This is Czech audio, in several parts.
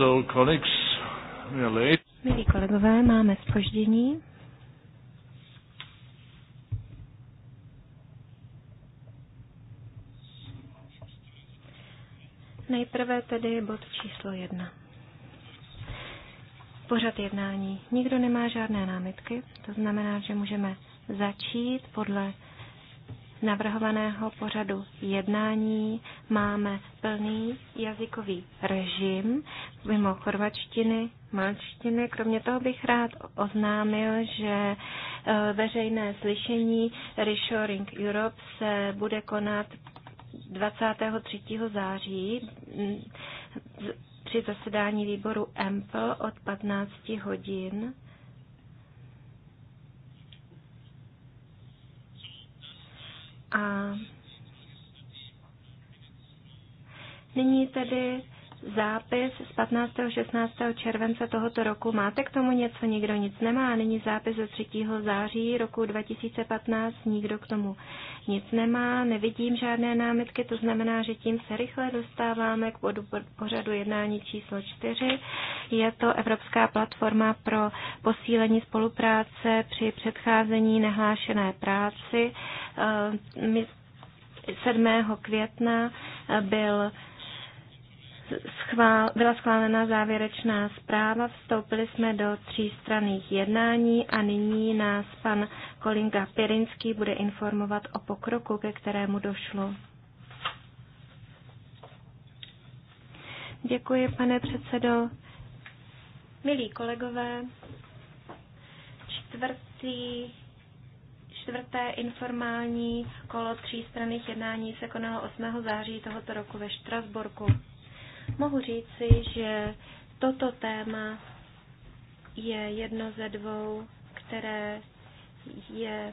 So, colleagues, we are late. Milí kolegové, máme spoždění. Nejprve tedy bod číslo jedna. Pořad jednání. Nikdo nemá žádné námitky, to znamená, že můžeme začít podle navrhovaného pořadu jednání máme plný jazykový režim mimo chorvačtiny, malčtiny. Kromě toho bych rád oznámil, že e, veřejné slyšení Reshoring Europe se bude konat 23. září při zasedání výboru EMPL od 15 hodin A nyní tedy zápis z 15. 16. července tohoto roku. Máte k tomu něco? Nikdo nic nemá. Nyní zápis ze 3. září roku 2015. Nikdo k tomu nic nemá. Nevidím žádné námitky, to znamená, že tím se rychle dostáváme k bodu pořadu jednání číslo 4. Je to Evropská platforma pro posílení spolupráce při předcházení nehlášené práci. 7. Eh, května byl schvál, byla schválena závěrečná zpráva, vstoupili jsme do třístranných jednání a nyní nás pan Kolinka Pirinský bude informovat o pokroku, ke kterému došlo. Děkuji, pane předsedo. Milí kolegové, čtvrtý čtvrté informální kolo třístranných jednání se konalo 8. září tohoto roku ve Štrasburku. Mohu říci, že toto téma je jedno ze dvou, které je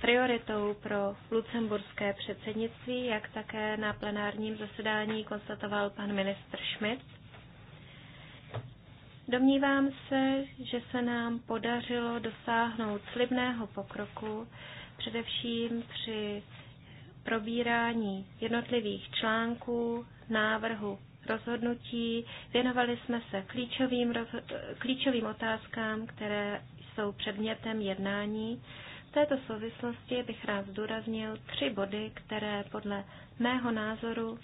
prioritou pro lucemburské předsednictví, jak také na plenárním zasedání konstatoval pan ministr Schmidt. Domnívám se, že se nám podařilo dosáhnout slibného pokroku, především při probírání jednotlivých článků návrhu rozhodnutí. Věnovali jsme se klíčovým, klíčovým otázkám, které jsou předmětem jednání. V této souvislosti bych rád zdůraznil tři body, které podle mého názoru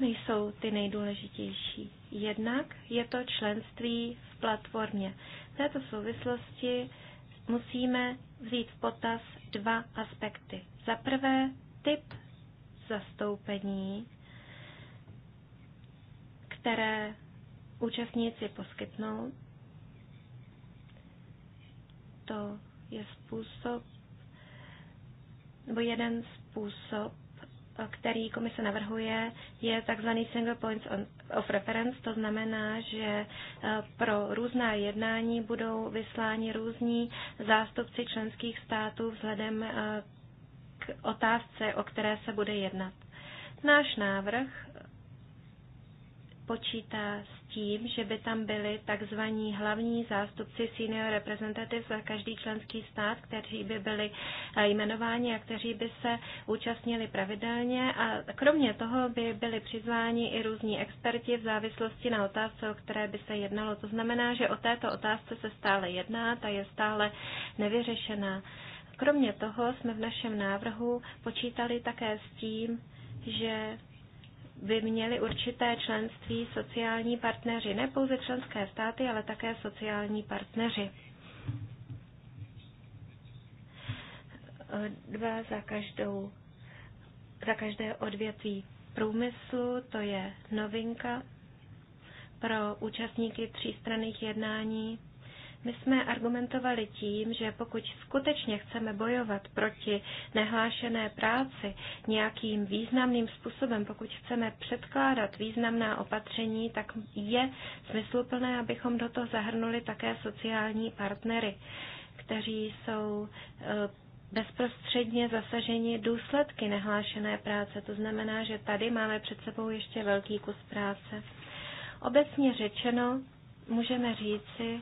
nejsou ty nejdůležitější. Jednak je to členství v platformě. V této souvislosti musíme vzít v potaz dva aspekty. Za prvé typ zastoupení které účastníci poskytnou. To je způsob, nebo jeden způsob, který komise navrhuje, je takzvaný single points of reference. To znamená, že eh, pro různá jednání budou vysláni různí zástupci členských států vzhledem eh, k otázce, o které se bude jednat. Náš návrh počítá s tím, že by tam byli takzvaní hlavní zástupci senior representative za každý členský stát, kteří by byli eh, jmenováni a kteří by se účastnili pravidelně a kromě toho by byli přizváni i různí experti v závislosti na otázce, o které by se jednalo. To znamená, že o této otázce se stále jedná, ta je stále nevyřešená. Kromě toho jsme v našem návrhu počítali také s tím, že by měli určité členství sociální partneři, ne pouze členské státy, ale také sociální partneři. Dva za, každou, za každé odvětví průmyslu, to je novinka pro účastníky třístranných jednání my jsme argumentovali tím, že pokud skutečně chceme bojovat proti nehlášené práci nějakým významným způsobem, pokud chceme předkládat významná opatření, tak je smysluplné, abychom do toho zahrnuli také sociální partnery, kteří jsou e, bezprostředně zasaženi důsledky nehlášené práce. To znamená, že tady máme před sebou ještě velký kus práce. Obecně řečeno, můžeme říci,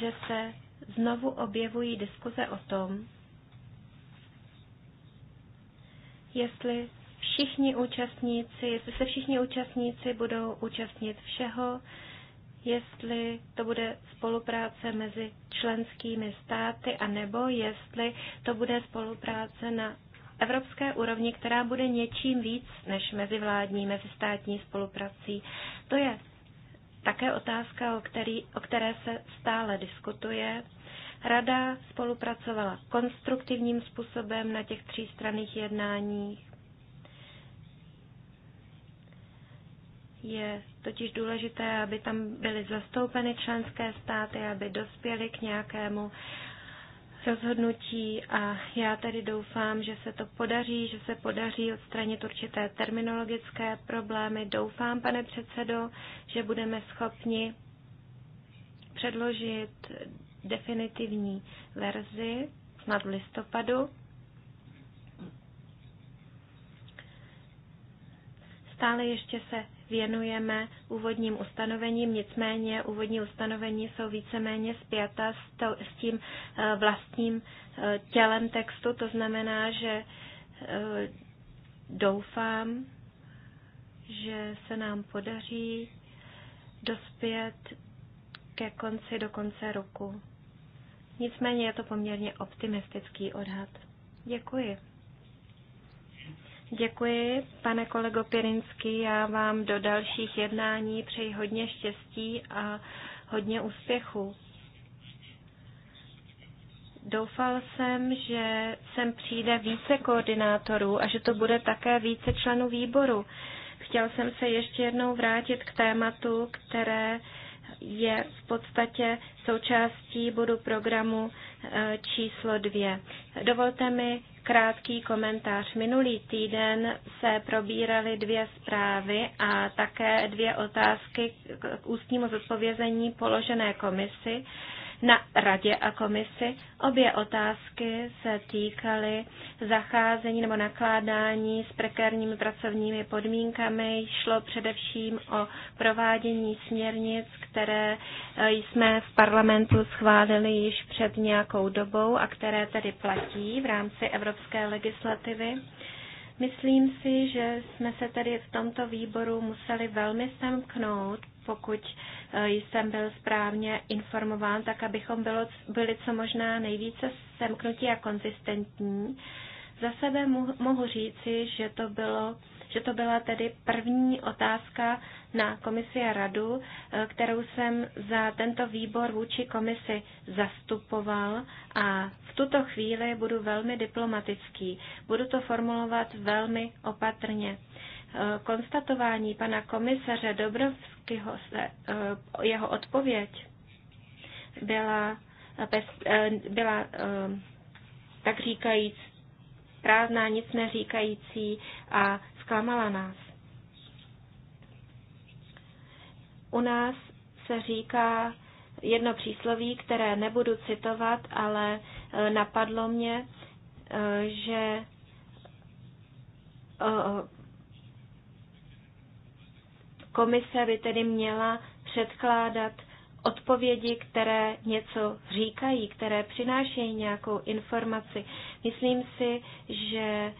že se znovu objevují diskuze o tom, jestli všichni účastníci, jestli se všichni účastníci budou účastnit všeho, jestli to bude spolupráce mezi členskými státy, anebo jestli to bude spolupráce na evropské úrovni, která bude něčím víc než mezivládní, mezistátní spoluprací. To je také otázka, o, který, o které se stále diskutuje. Rada spolupracovala konstruktivním způsobem na těch třístranných jednáních. Je totiž důležité, aby tam byly zastoupeny členské státy, aby dospěly k nějakému uh, rozhodnutí a já tedy doufám, že se to podaří, že se podaří odstranit určité terminologické problémy. Doufám, pane předsedo, že budeme schopni předložit definitivní verzi snad v listopadu Stále ještě se věnujeme úvodním ustanovením, nicméně úvodní ustanovení jsou víceméně spjata s, to, s tím eh, vlastním eh, tělem textu. To znamená, že eh, doufám, že se nám podaří dospět ke konci do konce roku. Nicméně je to poměrně optimistický odhad. Děkuji. Děkuji, pane kolego Pirinsky. Já vám do dalších jednání přeji hodně štěstí a hodně úspěchů. Doufal jsem, že sem přijde více koordinátorů a že to bude také více členů výboru. Chtěl jsem se ještě jednou vrátit k tématu, které je v podstatě součástí bodu programu eh, číslo dvě. Dovolte mi krátký komentář. Minulý týden se probíraly dvě zprávy a také dvě otázky k ústnímu zodpovězení položené komisi na radě a komisi. Obě otázky se týkaly zacházení nebo nakládání s prekérními pracovními podmínkami. Šlo především o provádění směrnic, které jsme v parlamentu schválili již před nějakou dobou a které tedy platí v rámci evropské legislativy. Myslím si, že jsme se tedy v tomto výboru museli velmi semknout, pokud eh, jsem byl správně informován, tak abychom bylo, byli co možná nejvíce semknutí a konzistentní. Za sebe mohu říci, že to, bylo, že to byla tedy první otázka na komisi a radu, eh, kterou jsem za tento výbor vůči komisi zastupoval a v tuto chvíli budu velmi diplomatický. Budu to formulovat velmi opatrně eh, konstatování pana komisaře Dobrovského, Montyho se, eh, jeho odpověď byla, eh, bez, eh, byla tak říkajíc prázdná, nic neříkající a zklamala nás. U nás se říká jedno přísloví, které nebudu citovat, ale napadlo mě, že Komise by tedy měla předkládat odpovědi, které něco říkají, které přinášejí nějakou informaci. Myslím si, že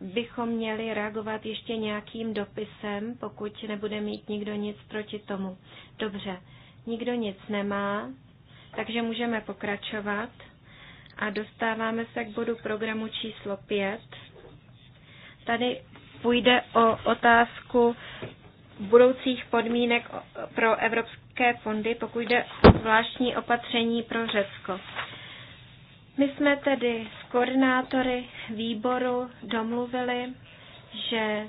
bychom měli reagovat ještě nějakým dopisem, pokud nebude mít nikdo nic proti tomu. Dobře, nikdo nic nemá, takže můžeme pokračovat a dostáváme se k bodu programu číslo 5. Tady půjde o otázku budoucích podmínek pro evropské fondy, pokud jde o zvláštní opatření pro Řecko. My jsme tedy s koordinátory výboru domluvili, že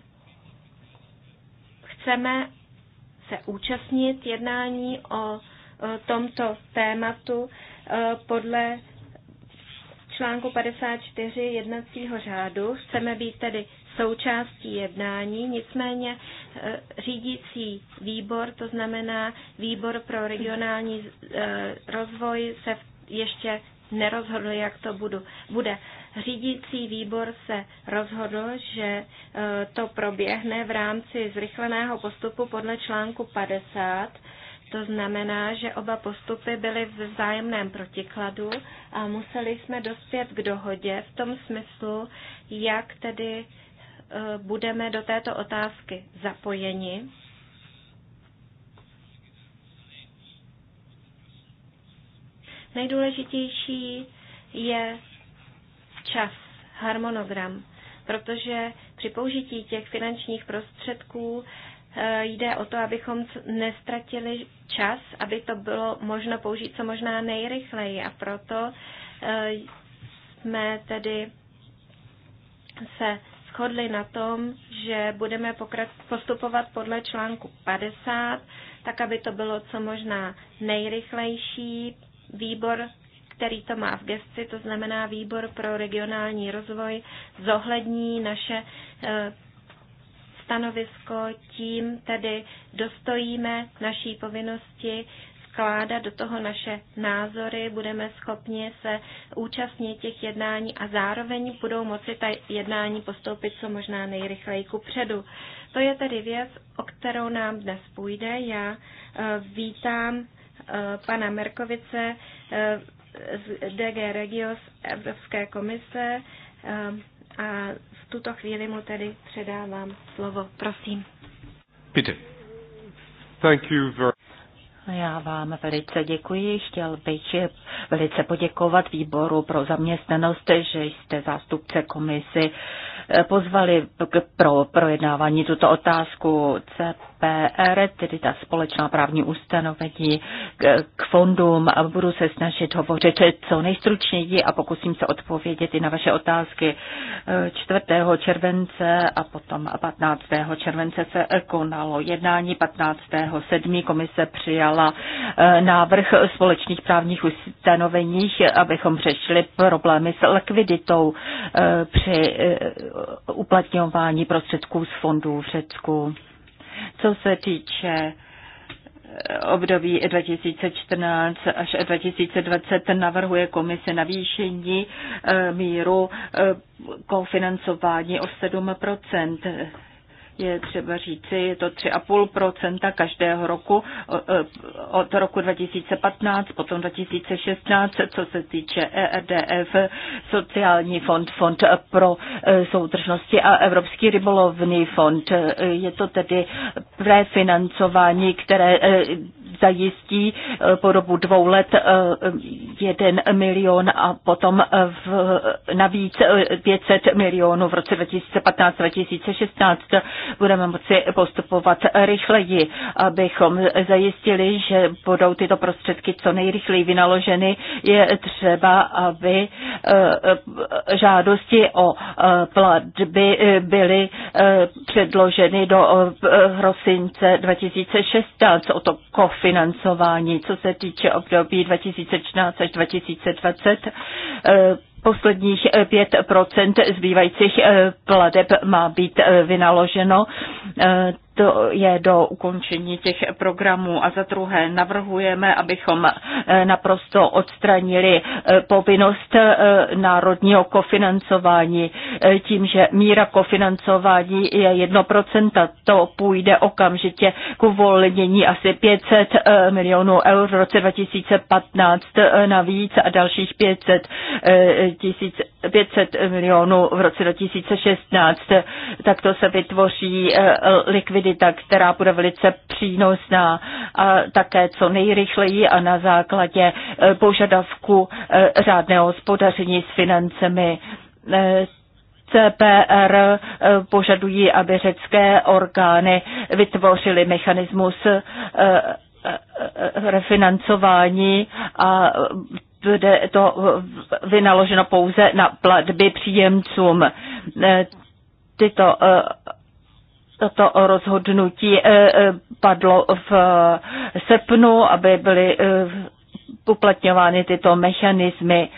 chceme se účastnit jednání o tomto tématu e, podle článku 54 jednacího řádu. Chceme být tedy součástí jednání, nicméně Eh, řídící výbor, to znamená výbor pro regionální eh, rozvoj, se ještě nerozhodl, jak to budu, bude. Řídící výbor se rozhodl, že eh, to proběhne v rámci zrychleného postupu podle článku 50. To znamená, že oba postupy byly v vzájemném protikladu a museli jsme dospět k dohodě v tom smyslu, jak tedy Eh, budeme do této otázky zapojeni. Nejdůležitější je čas, harmonogram, protože při použití těch finančních prostředků eh, jde o to, abychom nestratili čas, aby to bylo možno použít co možná nejrychleji a proto eh, jsme tedy se shodli na tom, že budeme postupovat podle článku 50, tak aby to bylo co možná nejrychlejší. Výbor, který to má v gesci, to znamená výbor pro regionální rozvoj, zohlední naše eh, stanovisko, tím tedy dostojíme naší povinnosti vkládat do toho naše názory, budeme schopni se účastnit těch jednání a zároveň budou moci ta jednání postoupit co možná nejrychleji ku předu. To je tedy věc, o kterou nám dnes půjde. Já eh, vítám eh, pana Merkovice eh, z DG Regio Evropské komise a v tuto chvíli mu tedy předávám slovo. Prosím. Peter. Thank you very já vám velice děkuji. Chtěl bych velice poděkovat výboru pro zaměstnanost, že jste zástupce komisy pozvali k, pro projednávání tuto otázku CPR, tedy ta společná právní ustanovení k, k fondům. A budu se snažit hovořit co nejstručněji a pokusím se odpovědět i na vaše otázky. 4. července a potom 15. července se konalo jednání. 15. 7. komise přijala eh, návrh společných právních ustanoveních, abychom řešili problémy s likviditou eh, při eh, uplatňování prostředků z fondů v Řecku. Co se týče eh, období 2014 až 2020 navrhuje komise navýšení eh, míru eh, kofinancování o 7 je třeba říci, je to 3,5 každého roku od roku 2015, potom 2016, co se týče ERDF, sociální fond, fond pro e, soudržnosti a Evropský rybolovný fond. E, je to tedy prefinancování, které e, zajistí po dobu dvou let jeden milion a potom v, navíc 500 milionů v roce 2015-2016 budeme moci postupovat rychleji, abychom zajistili, že budou tyto prostředky co nejrychleji vynaloženy. Je třeba, aby eh, eh, žádosti o eh, platby byly předloženy do prosince 2016 o to kofinancování, co se týče období 2014 až 2020 posledních 5 eh, zbývajících eh, plateb má být eh, vynaloženo to je do ukončení těch programů. A za druhé navrhujeme, abychom eh, naprosto odstranili eh, povinnost eh, národního kofinancování tím, že míra kofinancování je 1%. To půjde okamžitě k uvolnění asi 500 milionů eur v roce 2015 navíc a dalších 500 tisíc 500 milionů v roce 2016. tak to se vytvoří eh, likvidita, která bude velice přínosná a také co nejrychleji a na základě eh, požadavku eh, řádného hospodaření s financemi. CPR požadují, aby řecké orgány vytvořily mechanismus refinancování a bude to vynaloženo pouze na platby příjemcům. Eh, tyto eh, toto rozhodnutí eh, padlo v srpnu, aby byly uplatňovány tyto mechanismy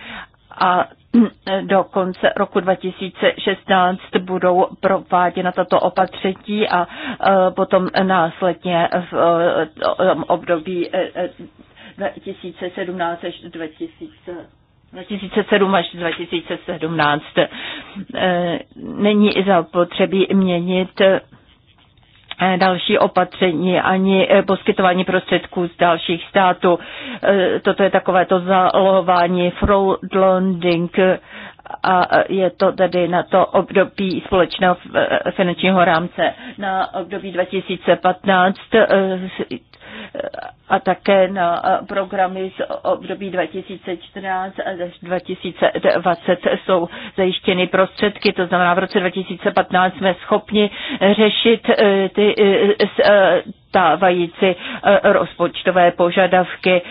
a do konce roku 2016 budou prováděna tato opatření a potom následně v období 2017 až 2017. E, není zapotřebí měnit e, další opatření ani e, poskytování prostředků z dalších států. Toto je takové to zalohování landing a je to tedy na to období společného finančního rámce. Na období 2015 a také na programy z období 2014 až 2020 jsou zajištěny prostředky, to znamená v roce 2015 jsme schopni řešit eh, ty eh, eh, stávající rozpočtové požadavky.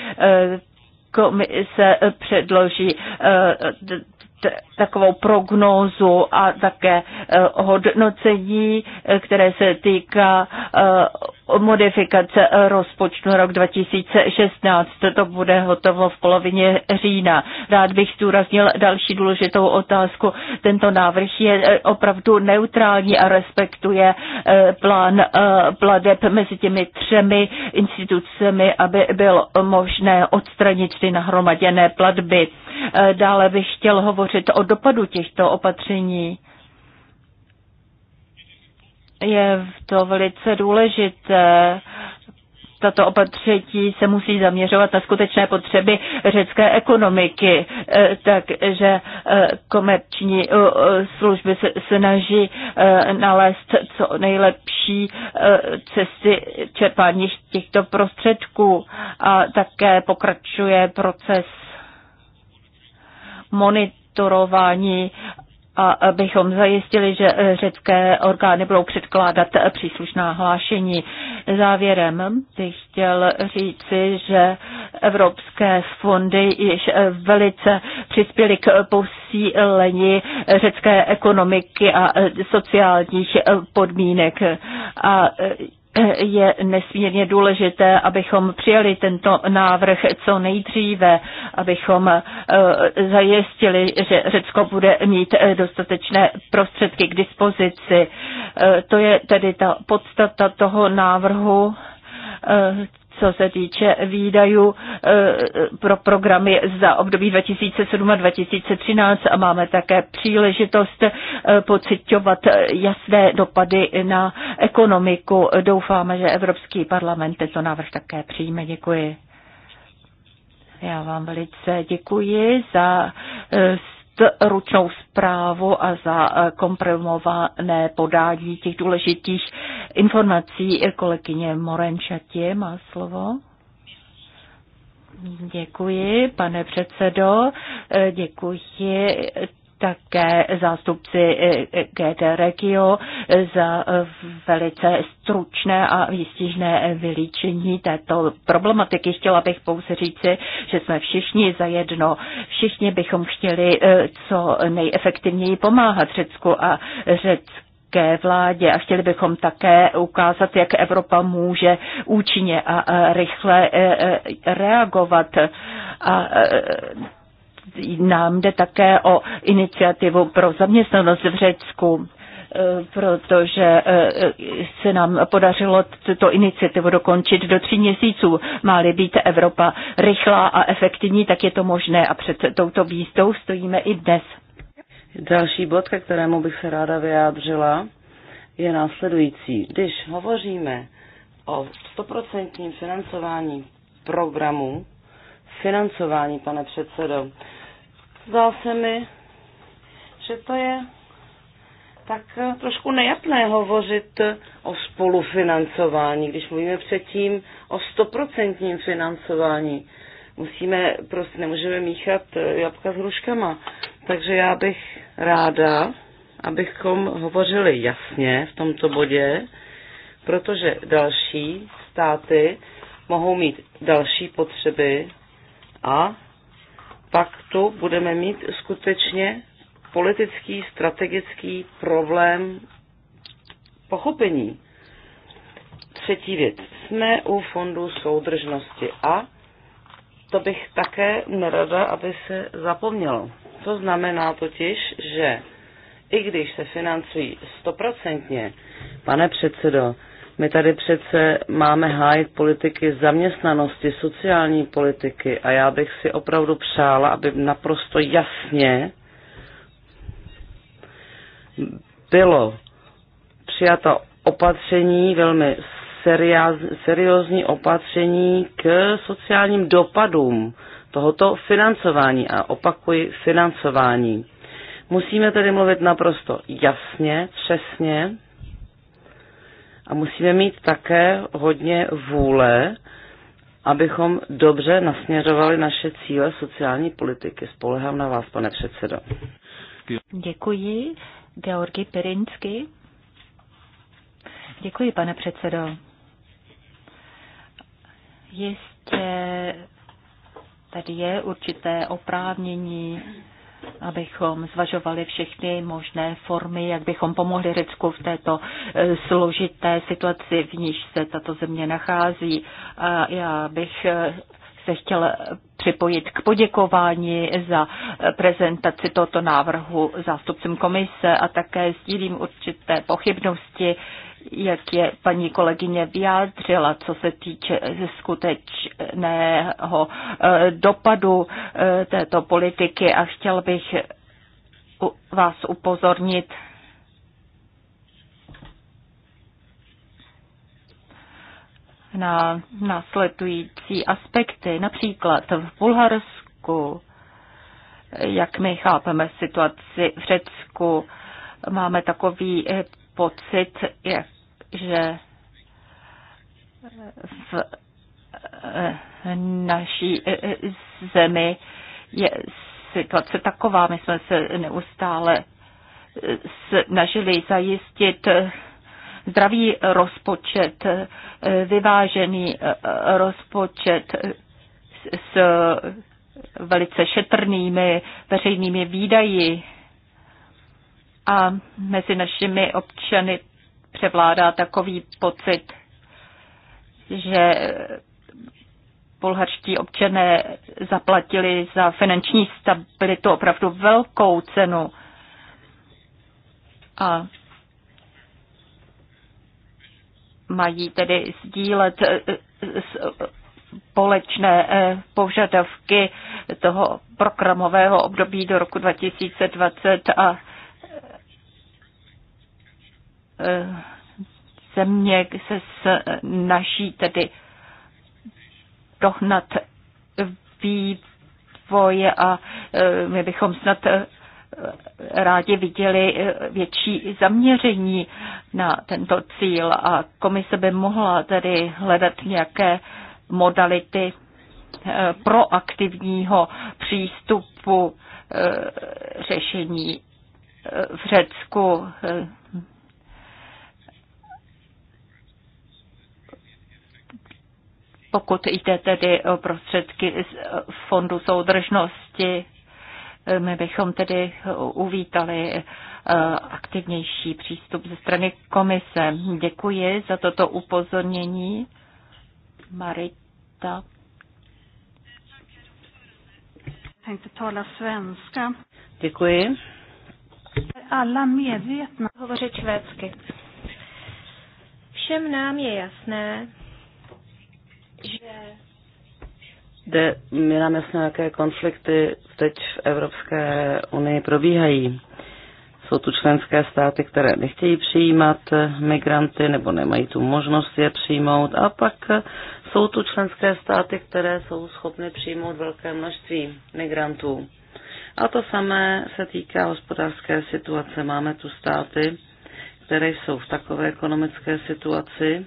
Komise předloží takovou prognózu a také hodnocení, které se týká modifikace rozpočtu rok 2016. To bude hotovo v polovině října. Rád bych zdůraznil další důležitou otázku. Tento návrh je eh, opravdu neutrální a respektuje eh, plán eh, pladeb mezi těmi třemi institucemi, aby bylo možné odstranit ty nahromaděné platby. Dále bych chtěl hovořit o dopadu těchto opatření je to velice důležité. Tato opatření se musí zaměřovat na skutečné potřeby řecké ekonomiky, eh, takže eh, komerční eh, služby se snaží nalézt co nejlepší cesty čerpání těchto prostředků a také pokračuje proces monitorování a abychom zajistili, že řecké orgány budou předkládat příslušná hlášení. Závěrem bych chtěl říci, že evropské fondy již velice přispěly k posílení řecké ekonomiky a sociálních podmínek. A je nesmírně důležité, abychom přijali tento návrh co nejdříve, abychom eh, zajistili, že Řecko bude mít eh, dostatečné prostředky k dispozici. Eh, to je tedy ta podstata toho návrhu, co se týče výdajů eh, pro programy za období 2007 a 2013 a máme také příležitost eh, pocitovat jasné dopady na ekonomiku. Doufáme, že Evropský parlament tento návrh také přijme. Děkuji. Já vám velice děkuji za eh, ručnou zprávu a za eh, komprimované podání těch důležitých informací. Kolegyně Morenčatě má slovo. Děkuji, pane předsedo. Eh, děkuji také zástupci eh, eh, GT Regio za eh, velice stručné a výstižné vylíčení této problematiky. Chtěla bych pouze říci, že jsme všichni zajedno. Všichni bychom chtěli co nejefektivněji pomáhat Řecku a Řecku vládě a chtěli bychom také ukázat, jak Evropa může účinně a rychle reagovat. A nám jde také o iniciativu pro zaměstnanost v Řecku e, protože e, se nám podařilo tuto iniciativu dokončit do tří měsíců. Má-li být Evropa rychlá a efektivní, tak je to možné a před touto výzdou stojíme i dnes. Další bod, ke kterému bych se ráda vyjádřila, je následující. Když hovoříme o stoprocentním financování programu, financování, pane předsedo, Zdá se mi, že to je tak eh, trošku nejapné hovořit eh, o spolufinancování, když mluvíme předtím o stoprocentním financování. Musíme, prostě nemůžeme míchat eh, jabka s hruškama. Takže já bych ráda, abychom hovořili jasně v tomto bodě, protože další státy mohou mít další potřeby a paktu budeme mít skutečně politický, strategický problém pochopení. Třetí věc. Jsme u fondu soudržnosti a to bych také nerada, aby se zapomnělo. To znamená totiž, že i když se financují stoprocentně, pane předsedo, my tady přece máme hájit politiky zaměstnanosti, sociální politiky a já bych si opravdu přála, aby naprosto jasně bylo přijato opatření, velmi seriózní opatření k sociálním dopadům tohoto financování. A opakuji, financování. Musíme tedy mluvit naprosto jasně, přesně, a musíme mít také hodně vůle, abychom dobře nasměřovali naše cíle sociální politiky. Spolehám na vás, pane předsedo. Děkuji. Georgi Pirinsky. Děkuji, pane předsedo. Jistě tady je určité oprávnění abychom zvažovali všechny možné formy, jak bychom pomohli Řecku v této eh, složité situaci, v níž se tato země nachází. A já bych eh, se chtěl připojit k poděkování za eh, prezentaci tohoto návrhu zástupcům komise a také sdílím určité pochybnosti, jak je paní kolegyně vyjádřila, co se týče skutečného eh, dopadu eh, této politiky a chtěl bych vás upozornit na následující aspekty. Například v Bulharsku, jak my chápeme situaci v Řecku, máme takový pocit, jak, že v eh, naší eh, eh, zemi je situace taková. My jsme se neustále snažili zajistit zdravý rozpočet, vyvážený rozpočet s velice šetrnými veřejnými výdaji a mezi našimi občany převládá takový pocit, že bulharští občané zaplatili za finanční stabilitu opravdu velkou cenu. A mají tedy sdílet eh, eh, společné eh, požadavky toho programového období do roku 2020 a Eh, země se snaží tedy dohnat vývoje a eh, my bychom snad eh, rádi viděli větší zaměření na tento cíl a komise by mohla tedy hledat nějaké modality proaktivního přístupu řešení v Řecku Pokud jde tedy o prostředky z eh, Fondu soudržnosti, eh, my bychom tedy uvítali eh, aktivnější přístup ze strany komise. Děkuji za toto upozornění. Marita. Děkuji. Alla medvetna. Hovořit švédsky. Všem nám je jasné, že kde my nám jasné, jaké konflikty teď v Evropské unii probíhají. Jsou tu členské státy, které nechtějí přijímat migranty nebo nemají tu možnost je přijmout a pak jsou tu členské státy, které jsou schopny přijmout velké množství migrantů. A to samé se týká hospodářské situace. Máme tu státy, které jsou v takové ekonomické situaci,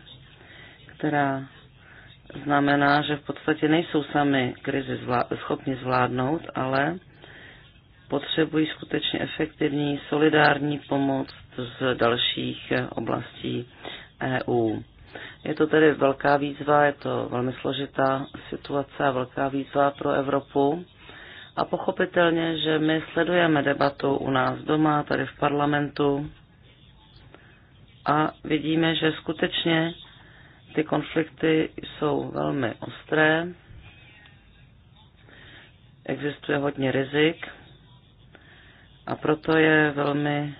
která znamená, že v podstatě nejsou sami krizi zvlá- schopni zvládnout, ale potřebují skutečně efektivní solidární pomoc z dalších oblastí EU. Je to tedy velká výzva, je to velmi složitá situace a velká výzva pro Evropu. A pochopitelně, že my sledujeme debatu u nás doma, tady v parlamentu a vidíme, že skutečně ty konflikty jsou velmi ostré, existuje hodně rizik a proto je velmi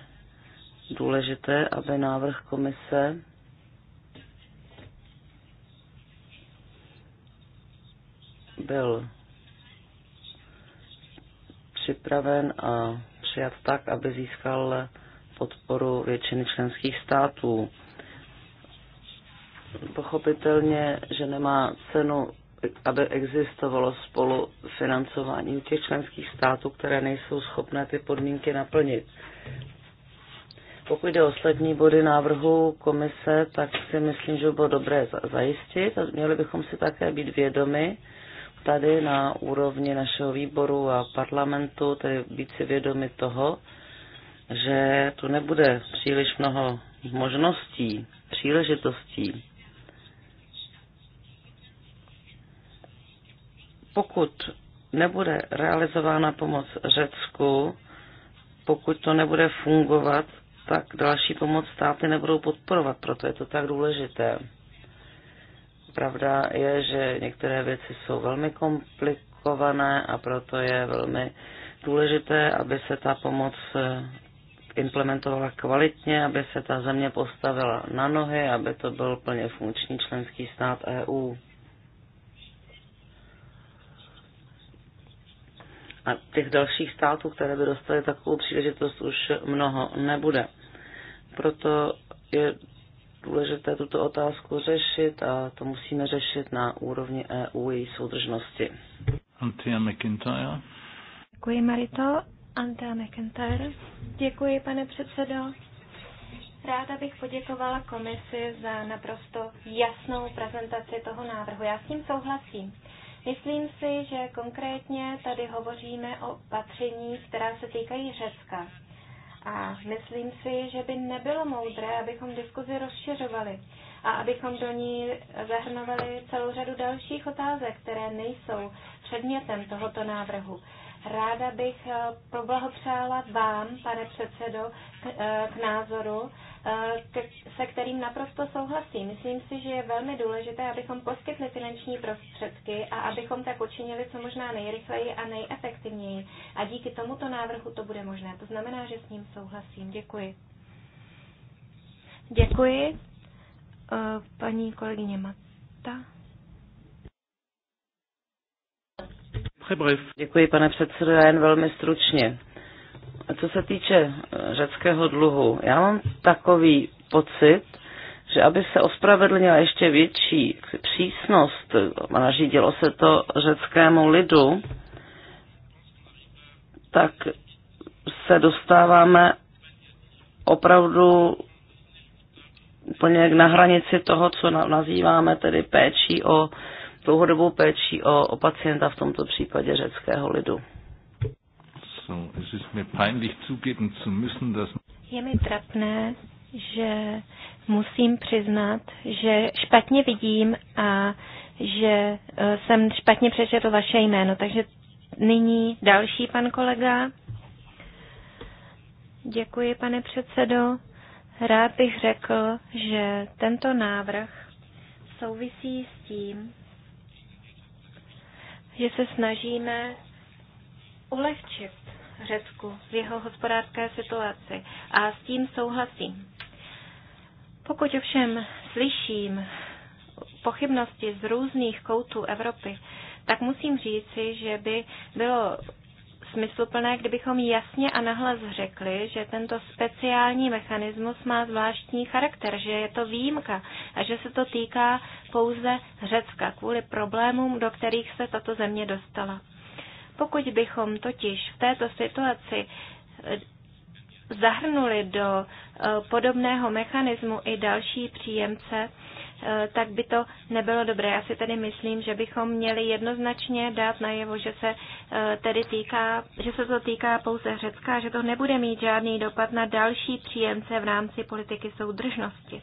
důležité, aby návrh komise byl připraven a přijat tak, aby získal podporu většiny členských států. Pochopitelně, že nemá cenu, aby existovalo spolu financování těch členských států, které nejsou schopné ty podmínky naplnit. Pokud jde o ostatní body návrhu komise, tak si myslím, že by bylo dobré zajistit a měli bychom si také být vědomi tady na úrovni našeho výboru a parlamentu, tedy být si vědomi toho, že tu nebude příliš mnoho možností, příležitostí pokud nebude realizována pomoc Řecku, pokud to nebude fungovat, tak další pomoc státy nebudou podporovat, proto je to tak důležité. Pravda je, že některé věci jsou velmi komplikované a proto je velmi důležité, aby se ta pomoc eh, implementovala kvalitně, aby se ta země postavila na nohy, aby to byl plně funkční členský stát EU. A těch dalších států, které by dostaly takovou příležitost, už mnoho nebude. Proto je důležité tuto otázku řešit a to musíme řešit na úrovni EU její soudržnosti. Antia McIntyre. Děkuji, Marito. Antia McIntyre. Děkuji, pane předsedo. Ráda bych poděkovala komisi za naprosto jasnou prezentaci toho návrhu. Já s tím souhlasím. Myslím si, že konkrétně tady hovoříme o patření, která se týkají Řecka. A myslím si, že by nebylo moudré, abychom diskuzi rozšiřovali a abychom do ní zahrnovali celou řadu dalších otázek, které nejsou předmětem tohoto návrhu. Ráda bych eh, poblahopřála vám, pane předsedo, k, eh, k názoru, se kterým naprosto souhlasím. Myslím si, že je velmi důležité, abychom poskytli finanční prostředky a abychom tak učinili co možná nejrychleji a nejefektivněji. A díky tomuto návrhu to bude možné. To znamená, že s ním souhlasím. Děkuji. Děkuji. Eh, paní kolegyně Mata. Děkuji, pane předsedo, jen velmi stručně. Co se týče eh, řeckého dluhu, já mám takový pocit, že aby se ospravedlnila ještě větší přísnost, a nařídilo se to řeckému lidu, tak se dostáváme opravdu úplně na hranici toho, co nazýváme tedy péčí o dlouhodobou péčí o, o pacienta v tomto případě řeckého lidu. Sitzung. Es ist mir peinlich zugeben zu müssen, dass je mi trapné, že musím přiznat, že špatně vidím a že eh, jsem špatně přečetl vaše jméno. Takže nyní další pan kolega. Děkuji, pane předsedo. Rád bych řekl, že tento návrh souvisí s tím, že se snažíme ulehčit Řecku, v jeho hospodářské situaci a s tím souhlasím. Pokud ovšem slyším pochybnosti z různých koutů Evropy, tak musím říci, že by bylo smysluplné, kdybychom jasně a nahlas řekli, že tento speciální mechanismus má zvláštní charakter, že je to výjimka a že se to týká pouze Řecka kvůli problémům, do kterých se tato země dostala. Pokud bychom totiž v této situaci eh, zahrnuli do eh, podobného mechanismu i další příjemce, eh, tak by to nebylo dobré. Já si tedy myslím, že bychom měli jednoznačně dát najevo, že se tedy týká, že se to týká pouze Řecka, že to nebude mít žádný dopad na další příjemce v rámci politiky soudržnosti.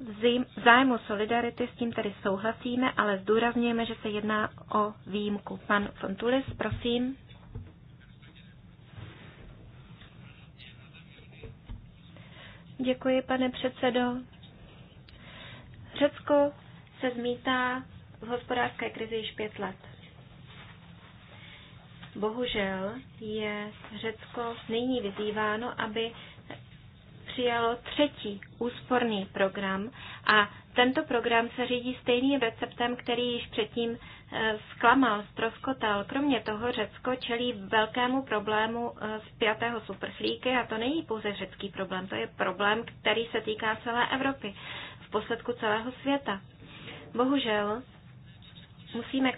v zájmu solidarity s tím tedy souhlasíme, ale zdůrazňujeme, že se jedná o výjimku. Pan Fontulis, prosím. Děkuji, pane předsedo. Řecko se zmítá v hospodářské krizi již pět let. Bohužel je Řecko nyní vyzýváno, aby přijalo třetí úsporný program a tento program se řídí stejným receptem, který již předtím eh, zklamal, ztroskotal. Kromě toho Řecko čelí velkému problému z eh, pětého superflíky a to není pouze řecký problém, to je problém, který se týká celé Evropy, v posledku celého světa. Bohužel musíme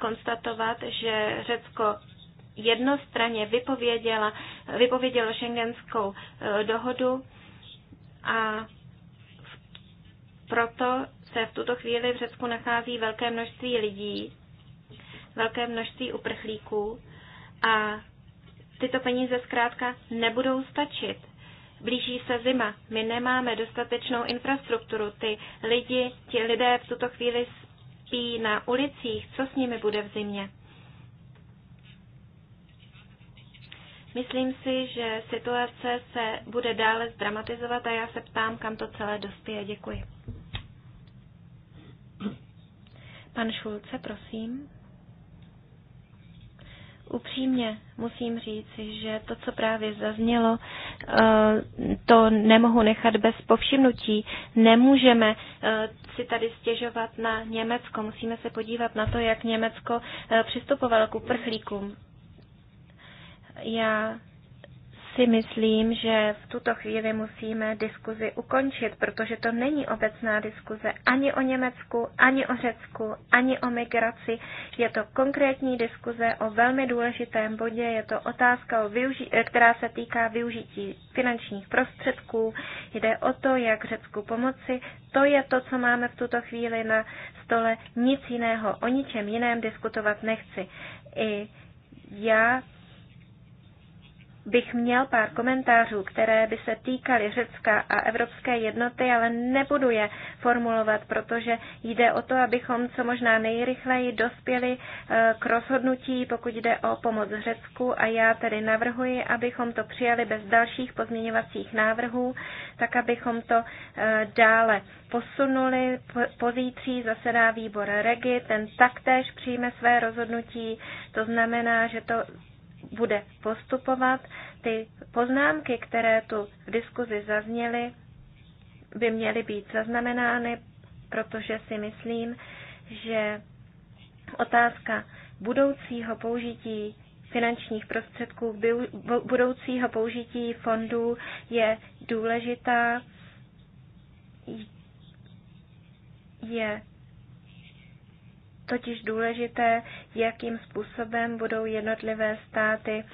konstatovat, že Řecko jednostranně vypověděla, vypovědělo šengenskou e, dohodu a proto se v tuto chvíli v Řecku nachází velké množství lidí, velké množství uprchlíků a tyto peníze zkrátka nebudou stačit. Blíží se zima, my nemáme dostatečnou infrastrukturu, ty lidi, ti lidé v tuto chvíli spí na ulicích, co s nimi bude v zimě? Myslím si, že situace se bude dále zdramatizovat a já se ptám, kam to celé dospěje. Děkuji. Pan Šulce, prosím. Upřímně musím říci, že to, co právě zaznělo, eh, to nemohu nechat bez povšimnutí. Nemůžeme eh, si tady stěžovat na Německo. Musíme se podívat na to, jak Německo eh, přistupovalo k uprchlíkům. Já si myslím, že v tuto chvíli musíme diskuzi ukončit, protože to není obecná diskuze ani o Německu, ani o Řecku, ani o migraci. Je to konkrétní diskuze o velmi důležitém bodě, je to otázka, o využi- eh, která se týká využití finančních prostředků, jde o to, jak Řecku pomoci. To je to, co máme v tuto chvíli na stole, nic jiného, o ničem jiném diskutovat nechci. I já bych měl pár komentářů, které by se týkaly Řecka a evropské jednoty, ale nebudu je formulovat, protože jde o to, abychom co možná nejrychleji dospěli eh, k rozhodnutí, pokud jde o pomoc Řecku a já tedy navrhuji, abychom to přijali bez dalších pozměňovacích návrhů, tak abychom to eh, dále posunuli. Pozítří zasedá výbor Regi, ten taktéž přijme své rozhodnutí, to znamená, že to bude postupovat. Ty poznámky, které tu v diskuzi zazněly, by měly být zaznamenány, protože si myslím, že otázka budoucího použití finančních prostředků, budoucího použití fondů je důležitá. Je totiž důležité, jakým způsobem budou jednotlivé státy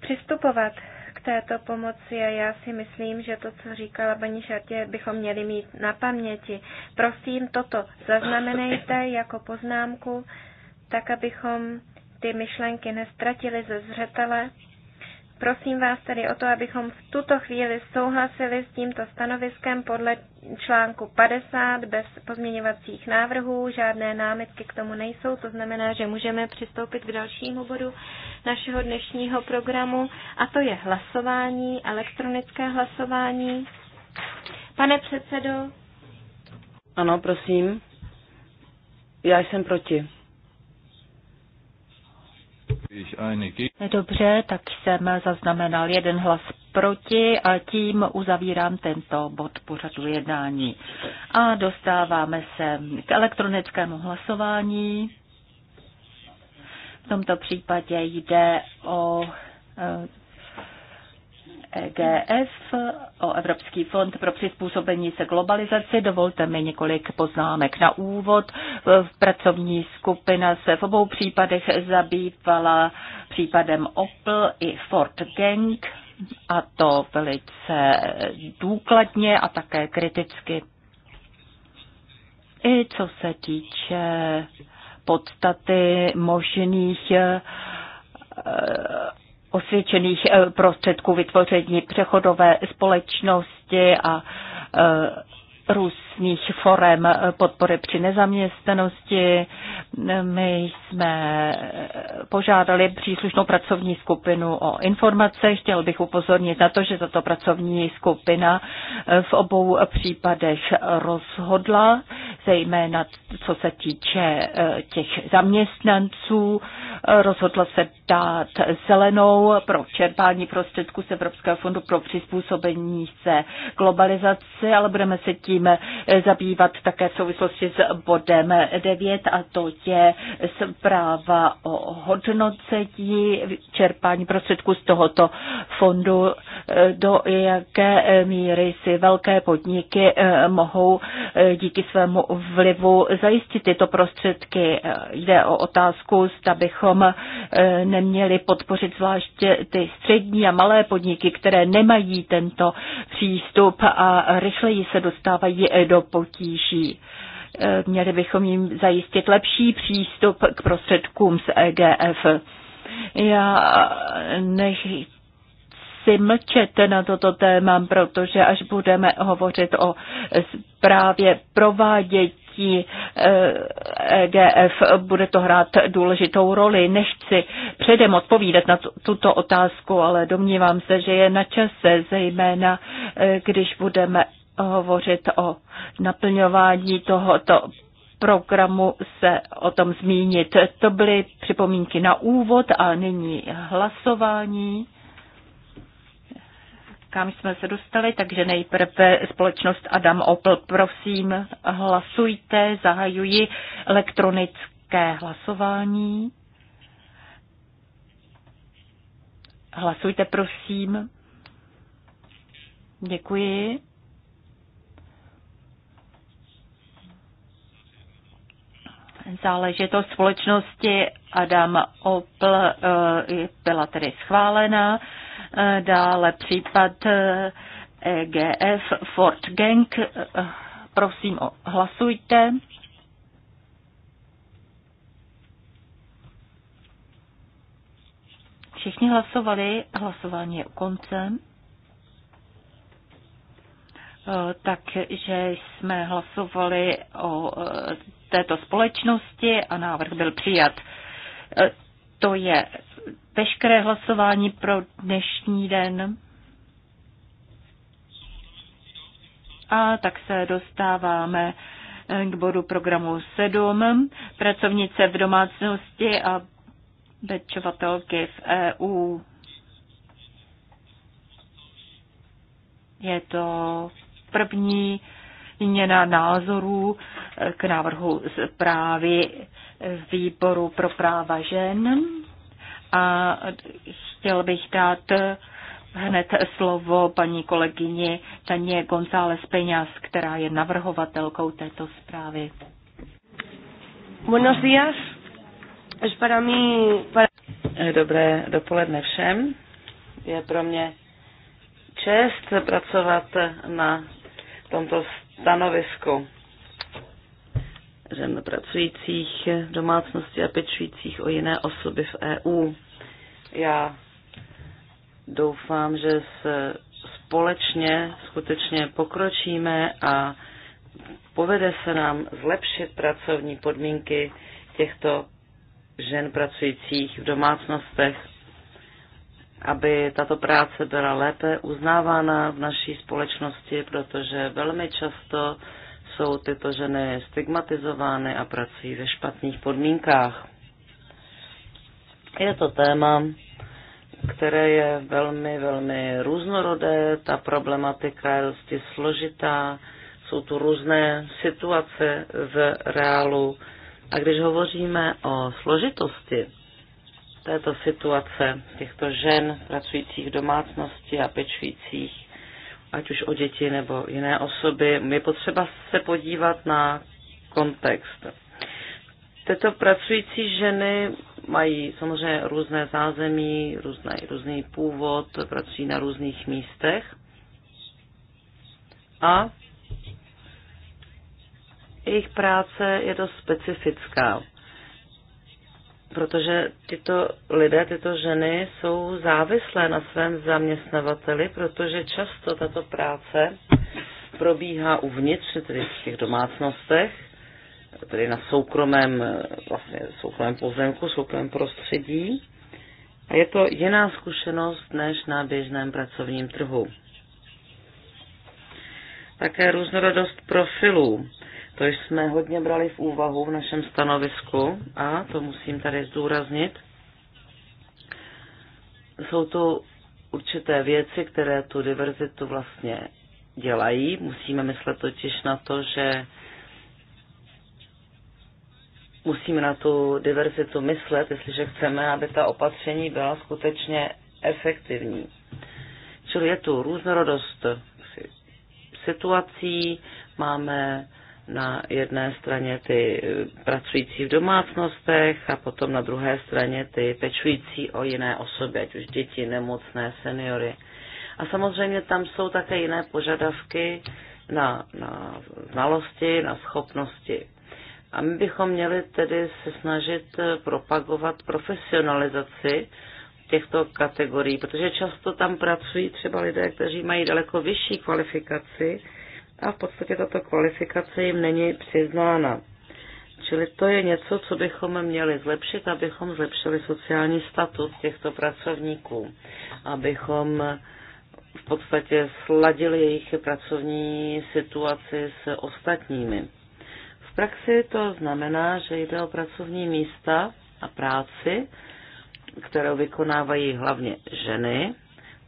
přistupovat k této pomoci a já si myslím, že to, co říkala paní Šatě, bychom měli mít na paměti. Prosím, toto zaznamenejte jako poznámku, tak abychom ty myšlenky nestratili ze zřetele Prosím vás tedy o to, abychom v tuto chvíli souhlasili s tímto stanoviskem podle článku 50 bez pozměňovacích návrhů. Žádné námitky k tomu nejsou, to znamená, že můžeme přistoupit k dalšímu bodu našeho dnešního programu a to je hlasování, elektronické hlasování. Pane předsedo. Ano, prosím. Já jsem proti. Dobře, tak jsem zaznamenal jeden hlas proti a tím uzavírám tento bod pořadu jednání. A dostáváme se k elektronickému hlasování. V tomto případě jde o eh, EGF, o Evropský fond pro přizpůsobení se globalizaci. Dovolte mi několik poznámek na úvod. Pracovní skupina se v obou případech zabývala případem Opel i Ford Gang a to velice důkladně a také kriticky. I co se týče podstaty možných eh, osvědčených eh, prostředků vytvoření přechodové společnosti a eh, různých forem podpory při nezaměstnanosti. My jsme požádali příslušnou pracovní skupinu o informace. Chtěl bych upozornit na to, že tato pracovní skupina v obou případech rozhodla, zejména co se týče eh, těch zaměstnanců. Rozhodla se dát zelenou pro čerpání prostředků z Evropského fondu pro přizpůsobení se globalizaci, ale budeme se tím tím zabývat také v souvislosti s bodem 9 a to je zpráva o hodnocení čerpání prostředků z tohoto fondu, do jaké míry si velké podniky mohou díky svému vlivu zajistit tyto prostředky. Jde o otázku, zda bychom neměli podpořit zvláště ty střední a malé podniky, které nemají tento přístup a rychleji se dostávají dostávají do potíží. E, měli bychom jim zajistit lepší přístup k prostředkům z EGF. Já nechci si mlčet na toto téma, protože až budeme hovořit o právě provádětí EGF, e bude to hrát důležitou roli. Nechci předem odpovídat na tuto otázku, ale domnívám se, že je na čase, zejména e, když budeme hovořit o naplňování tohoto programu se o tom zmínit. To byly připomínky na úvod a nyní hlasování. Kam jsme se dostali, takže nejprve společnost Adam Opel, prosím, hlasujte, zahajuji elektronické hlasování. Hlasujte, prosím. Děkuji. záležitost společnosti Adam Opel eh, byla tedy schválena, eh, dále případ EGF eh, e Fort Gang. Prosím, hlasujte. Všichni hlasovali, hlasování je u konce. Takže jsme hlasovali o této společnosti a návrh byl přijat. E, to je veškeré hlasování pro dnešní den. A tak se dostáváme e, k bodu programu 7. Pracovnice v domácnosti a pečovatelky v EU. Je to první výměna názorů eh, k návrhu zprávy výboru pro práva žen. A chtěl bych dát hned slovo paní kolegyni Taně González Peňas, která je navrhovatelkou této zprávy. Buenos días. Es para mí, para... Eh, dobré dopoledne všem. Je pro mě čest pracovat na tomto Stanovisko žen pracujících domácností a pečujících o jiné osoby v EU. Já doufám, že se společně skutečně pokročíme a povede se nám zlepšit pracovní podmínky těchto žen pracujících v domácnostech aby tato práce byla lépe uznávána v naší společnosti, protože velmi často jsou tyto ženy stigmatizovány a pracují ve špatných podmínkách. Je to téma, které je velmi, velmi různorodé, ta problematika je dosti složitá, jsou tu různé situace v reálu. A když hovoříme o složitosti této situace těchto žen pracujících v domácnosti a pečujících, ať už o děti nebo jiné osoby, je potřeba se podívat na kontext. Tyto pracující ženy mají samozřejmě různé zázemí, různé, různý původ, pracují na různých místech a jejich práce je dost specifická protože tyto lidé, tyto ženy jsou závislé na svém zaměstnavateli, protože často tato práce probíhá uvnitř, tedy v těch domácnostech, tedy na soukromém, vlastně soukromém pozemku, soukromém prostředí. A je to jiná zkušenost než na běžném pracovním trhu. Také různorodost profilů to jsme hodně brali v úvahu v našem stanovisku a to musím tady zdůraznit. Jsou tu určité věci, které tu diverzitu vlastně dělají. Musíme myslet totiž na to, že musíme na tu diverzitu myslet, jestliže chceme, aby ta opatření byla skutečně efektivní. Čili je tu různorodost situací, máme na jedné straně ty eh, pracující v domácnostech a potom na druhé straně ty pečující o jiné osoby, ať už děti, nemocné, seniory. A samozřejmě tam jsou také jiné požadavky na, na znalosti, na schopnosti. A my bychom měli tedy se snažit eh, propagovat profesionalizaci těchto kategorií, protože často tam pracují třeba lidé, kteří mají daleko vyšší kvalifikaci, a v podstatě tato kvalifikace jim není přiznána. Čili to je něco, co bychom měli zlepšit, abychom zlepšili sociální status těchto pracovníků, abychom v podstatě sladili jejich pracovní situaci s ostatními. V praxi to znamená, že jde o pracovní místa a práci, kterou vykonávají hlavně ženy,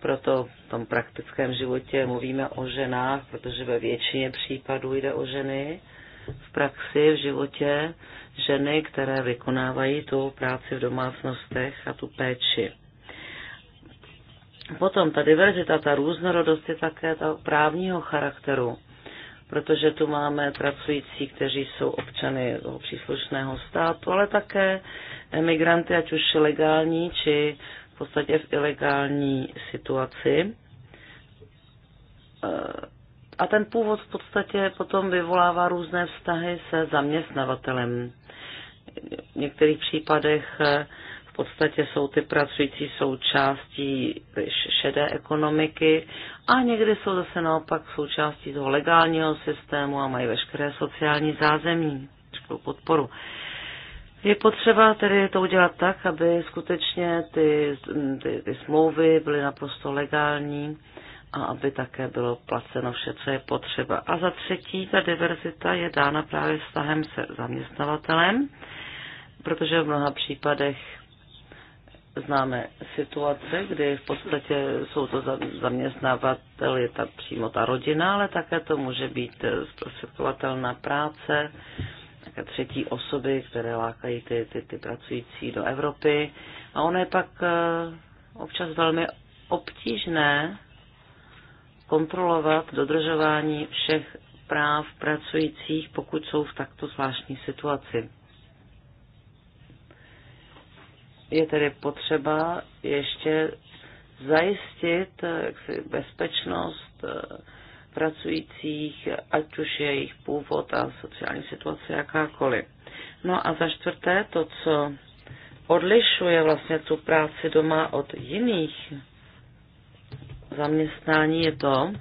proto v tom praktickém životě mluvíme o ženách, protože ve většině případů jde o ženy. V praxi, v životě ženy, které vykonávají tu práci v domácnostech a tu péči. Potom ta diverzita, ta různorodost je také ta právního charakteru, protože tu máme pracující, kteří jsou občany příslušného státu, ale také emigranty, ať už legální či v podstatě v ilegální situaci. E, a ten původ v podstatě potom vyvolává různé vztahy se zaměstnavatelem. V některých případech e, v podstatě jsou ty pracující součástí šedé ekonomiky a někdy jsou zase naopak součástí toho legálního systému a mají veškeré sociální zázemí, podporu. Je potřeba tedy to udělat tak, aby skutečně ty, ty, ty smlouvy byly naprosto legální a aby také bylo placeno vše, co je potřeba. A za třetí, ta diverzita je dána právě vztahem se zaměstnavatelem, protože v mnoha případech známe situace, kdy v podstatě jsou to zaměstnavatel, je ta přímo ta rodina, ale také to může být eh, zprostředkovatelná práce, nějaké třetí osoby, které lákají ty, ty, ty pracující do Evropy. A ono je pak eh, občas velmi obtížné kontrolovat dodržování všech práv pracujících, pokud jsou v takto zvláštní situaci. Je tedy potřeba ještě zajistit eh, bezpečnost eh, pracujících, ať už je jejich původ a sociální situace jakákoliv. No a za čtvrté to, co odlišuje vlastně tu práci doma od jiných zaměstnání je to,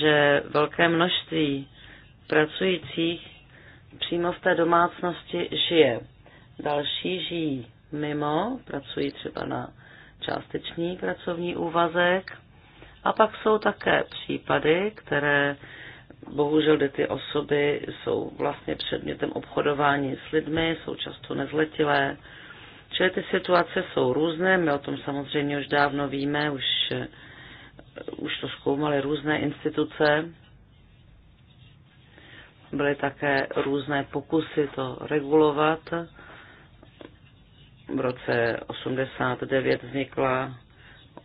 že velké množství pracujících přímo v té domácnosti žije. Další žijí mimo, pracují třeba na částečný pracovní úvazek a pak jsou také případy, které bohužel, kde ty osoby jsou vlastně předmětem obchodování s lidmi, jsou často nezletilé. Čili ty situace jsou různé, my o tom samozřejmě už dávno víme, už, už to zkoumaly různé instituce. Byly také různé pokusy to regulovat. V roce 89 vznikla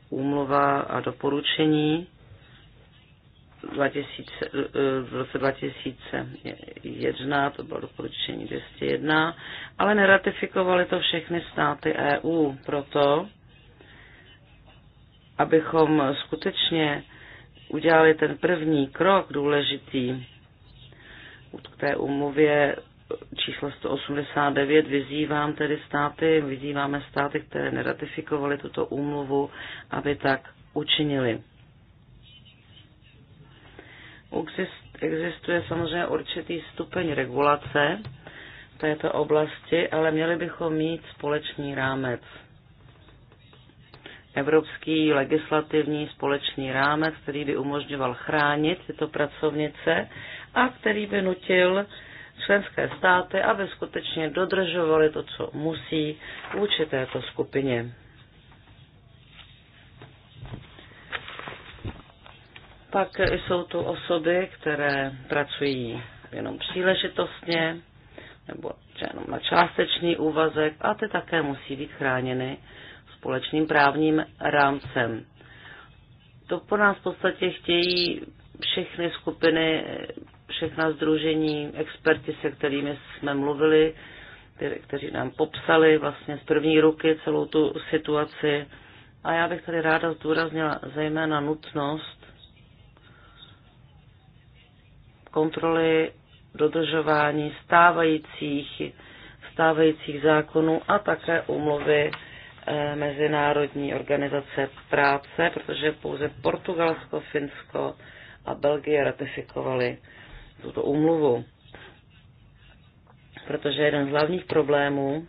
úmluva a doporučení eh, v roce 2001, to bylo doporučení 201, ale neratifikovaly to všechny státy EU. Proto, abychom skutečně udělali ten první krok důležitý k té úmluvě, číslo 189 vyzývám tedy státy, vyzýváme státy, které neratifikovaly tuto úmluvu, aby tak učinili. Existuje samozřejmě určitý stupeň regulace v této oblasti, ale měli bychom mít společný rámec. Evropský legislativní společný rámec, který by umožňoval chránit tyto pracovnice a který by nutil členské státy, aby skutečně dodržovaly to, co musí vůči této skupině. Pak jsou tu osoby, které pracují jenom příležitostně nebo jenom na částečný úvazek a ty také musí být chráněny společným právním rámcem. To po nás v podstatě chtějí všechny skupiny všechna združení, experti, se kterými jsme mluvili, kteří nám popsali vlastně z první ruky celou tu situaci. A já bych tady ráda zdůraznila zejména nutnost kontroly dodržování stávajících, stávajících zákonů a také umluvy eh, Mezinárodní organizace práce, protože pouze Portugalsko, Finsko a Belgie ratifikovali tuto úmluvu. Protože jeden z hlavních problémů,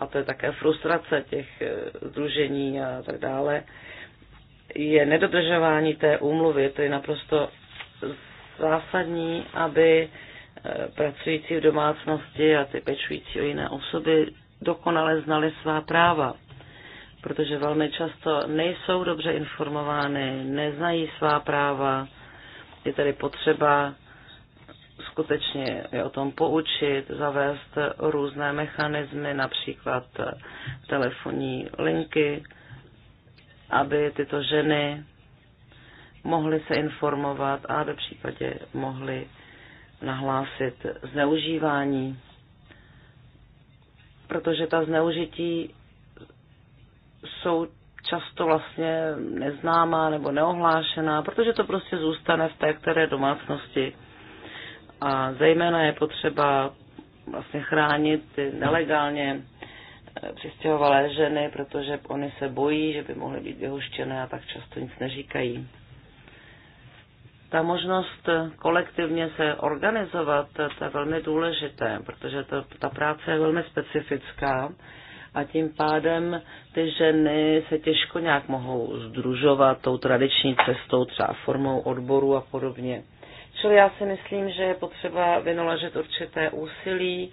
a to je také frustrace těch e, združení a tak dále, je nedodržování té úmluvy. To je naprosto zásadní, aby e, pracující v domácnosti a ty pečující o jiné osoby dokonale znali svá práva, protože velmi často nejsou dobře informovány, neznají svá práva, je tedy potřeba skutečně o tom poučit, zavést různé mechanismy, například telefonní linky, aby tyto ženy mohly se informovat a v případě mohly nahlásit zneužívání. Protože ta zneužití jsou často vlastně neznámá nebo neohlášená, protože to prostě zůstane v té které domácnosti. A zejména je potřeba vlastně chránit ty nelegálně eh, přistěhovalé ženy, protože oni se bojí, že by mohly být vyhoštěné a tak často nic neříkají. Ta možnost kolektivně se organizovat, to je velmi důležité, protože to, ta práce je velmi specifická a tím pádem ty ženy se těžko nějak mohou združovat tou tradiční cestou, třeba formou odboru a podobně. Čili já si myslím, že je potřeba vynaložit určité úsilí,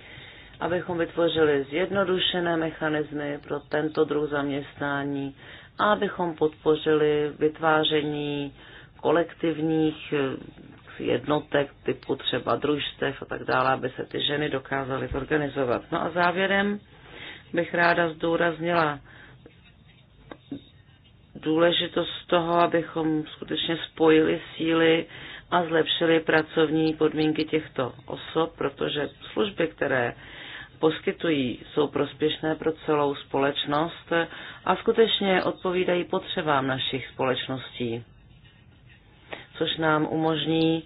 abychom vytvořili zjednodušené mechanismy pro tento druh zaměstnání a abychom podpořili vytváření kolektivních eh, jednotek typu třeba družstev a tak dále, aby se ty ženy dokázaly zorganizovat. No a závěrem bych ráda zdůraznila důležitost toho, abychom skutečně spojili síly a zlepšili pracovní podmínky těchto osob, protože služby, které poskytují, jsou prospěšné pro celou společnost a skutečně odpovídají potřebám našich společností, což nám umožní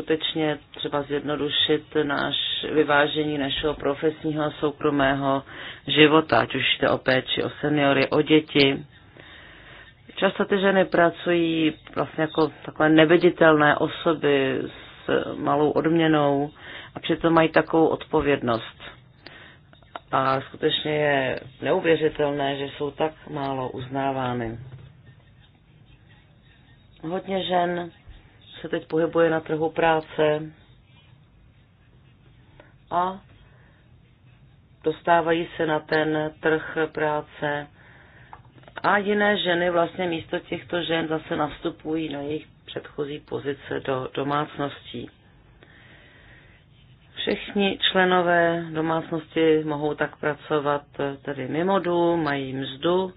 skutečně třeba zjednodušit náš vyvážení našeho profesního a soukromého života, ať už jde o péči, o seniory, o děti. Často ty ženy pracují vlastně jako takové neviditelné osoby s malou odměnou a přitom mají takovou odpovědnost. A skutečně je neuvěřitelné, že jsou tak málo uznávány. Hodně žen se teď pohybuje na trhu práce a dostávají se na ten trh práce. A jiné ženy vlastně místo těchto žen zase nastupují na jejich předchozí pozice do domácností. Všichni členové domácnosti mohou tak pracovat tedy mimo dům, mají mzdu,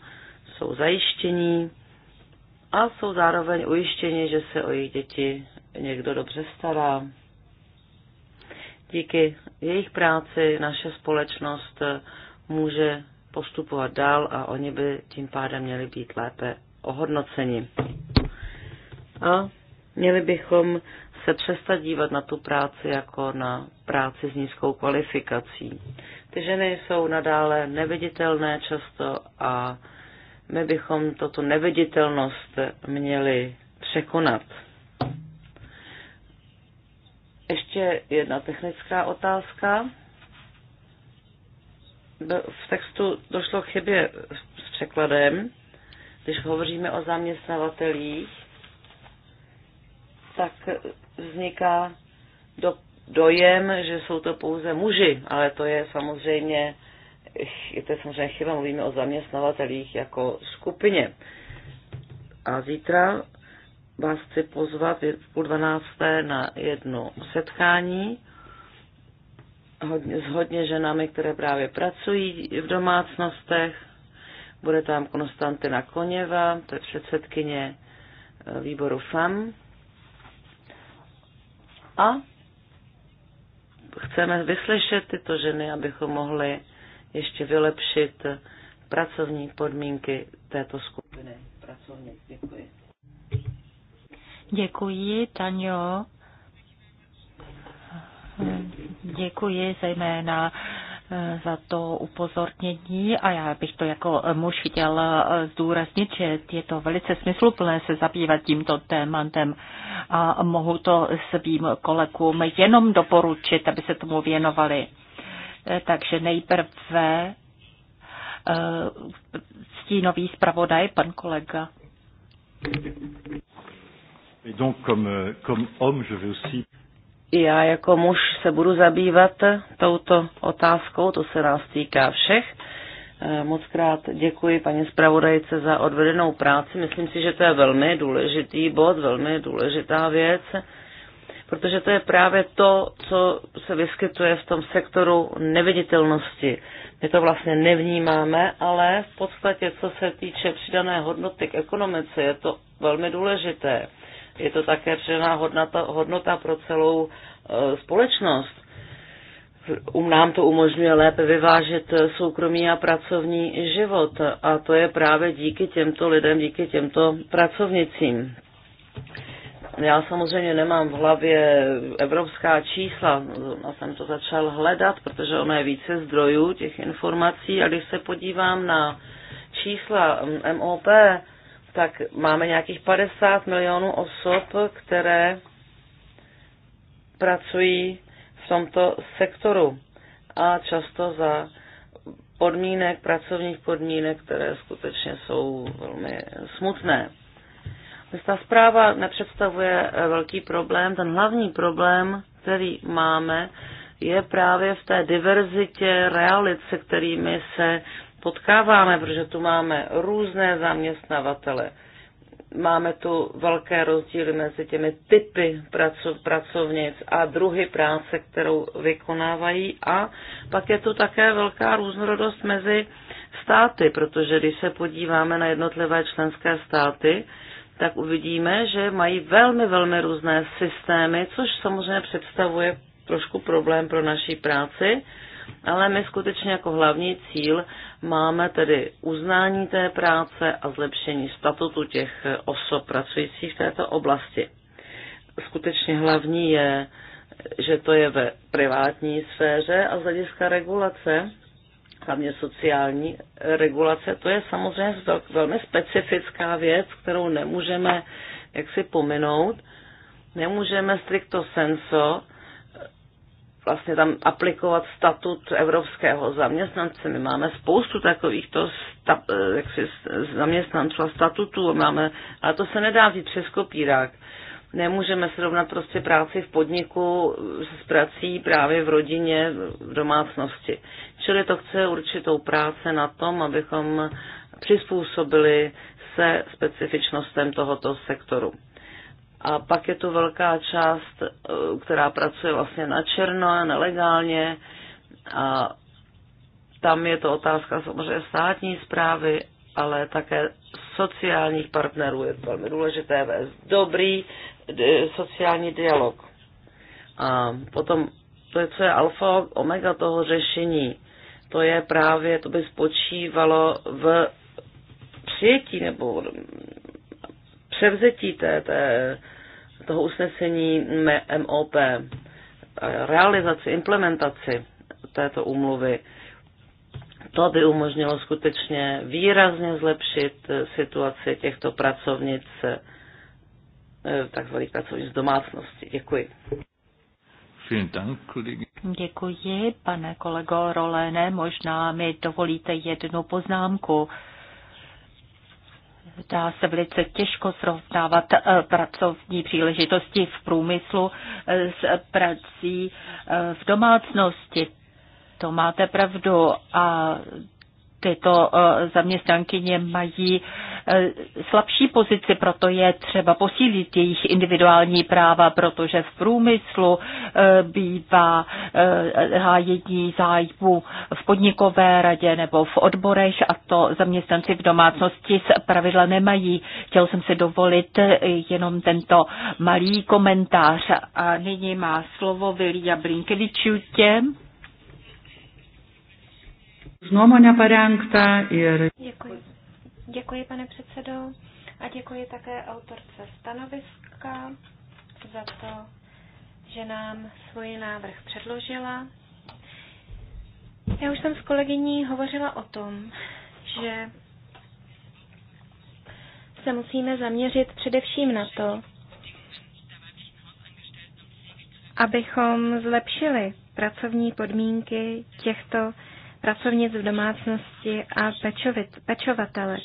jsou zajištění a jsou zároveň ujištěni, že se o jejich děti někdo dobře stará. Díky jejich práci naše společnost může postupovat dál a oni by tím pádem měli být lépe ohodnoceni. A měli bychom se přestat dívat na tu práci jako na práci s nízkou kvalifikací. Ty ženy jsou nadále neviditelné často a my bychom toto neviditelnost měli překonat. Ještě jedna technická otázka. V textu došlo k chybě s překladem. Když hovoříme o zaměstnavatelích, tak vzniká do, dojem, že jsou to pouze muži, ale to je samozřejmě to je samozřejmě chyba, mluvíme o zaměstnavatelích jako skupině. A zítra vás chci pozvat v půl dvanácté na jedno setkání hodně, s hodně ženami, které právě pracují v domácnostech. Bude tam Konstantina Koněva, to je předsedkyně e, výboru FAM. A chceme vyslyšet tyto ženy, abychom mohli ještě vylepšit pracovní podmínky této skupiny pracovník. Děkuji. Děkuji, Tanjo. Děkuji zejména eh, za to upozornění a já bych to jako eh, muž chtěl eh, zdůraznit, že je to velice smysluplné se zabývat tímto tématem a mohu to svým kolegům jenom doporučit, aby se tomu věnovali. Eh, takže nejprve eh, stínový zpravodaj, pan kolega. Eh, já jako muž se budu zabývat touto otázkou, to se nás týká všech. Moc krát děkuji paní zpravodajce za odvedenou práci. Myslím si, že to je velmi důležitý bod, velmi důležitá věc protože to je právě to, co se vyskytuje v tom sektoru neviditelnosti. My to vlastně nevnímáme, ale v podstatě, co se týče přidané hodnoty k ekonomice, je to velmi důležité. Je to také přidaná hodnota, hodnota pro celou e, společnost. Nám to umožňuje lépe vyvážet e, soukromý a pracovní život a to je právě díky těmto lidem, díky těmto pracovnicím. Já samozřejmě nemám v hlavě evropská čísla, a jsem to začal hledat, protože ono je více zdrojů těch informací a když se podívám na čísla MOP, mm, tak máme nějakých 50 milionů osob, které pracují v tomto sektoru a často za podmínek, pracovních podmínek, které skutečně jsou velmi smutné. Ta zpráva nepředstavuje eh, velký problém. Ten hlavní problém, který máme, je právě v té diverzitě realit, se kterými se potkáváme, protože tu máme různé zaměstnavatele. Máme tu velké rozdíly mezi těmi typy pracovnic a druhy práce, kterou vykonávají. A pak je tu také velká různorodost mezi státy, protože když se podíváme na jednotlivé členské státy, tak uvidíme, že mají velmi, velmi různé systémy, což samozřejmě představuje trošku problém pro naší práci, ale my skutečně jako hlavní cíl máme tedy uznání té práce a zlepšení statutu těch osob pracujících v této oblasti. Skutečně hlavní je, že to je ve privátní sféře a z hlediska regulace za sociální eh, regulace, to je samozřejmě velmi specifická věc, kterou nemůžeme jaksi pominout. Nemůžeme stricto senso eh, vlastně tam aplikovat statut evropského zaměstnance. My máme spoustu takovýchto sta, eh, jaksi, zaměstnanců a statutů, máme, ale to se nedá vzít přes kopírák. Nemůžeme srovnat prostě práci v podniku s prací právě v rodině, v domácnosti. Čili to chce určitou práce na tom, abychom přizpůsobili se specifičnostem tohoto sektoru. A pak je tu velká část, eh, která pracuje vlastně na černo, nelegálně. A tam je to otázka samozřejmě státní zprávy, ale také sociálních partnerů je velmi důležité vést dobrý sociální dialog. A potom to, je, co je alfa omega toho řešení, to je právě, to by spočívalo v přijetí nebo převzetí té, té, toho usnesení MOP, realizaci, implementaci této úmluvy. To by umožnilo skutečně výrazně zlepšit eh, situaci těchto pracovnic eh, Eh, takzvaných pracovníc z domácnosti. Děkuji. Děkuji, pane kolego Roléne. Možná mi dovolíte jednu poznámku. Dá se velice těžko srovnávat eh, pracovní příležitosti v průmyslu eh, s prací v domácnosti. To máte pravdu a tyto eh, zaměstnankyně mají eh, slabší pozici, proto je třeba posílit jejich individuální práva, protože v průmyslu eh, bývá hájení zájmu v podnikové radě nebo v odborech a to zaměstnanci v domácnosti z pravidla nemají. Chtěl jsem si dovolit jenom tento malý komentář. A nyní má slovo Vilija Brinkevičutě. Nuomonę parengta ir... Děkuji. Děkuji, pane předsedo. A děkuji také autorce stanoviska za to, že nám swój návrh předložila. Já už jsem s kolegyní hovořila o tom, že se musíme zaměřit především na to, abychom zlepšili pracovní podmínky těchto pracovnic v domácnosti a pečovatelek.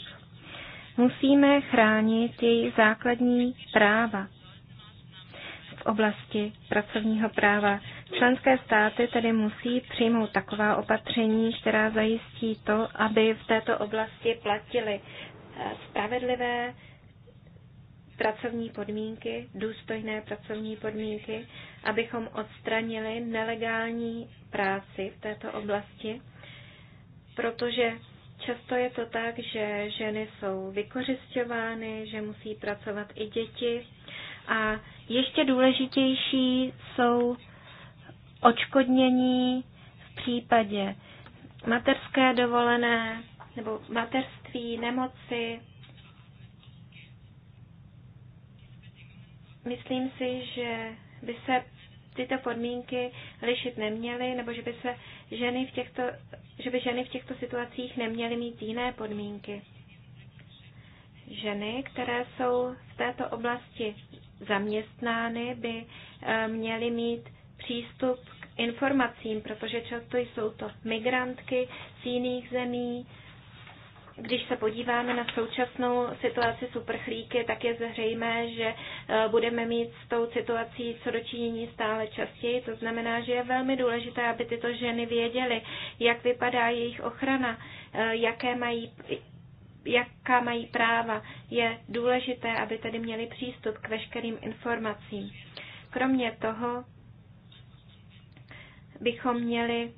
Musíme chránit jejich základní práva v oblasti pracovního práva. Členské státy tedy musí přijmout taková opatření, která zajistí to, aby v této oblasti platily eh, spravedlivé pracovní podmínky, důstojné pracovní podmínky, abychom odstranili nelegální práci v této oblasti protože často je to tak, že ženy jsou vykořišťovány, že musí pracovat i děti. A ještě důležitější jsou očkodnění v případě materské dovolené nebo materství, nemoci. Myslím si, že by se tyto podmínky lišit neměly, nebo že by se ženy v těchto že by ženy v těchto situacích neměly mít jiné podmínky. Ženy, které jsou v této oblasti zaměstnány, by eh, měly mít přístup k informacím, protože často jsou to migrantky z jiných zemí, když se podíváme na současnou situaci s uprchlíky, tak je zřejmé, že e, budeme mít s tou situací co dočinění stále častěji. To znamená, že je velmi důležité, aby tyto ženy věděly, jak vypadá jejich ochrana, e, jaké mají jaká mají práva, je důležité, aby tedy měli přístup k veškerým informacím. Kromě toho bychom měli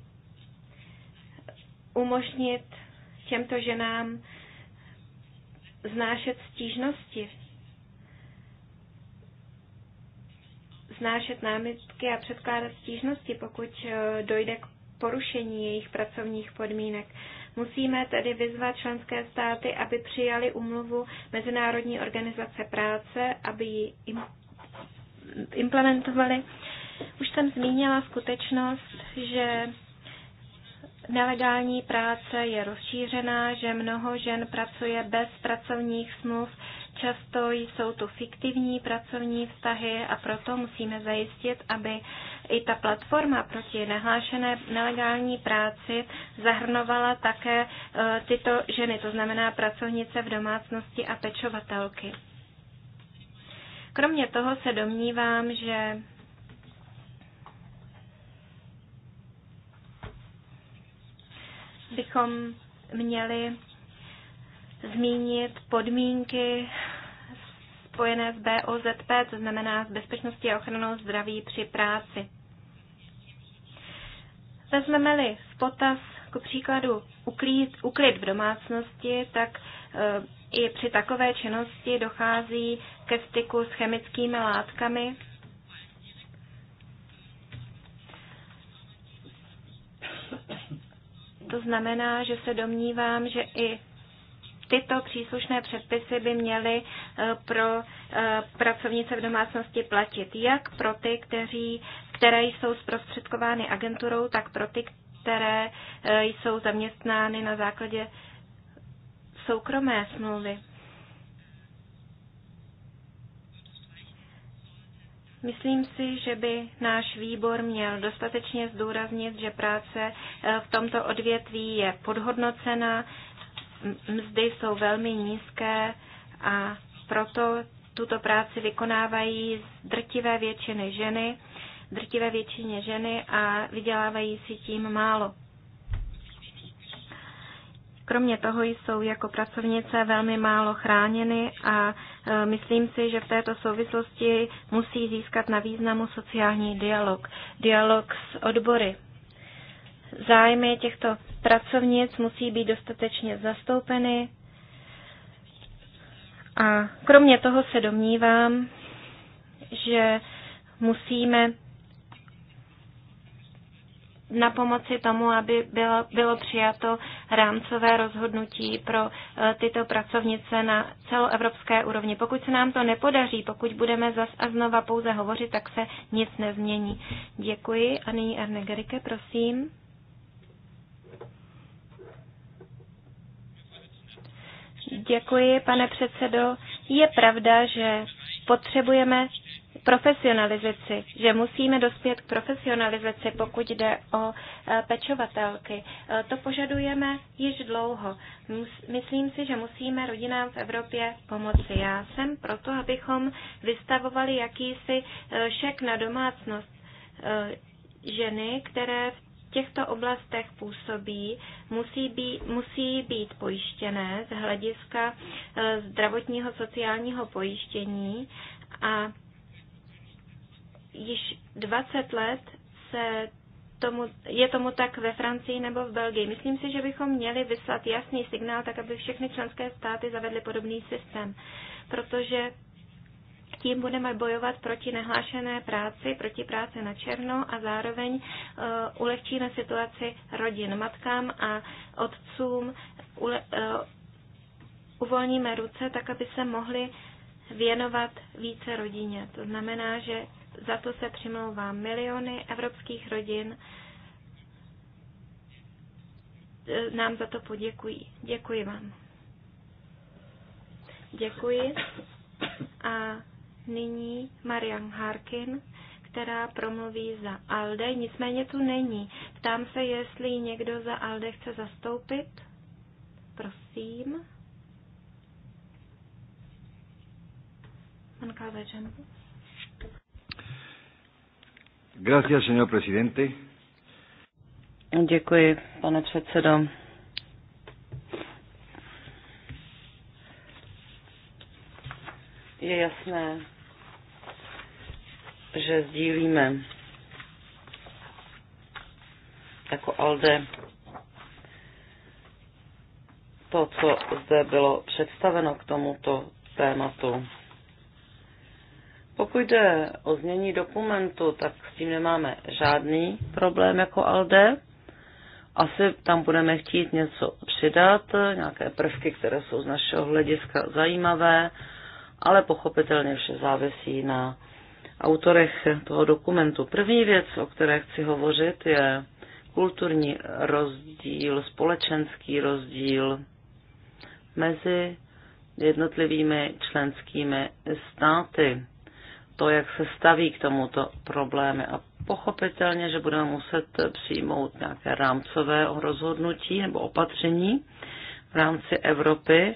umožnit těmto ženám znášet stížnosti, znášet námitky a předkládat stížnosti, pokud eh, dojde k porušení jejich pracovních podmínek. Musíme tedy vyzvat členské státy, aby přijali umluvu Mezinárodní organizace práce, aby ji implementovali. Už jsem zmínila skutečnost, že nelegální práce je rozšířená, že mnoho žen pracuje bez pracovních smluv, často jsou tu fiktivní pracovní vztahy a proto musíme zajistit, aby i ta platforma proti nehlášené nelegální práci zahrnovala také e, tyto ženy, to znamená pracovnice v domácnosti a pečovatelky. Kromě toho se domnívám, že bychom měli zmínit podmínky spojené s BOZP, to znamená s bezpečností a ochranou zdraví při práci. Vezmeme-li v potaz ku příkladu uklid, uklid v domácnosti, tak eh, i při takové činnosti dochází ke styku s chemickými látkami, To znamená, že se domnívám, že i tyto příslušné předpisy by měly eh, pro eh, pracovnice v domácnosti platit jak pro ty, kteří, které jsou zprostředkovány agenturou, tak pro ty, které eh, jsou zaměstnány na základě soukromé smlouvy. Myslím si, že by náš výbor měl dostatečně zdůraznit, že práce eh, v tomto odvětví je podhodnocena, mzdy jsou velmi nízké a proto tuto práci vykonávají drtivé většiny ženy, drtivé většině ženy a vydělávají si tím málo. Kromě toho jsou jako pracovnice velmi málo chráněny a Eh, myslím si, že v této souvislosti musí získat na významu sociální dialog, dialog s odbory. Zájmy těchto pracovnic musí být dostatečně zastoupeny. A kromě toho se domnívám, že musíme na pomoci tomu, aby bylo, bylo přijato rámcové rozhodnutí pro e, tyto pracovnice na celoevropské úrovni. Pokud se nám to nepodaří, pokud budeme zas a znova pouze hovořit, tak se nic nezmění. Děkuji a nyní Arne Gerike, prosím. Děkuji, pane předsedo. Je pravda, že potřebujeme profesionalizaci, že musíme dospět k profesionalizaci, pokud jde o e, pečovatelky. E, to požadujeme již dlouho. Myslím si, že musíme rodinám v Evropě pomoci. Já jsem proto, abychom vystavovali jakýsi e, šek na domácnost ženy, které v těchto oblastech působí, musí být, musí být pojištěné z hlediska zdravotního sociálního pojištění a Již 20 let se tomu, je tomu tak ve Francii nebo v Belgii. Myslím si, že bychom měli vyslat jasný signál, tak aby všechny členské státy zavedly podobný systém, protože tím budeme bojovat proti nehlášené práci, proti práci na černo a zároveň uh, ulehčíme situaci rodin, matkám a otcům. Ule, uh, uvolníme ruce tak, aby se mohli věnovat více rodině. To znamená, že za to se přimlouvá miliony evropských rodin, e, nám za to poděkují. Děkuji vám. Děkuji. A nyní Marian Harkin, která promluví za ALDE, nicméně tu není. Ptám se, jestli někdo za ALDE chce zastoupit. Prosím. Pan Kalvečem. Gracias, señor presidente. Děkuji, pane předsedo. Je jasné, že sdílíme jako ALDE to, co zde bylo představeno k tomuto tématu. Pokud jde o změní dokumentu, tak s tím nemáme žádný problém jako ALDE. Asi tam budeme chtít něco přidat, nějaké prvky, které jsou z našeho hlediska zajímavé, ale pochopitelně vše závisí na autorech toho dokumentu. První věc, o které chci hovořit, je kulturní rozdíl, společenský rozdíl mezi jednotlivými členskými státy to, jak se staví k tomuto problému. A pochopitelně, že budeme muset přijmout nějaké rámcové rozhodnutí nebo opatření v rámci Evropy,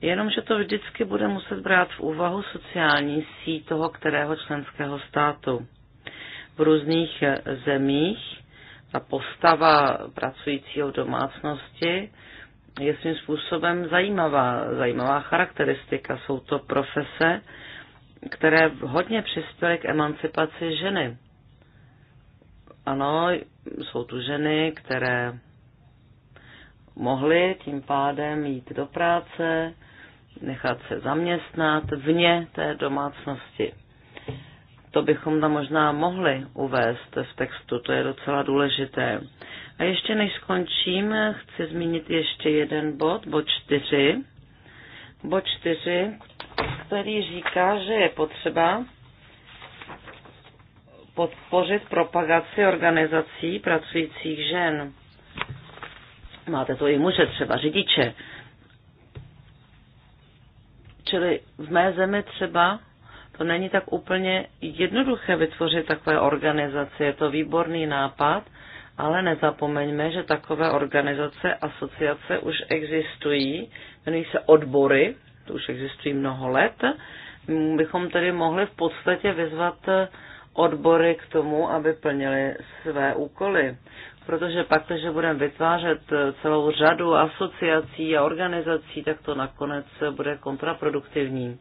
jenomže to vždycky bude muset brát v úvahu sociální síť toho kterého členského státu. V různých zemích ta postava pracujícího domácnosti je svým způsobem zajímavá, zajímavá charakteristika. Jsou to profese, které hodně přispěly k emancipaci ženy. Ano, jsou tu ženy, které mohly tím pádem jít do práce, nechat se zaměstnat vně té domácnosti. To bychom tam možná mohli uvést v textu, to je docela důležité. A ještě než skončím, chci zmínit ještě jeden bod, bod čtyři. Bod čtyři, který říká, že je potřeba podpořit propagaci organizací pracujících žen. Máte to i muže, třeba řidiče. Čili v mé zemi třeba to není tak úplně jednoduché vytvořit takové organizace. Je to výborný nápad, ale nezapomeňme, že takové organizace, asociace už existují, jmenují se odbory to už existují mnoho let, bychom tedy mohli v podstatě vyzvat odbory k tomu, aby plnili své úkoly. Protože pak, když budeme vytvářet celou řadu asociací a organizací, tak to nakonec bude kontraproduktivní.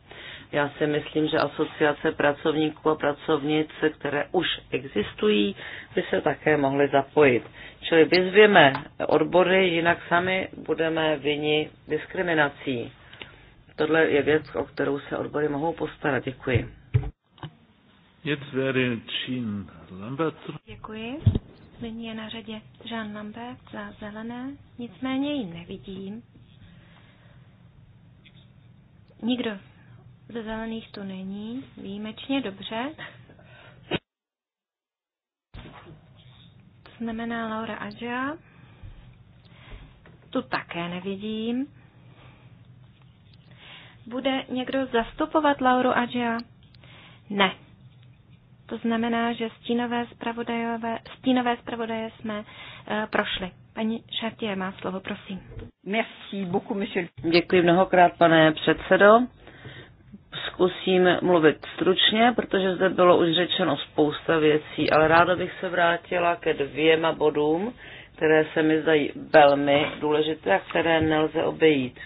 Já si myslím, že asociace pracovníků a pracovnic, které už existují, by se také mohly zapojit. Čili vyzvěme odbory, jinak sami budeme vyni diskriminací tohle je věc, o kterou se odbory mohou postarat. Děkuji. Děkuji. Nyní je na řadě Jean Lambert za zelené, nicméně ji nevidím. Nikdo ze zelených tu není, výjimečně dobře. To znamená Laura Adja. Tu také nevidím. Bude někdo zastupovat Lauru Adžia? Ne. To znamená, že stínové, zpravodajové stínové zpravodaje jsme e, prošli. Paní Šartě má slovo, prosím. Merci beaucoup, monsieur. Děkuji mnohokrát, pane předsedo. Zkusím mluvit stručně, protože zde bylo už řečeno spousta věcí, ale ráda bych se vrátila ke dvěma bodům, které se mi zdají velmi důležité a které nelze obejít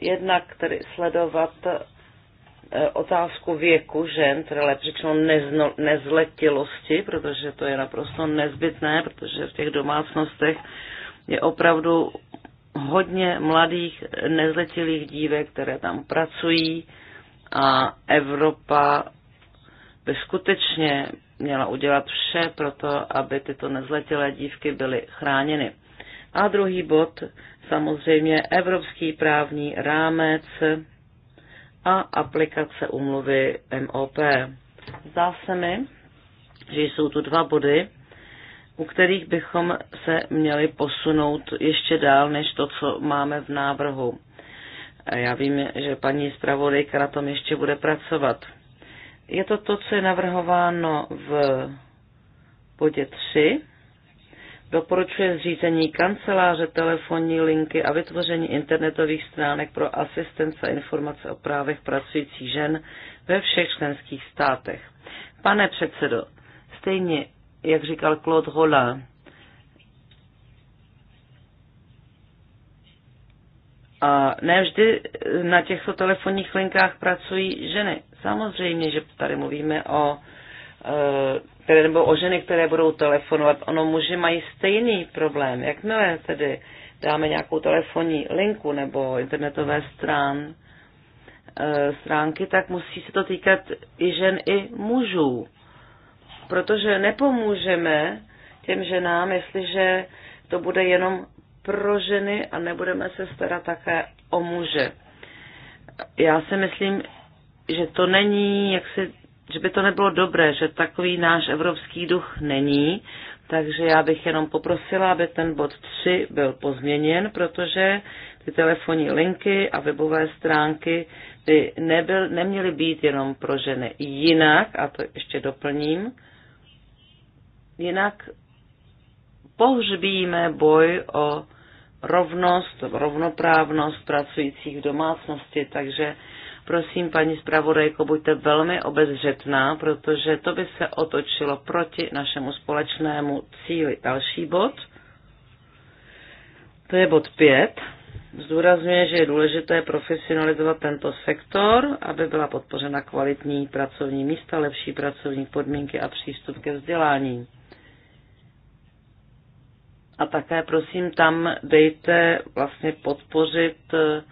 jednak tedy sledovat eh, otázku věku žen, které lepší řečeno nezletilosti, protože to je naprosto nezbytné, protože v těch domácnostech je opravdu hodně mladých nezletilých dívek, které tam pracují a Evropa by skutečně měla udělat vše pro to, aby tyto nezletilé dívky byly chráněny. A druhý bod, samozřejmě Evropský právní rámec a aplikace umluvy MOP. Zdá se mi, že jsou tu dva body, u kterých bychom se měli posunout ještě dál než to, co máme v návrhu. Já vím, že paní zpravodajka na tom ještě bude pracovat. Je to to, co je navrhováno v bodě 3, Doporučuje zřízení kanceláře, telefonní linky a vytvoření internetových stránek pro asistence a informace o právech pracujících žen ve všech členských státech. Pane předsedo, stejně jak říkal Claude Rollin, A ne vždy na těchto telefonních linkách pracují ženy. Samozřejmě, že tady mluvíme o e, které, nebo o ženy, které budou telefonovat. Ono muži mají stejný problém. Jakmile tedy dáme nějakou telefonní linku nebo internetové strán, eh, stránky, tak musí se to týkat i žen, i mužů. Protože nepomůžeme těm ženám, jestliže to bude jenom pro ženy a nebudeme se starat také o muže. Já si myslím, že to není jaksi že by to nebylo dobré, že takový náš evropský duch není, takže já bych jenom poprosila, aby ten bod 3 byl pozměněn, protože ty telefonní linky a webové stránky by nebyl, neměly být jenom pro ženy. Jinak, a to ještě doplním, jinak pohřbíme boj o rovnost, rovnoprávnost pracujících v domácnosti, takže Prosím, paní zpravodajko, buďte velmi obezřetná, protože to by se otočilo proti našemu společnému cíli. Další bod, to je bod 5. Zdůrazňuje, že je důležité profesionalizovat tento sektor, aby byla podpořena kvalitní pracovní místa, lepší pracovní podmínky a přístup ke vzdělání. A také prosím tam dejte vlastně podpořit eh,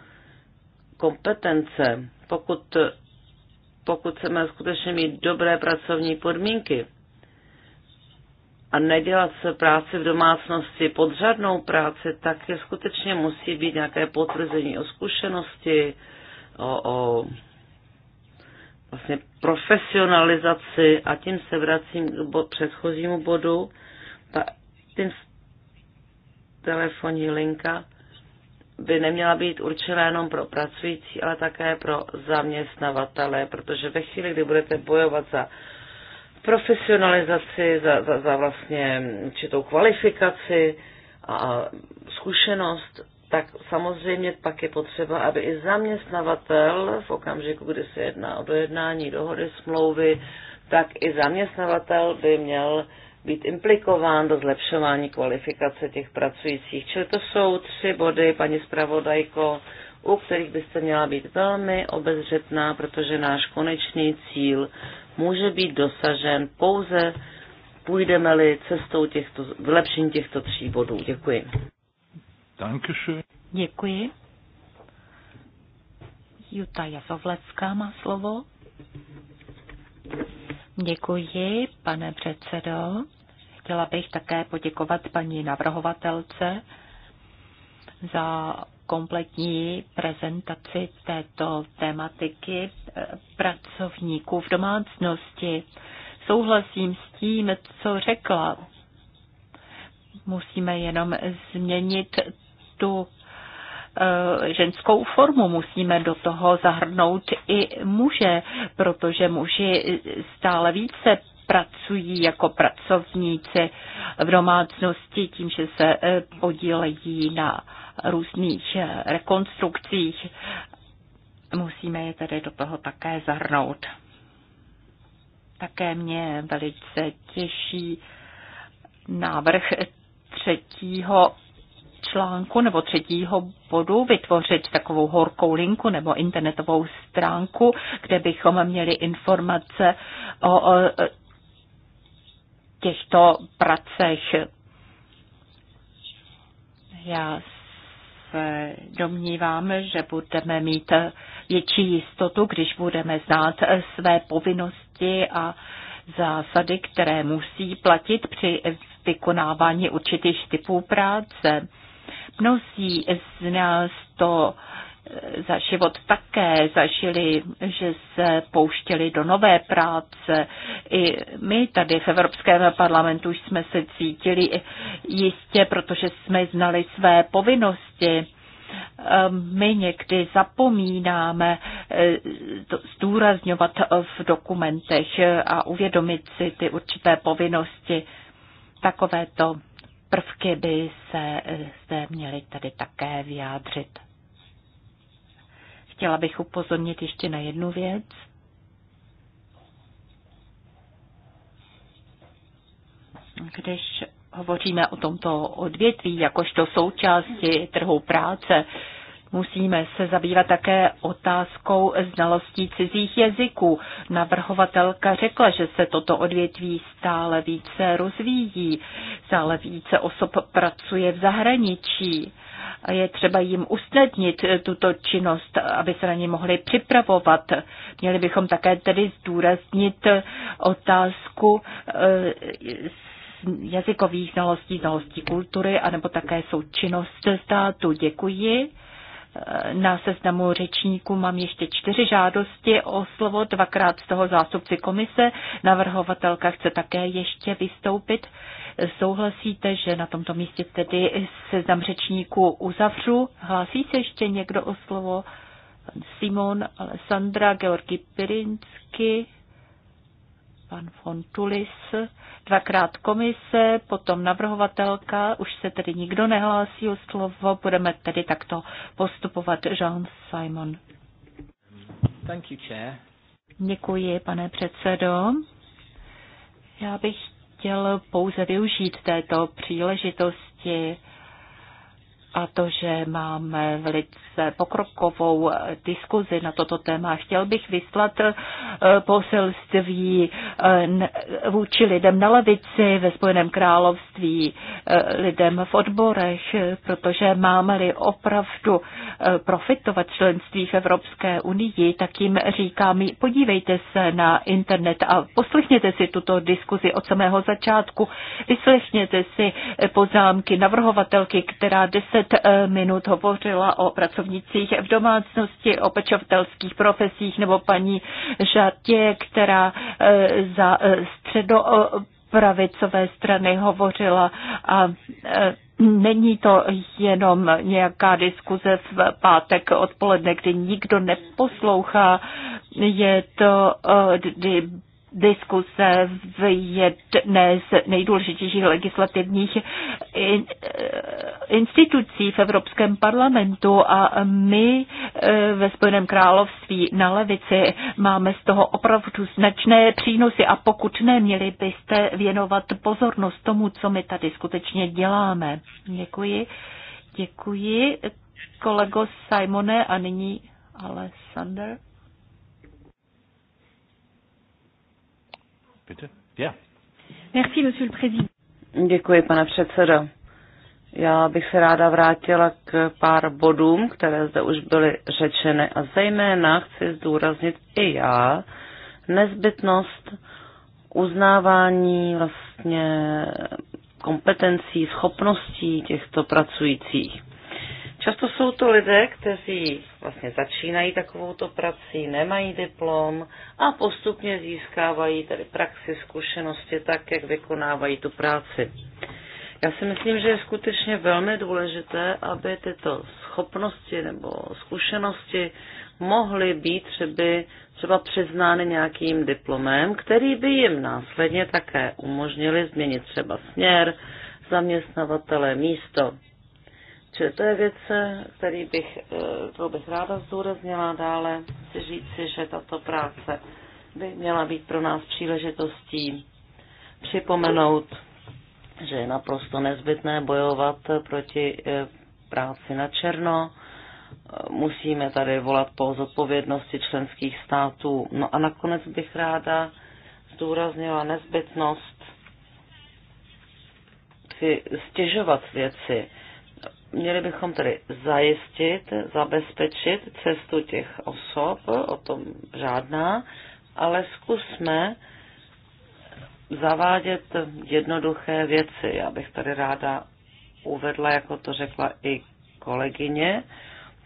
kompetence pokud, pokud chceme skutečně mít dobré pracovní podmínky a nedělat se práci v domácnosti podřadnou práci, tak je skutečně musí být nějaké potvrzení o zkušenosti, o, o vlastně profesionalizaci a tím se vracím k bo- předchozímu bodu. Ta, tím telefonní linka by neměla být určena jenom pro pracující, ale také pro zaměstnavatele, protože ve chvíli, kdy budete bojovat za profesionalizaci, za, za, za vlastně určitou kvalifikaci a zkušenost, tak samozřejmě pak je potřeba, aby i zaměstnavatel v okamžiku, kdy se jedná o dojednání dohody smlouvy, tak i zaměstnavatel by měl být implikován do zlepšování kvalifikace těch pracujících. Čili to jsou tři body, paní zpravodajko, u kterých byste měla být velmi obezřetná, protože náš konečný cíl může být dosažen pouze půjdeme-li cestou těchto, vylepšení těchto tří bodů. Děkuji. Dankeschön. Děkuji. Juta Jazovlecká má slovo. Děkuji, pane předsedo. Chtěla bych také poděkovat paní navrhovatelce za kompletní prezentaci této tematiky pracovníků v domácnosti. Souhlasím s tím, co řekla. Musíme jenom změnit tu Eh, ženskou formu. Musíme do toho zahrnout i muže, protože muži stále více pracují jako pracovníci v domácnosti tím, že se eh, podílejí na různých eh, rekonstrukcích. Musíme je tedy do toho také zahrnout. Také mě velice těší návrh třetího článku nebo třetího bodu vytvořit takovou horkou linku nebo internetovou stránku, kde bychom měli informace o, těchto pracech. Já se domnívám, že budeme mít větší jistotu, když budeme znát své povinnosti a zásady, které musí platit při vykonávání určitých typů práce. Mnozí z nás to eh, za život také zažili, že se pouštěli do nové práce. I my tady v Evropském parlamentu jsme se cítili jistě, protože jsme znali své povinnosti. Ehm, my někdy zapomínáme eh, zdůrazňovat v dokumentech a uvědomit si ty určité povinnosti. Takovéto prvky by se eh, zde měly tady také vyjádřit. Chtěla bych upozornit ještě na jednu věc. Když hovoříme o tomto odvětví jakožto součásti trhu práce, Musíme se zabývat také otázkou znalostí cizích jazyků. Navrhovatelka řekla, že se toto odvětví stále více rozvíjí, stále více osob pracuje v zahraničí. Je třeba jim usnadnit tuto činnost, aby se na ně mohli připravovat. Měli bychom také tedy zdůraznit otázku eh, jazykových znalostí, znalostí kultury, anebo také součinnost státu. Děkuji na seznamu řečníků mám ještě čtyři žádosti o slovo, dvakrát z toho zástupci komise. Navrhovatelka chce také ještě vystoupit. Souhlasíte, že na tomto místě tedy seznam řečníků uzavřu? Hlásí se ještě někdo o slovo? Simon, Alessandra, Georgi Pirinsky pan von Tulis dvakrát komise, potom navrhovatelka, už se tedy nikdo nehlásí o slovo, budeme tedy takto postupovat. Jean Simon. Thank you, chair. Děkuji, pane předsedo. Já bych chtěl pouze využít této příležitosti a to, že máme velice pokrokovou diskuzi na toto téma. Chtěl bych vyslat eh, poselství eh, vůči lidem na levici ve Spojeném království, eh, lidem v odborech, protože máme-li opravdu profitovat členství v Evropské unii, tak jim říkám, podívejte se na internet a poslechněte si tuto diskuzi od samého začátku, vyslechněte si poznámky navrhovatelky, která deset 20 eh, minut hovořila o pracovnicích v domácnosti, o pečovatelských profesích nebo paní Žatě, která eh, za eh, středo pravicové strany hovořila a Není to jenom nějaká diskuze v pátek odpoledne, kdy nikdo neposlouchá. Je to diskuse v jedné z nejdůležitějších legislativních institucí v Evropském parlamentu a my eh, ve Spojeném království na levici máme z toho opravdu značné přínosy a pokud ne, měli byste věnovat pozornost tomu, co my tady skutečně děláme. Děkuji. Děkuji kolego Simone a nyní Alessander. Bitte? Ja. Merci, monsieur le président. Děkuji, pane předsedo. Já bych se ráda vrátila k pár bodům, které zde už byly řečeny a zejména chci zdůraznit i já nezbytnost uznávání vlastně kompetencí, schopností těchto pracujících. Často jsou to lidé, kteří vlastně začínají takovouto prací, nemají diplom a postupně získávají tady praxi, zkušenosti tak, jak vykonávají tu práci. Já si myslím, že je skutečně velmi důležité, aby tyto schopnosti nebo zkušenosti mohly být třeba, třeba přiznány nějakým diplomem, který by jim následně také umožnili změnit třeba směr, zaměstnavatele, místo Čili to je věc, který bych, eh, kterou bych ráda zdůraznila dále, chci říci, že tato práce by měla být pro nás příležitostí připomenout, že je naprosto nezbytné bojovat proti eh, práci na černo. Musíme tady volat po zodpovědnosti členských států. No a nakonec bych ráda zdůraznila nezbytnost si stěžovat věci, Měli bychom tedy zajistit, zabezpečit cestu těch osob, o tom žádná, ale zkusme zavádět jednoduché věci. Já bych tady ráda uvedla, jako to řekla i kolegyně,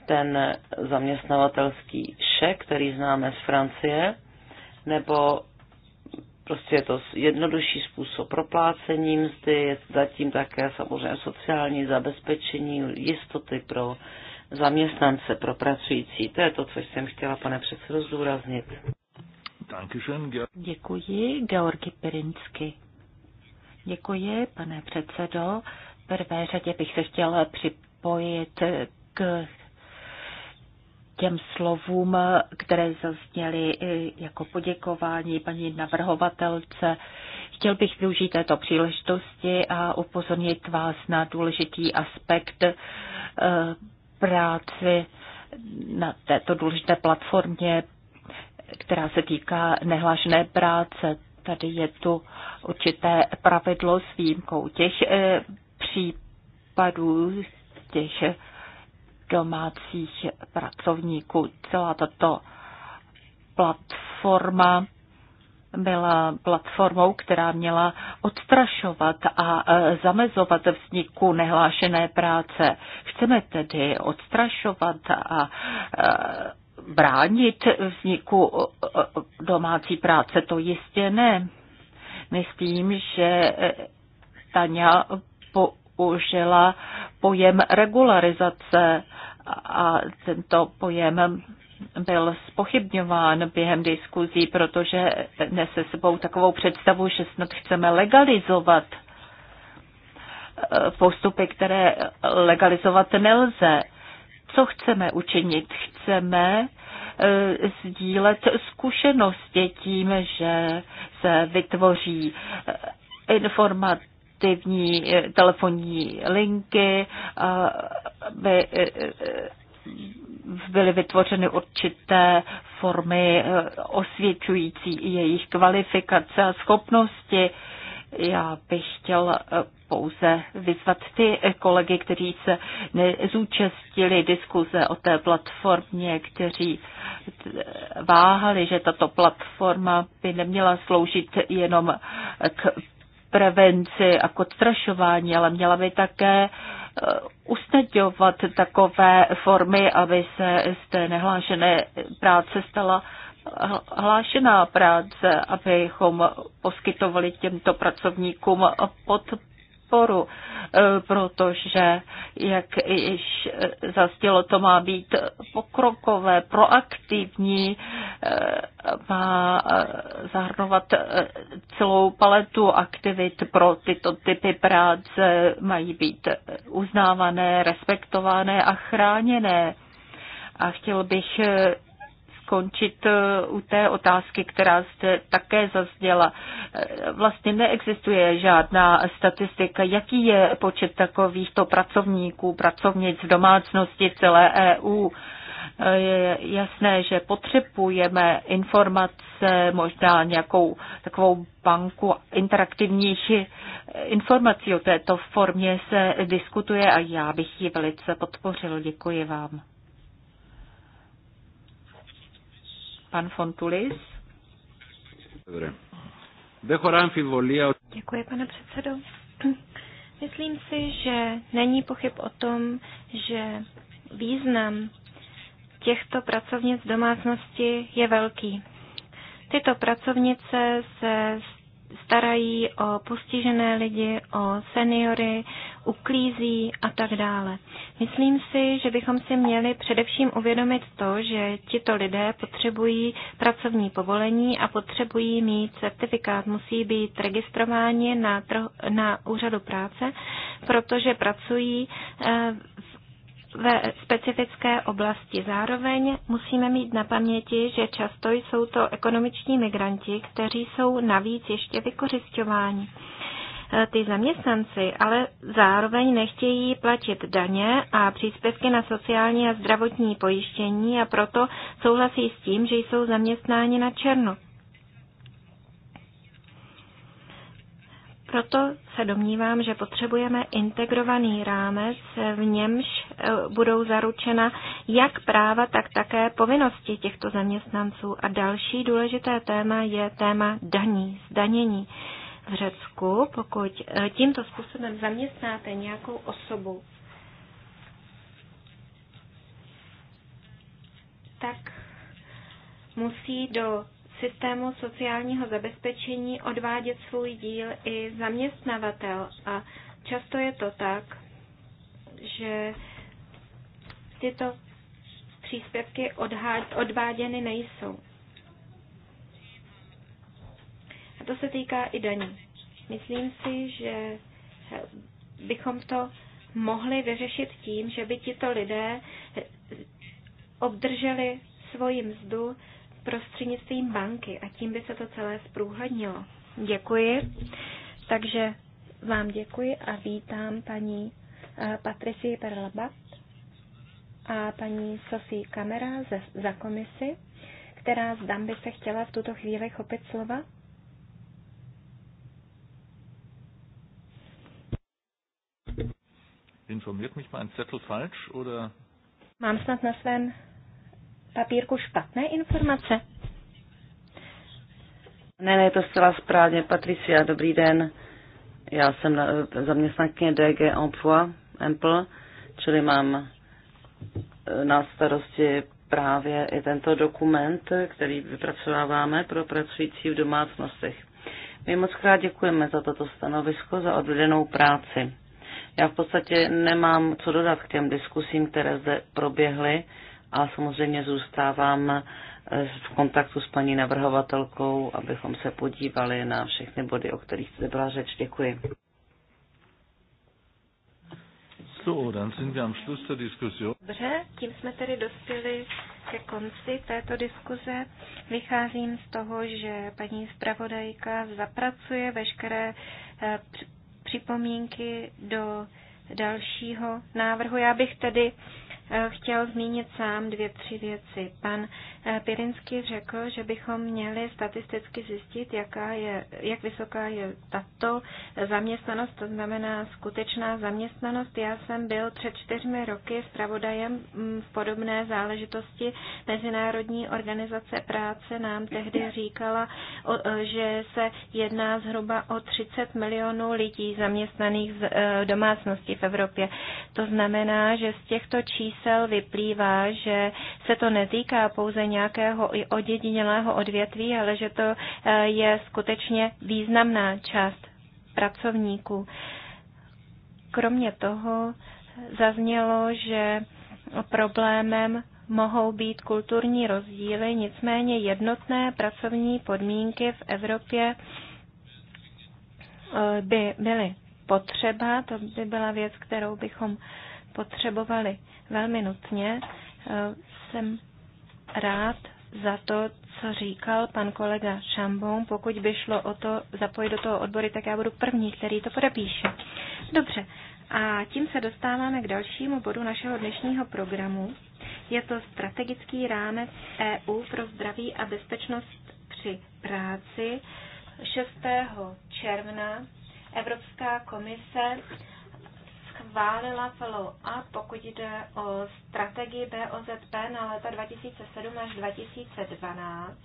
ten zaměstnavatelský šek, který známe z Francie, nebo prostě je to jednodušší způsob proplácení mzdy, je zatím také samozřejmě sociální zabezpečení, jistoty pro zaměstnance, pro pracující. To je to, co jsem chtěla, pane předsedo, zdůraznit. Děkuji, Georgi Pirinsky. Děkuji, pane předsedo. V prvé řadě bych se chtěla připojit k těm slovům, které zazněly eh, jako poděkování paní navrhovatelce. Chtěl bych využít této příležitosti a upozornit vás na důležitý aspekt eh, práci na této důležité platformě, která se týká nehlášené práce. Tady je tu určité pravidlo s výjimkou těch eh, případů, těch domácích pracovníků. Celá tato platforma byla platformou, která měla odstrašovat a e, zamezovat vzniku nehlášené práce. Chceme tedy odstrašovat a e, bránit vzniku e, domácí práce, to jistě ne. Myslím, že Tania po použila pojem regularizace a tento pojem byl spochybňován během diskuzí, protože nese sebou takovou představu, že snad chceme legalizovat eh, postupy, které legalizovat nelze. Co chceme učinit? Chceme eh, sdílet zkušenosti tím, že se vytvoří eh, informace aktivní eh, telefonní linky, eh, by eh, byly vytvořeny určité formy osvědčující jejich kvalifikace a schopnosti. Já bych chtěl pouze vyzvat ty kolegy, kteří se nezúčastili diskuze o té platformě, kteří váhali, že tato platforma by neměla sloužit jenom k prevenci a k odstrašování, ale měla by také eh, usnadňovat takové formy, aby se z té nehlášené práce stala hlášená práce, abychom poskytovali těmto pracovníkům podporu sporu, eh, protože, jak již zastělo, to má být pokrokové, proaktivní, eh, má eh, zahrnovat celou paletu aktivit pro tyto typy práce, mají být uznávané, respektované a chráněné. A chtěl bych skončit eh, u té otázky, která jste také zazněla. Eh, vlastně neexistuje žádná statistika, jaký je počet takovýchto pracovníků, pracovnic v domácnosti v celé EU. Eh, je jasné, že potřebujeme informace, možná nějakou takovou banku interaktivních informací o této formě se diskutuje a já bych ji velice podpořil. Děkuji vám. Pan Fontulis. Děkuji, pane předsedo. Myslím si, že není pochyb o tom, že význam těchto pracovnic domácnosti je velký. Tyto pracovnice se starají o postižené lidi, o seniory, uklízí a tak dále. Myslím si, že bychom si měli především uvědomit to, že tito lidé potřebují pracovní povolení a potřebují mít certifikát. Musí být registrováni na, na úřadu práce, protože pracují eh, ve specifické oblasti. Zároveň musíme mít na paměti, že často jsou to ekonomiční migranti, kteří jsou navíc ještě vykořišťováni. E, ty zaměstnanci ale zároveň nechtějí platit daně a příspěvky na sociální a zdravotní pojištění a proto souhlasí s tím, že jsou zaměstnáni na černo. Proto se domnívám, že potřebujeme integrovaný rámec, v němž e, budou zaručena jak práva, tak také povinnosti těchto zaměstnanců. A další důležité téma je téma daní, zdanění. V Řecku, pokud e, tímto způsobem zaměstnáte nějakou osobu, tak musí do systému sociálního zabezpečení odvádět svůj díl i zaměstnavatel. A často je to tak, že tyto příspěvky odváděny nejsou. A to se týká i daní. Myslím si, že bychom to mohli vyřešit tím, že by tito lidé obdrželi svoji mzdu prostřednictvím banky a tím by se to celé zprůhlednilo. Děkuji. Takže vám děkuji a vítám paní eh, Patrici Perlabat a paní Sofie Kamera ze, za komisi, která zdám by se chtěla v tuto chvíli chopit slova. Informiert mich mein Zettel falsch oder? Mám snad na svém papírku špatné informace? Ne, ne, to zcela správně. Patricia, dobrý den. Já jsem zaměstnankyně DG Emploi, Ample, čili mám e, na starosti právě i tento dokument, který vypracováváme pro pracující v domácnostech. My moc krát děkujeme za toto stanovisko, za odvedenou práci. Já v podstatě nemám co dodat k těm diskusím, které zde proběhly a samozřejmě zůstávám eh, v kontaktu s paní navrhovatelkou, abychom se podívali na všechny body, o kterých jste byla řeč. Děkuji. Dobře, tím jsme tedy dospěli ke konci této diskuze. Vycházím z toho, že paní zpravodajka zapracuje veškeré eh, připomínky do dalšího návrhu. Já bych tedy Eh, chtěl zmínit sám dvě, tři věci. Pan eh, Pirinsky řekl, že bychom měli statisticky zjistit, jaká je, jak vysoká je tato eh, zaměstnanost, to znamená skutečná zaměstnanost. Já jsem byl před čtyřmi roky zpravodajem mm, v podobné záležitosti. Mezinárodní organizace práce nám tehdy říkala, že se jedná zhruba o 30 milionů lidí zaměstnaných v domácnosti v Evropě. To znamená, že z těchto čísel čísel vyplývá, že se to netýká pouze nějakého odědinělého odvětví, ale že to eh, je skutečně významná část pracovníků. Kromě toho zaznělo, že problémem mohou být kulturní rozdíly, nicméně jednotné pracovní podmínky v Evropě eh, by byly potřeba, to by byla věc, kterou bychom potřebovali velmi nutně. Eh, jsem rád za to, co říkal pan kolega Šambon. Pokud by šlo o to zapojit do toho odbory, tak já budu první, který to podepíše. Dobře, a tím se dostáváme k dalšímu bodu našeho dnešního programu. Je to strategický rámec EU pro zdraví a bezpečnost při práci. 6. června Evropská komise schválila celou a pokud jde o strategii BOZP na léta 2007 až 2012,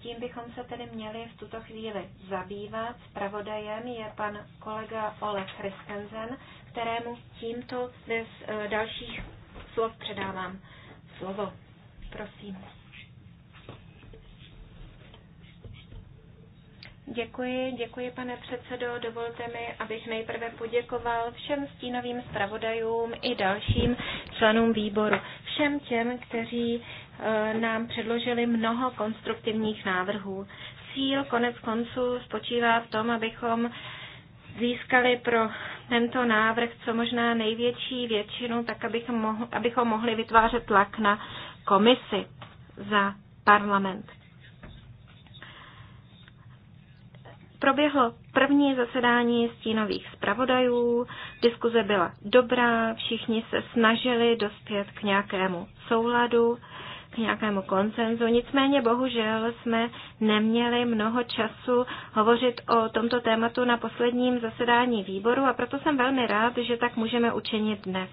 tím bychom se tedy měli v tuto chvíli zabývat. Spravodajem je pan kolega Ole Christensen, kterému tímto bez eh, dalších slov předávám slovo. Prosím. Děkuji, děkuji pane předsedo. Dovolte mi, abych nejprve poděkoval všem stínovým zpravodajům i dalším členům výboru. Všem těm, kteří eh, nám předložili mnoho konstruktivních návrhů. Cíl konec konců spočívá v tom, abychom získali pro tento návrh co možná největší většinu, tak abychom mohli vytvářet tlak na komisi za parlament. Proběhlo první zasedání stínových zpravodajů, diskuze byla dobrá, všichni se snažili dospět k nějakému souladu, k nějakému koncenzu. Nicméně bohužel jsme neměli mnoho času hovořit o tomto tématu na posledním zasedání výboru a proto jsem velmi rád, že tak můžeme učinit dnes.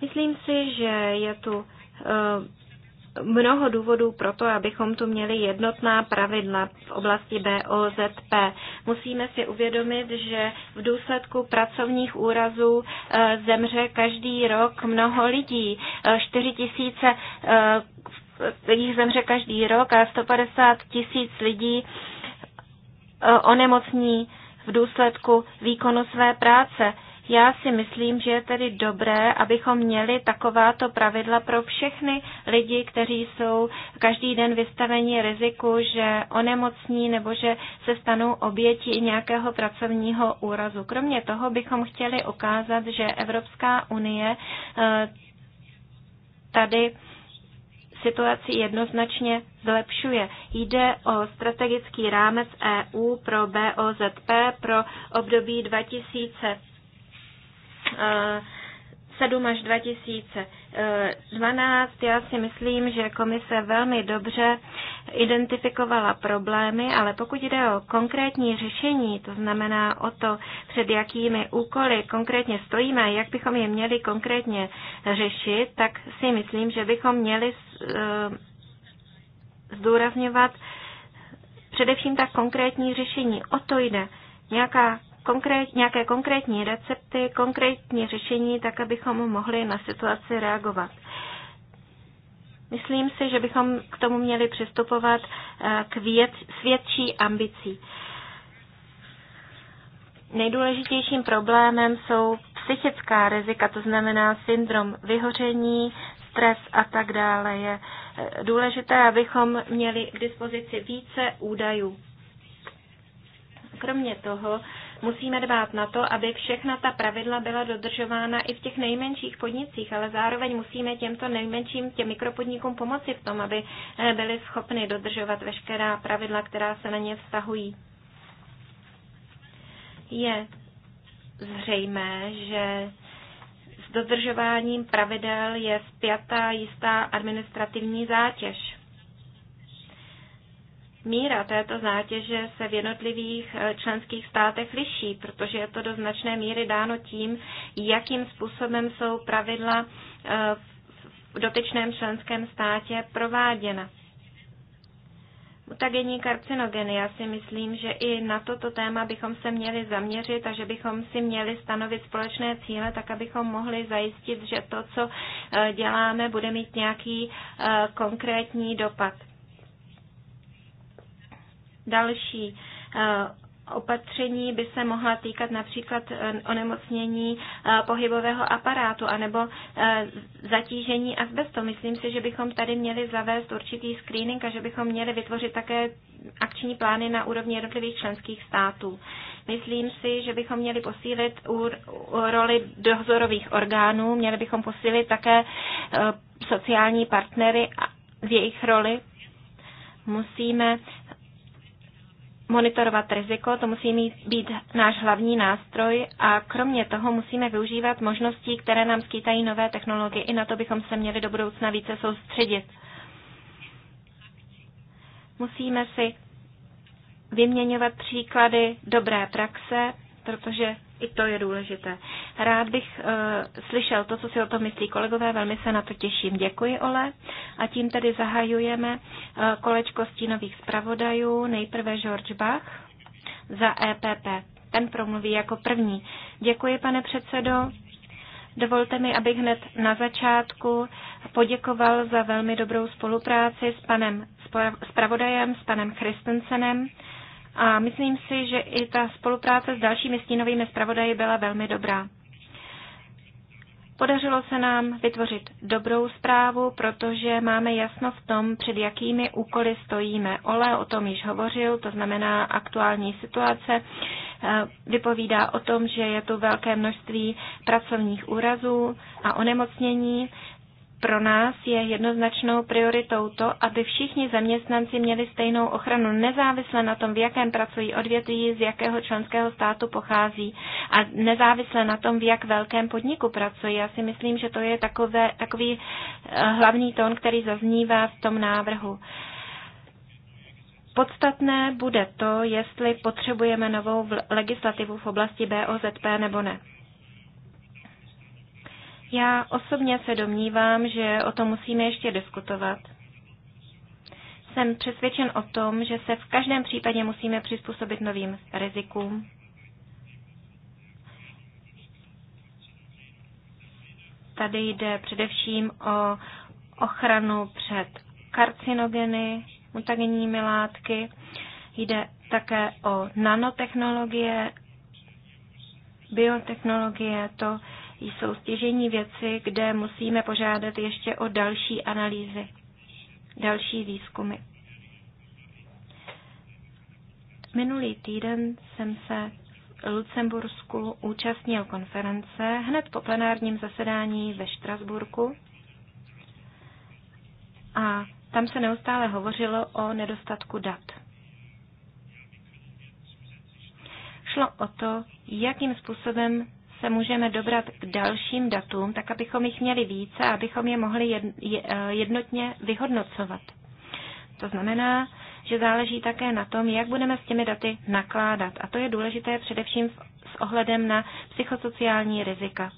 Myslím si, že je tu eh, mnoho důvodů pro to, abychom tu měli jednotná pravidla v oblasti BOZP. Musíme si uvědomit, že v důsledku pracovních úrazů eh, zemře každý rok mnoho lidí. 4 eh, tisíce lidí eh, zemře každý rok a 150 tisíc lidí onemocní v důsledku výkonu své práce. Já si myslím, že je tedy dobré, abychom měli takováto pravidla pro všechny lidi, kteří jsou každý den vystaveni riziku, že onemocní nebo že se stanou oběti nějakého pracovního úrazu. Kromě toho bychom chtěli ukázat, že Evropská unie eh, tady situaci jednoznačně zlepšuje. Jde o strategický rámec EU pro BOZP pro období 2000. 7 až 2012. Já si myslím, že komise velmi dobře identifikovala problémy, ale pokud jde o konkrétní řešení, to znamená o to, před jakými úkoly konkrétně stojíme a jak bychom je měli konkrétně řešit, tak si myslím, že bychom měli eh, zdůrazňovat především tak konkrétní řešení. O to jde. Nějaká konkrét, nějaké konkrétní recepty, konkrétní řešení, tak abychom mohli na situaci reagovat. Myslím si, že bychom k tomu měli přistupovat eh, k věc, s větší ambicí. Nejdůležitějším problémem jsou psychická rizika, to znamená syndrom vyhoření, stres a tak dále. Je eh, důležité, abychom měli k dispozici více údajů. Kromě toho Musíme dbát na to, aby všechna ta pravidla byla dodržována i v těch nejmenších podnicích, ale zároveň musíme těmto nejmenším, těm mikropodnikům pomoci v tom, aby eh, byli schopni dodržovat veškerá pravidla, která se na ně vztahují. Je zřejmé, že s dodržováním pravidel je zpětá jistá administrativní zátěž míra této zátěže se v jednotlivých eh, členských státech liší, protože je to do značné míry dáno tím, jakým způsobem jsou pravidla eh, v dotyčném členském státě prováděna. Mutagenní karcinogeny. Já si myslím, že i na toto téma bychom se měli zaměřit a že bychom si měli stanovit společné cíle, tak abychom mohli zajistit, že to, co eh, děláme, bude mít nějaký konkrétní dopad. Další eh, opatření by se mohla týkat například eh, onemocnění eh, pohybového aparátu anebo zatížení asbestu. Myslím si, že bychom tady měli zavést určitý screening a že bychom měli vytvořit také akční plány na úrovni jednotlivých členských států. Myslím si, že bychom měli posílit roli dozorových orgánů, měli bychom posílit také sociální partnery v jejich roli musíme monitorovat riziko, to musí mít, být náš hlavní nástroj a kromě toho musíme využívat možností, které nám skýtají nové technologie. I na to bychom se měli do budoucna více soustředit. Musíme si vyměňovat příklady dobré praxe, protože i to je důležité. Rád bych uh, slyšel to, co si o tom myslí kolegové, velmi se na to těším. Děkuji, Ole. A tím tedy zahajujeme uh, kolečko stínových zpravodajů. Nejprve George Bach za EPP. Ten promluví jako první. Děkuji, pane předsedo. Dovolte mi, abych hned na začátku poděkoval za velmi dobrou spolupráci s panem zpravodajem, s panem Christensenem. Uh, a myslím si, že i ta spolupráce s dalšími stínovými zpravodaji byla velmi dobrá. Podařilo se nám vytvořit dobrou zprávu, protože máme jasno v tom, před jakými úkoly stojíme. Ole o tom již hovořil, to znamená aktuální situace. Eh, vypovídá o tom, že je tu velké množství pracovních úrazů a onemocnění pro nás je jednoznačnou prioritou to, aby všichni zaměstnanci měli stejnou ochranu nezávisle na tom, v jakém pracují odvětví, z jakého členského státu pochází a nezávisle na tom, v jak velkém podniku pracují. Já si myslím, že to je takové, takový eh, hlavní tón, který zaznívá v tom návrhu. Podstatné bude to, jestli potřebujeme novou legislativu v oblasti BOZP nebo ne. Já osobně se domnívám, že o tom musíme ještě diskutovat. Jsem přesvědčen o tom, že se v každém případě musíme přizpůsobit novým rizikům. Tady jde především o ochranu před karcinogeny, mutagenními látky. Jde také o nanotechnologie, biotechnologie, to jsou stěžení věci, kde musíme požádat ještě o další analýzy, další výzkumy. Minulý týden jsem se v Lucembursku účastnil konference hned po plenárním zasedání ve Štrasburku a tam se neustále hovořilo o nedostatku dat. Šlo o to, jakým způsobem se můžeme dobrat k dalším datům, tak abychom jich měli více, a abychom je mohli eh, jednotně vyhodnocovat. To znamená, že záleží také na tom, jak budeme s těmi daty nakládat. A to je důležité především s ohledem na psychosociální rizika.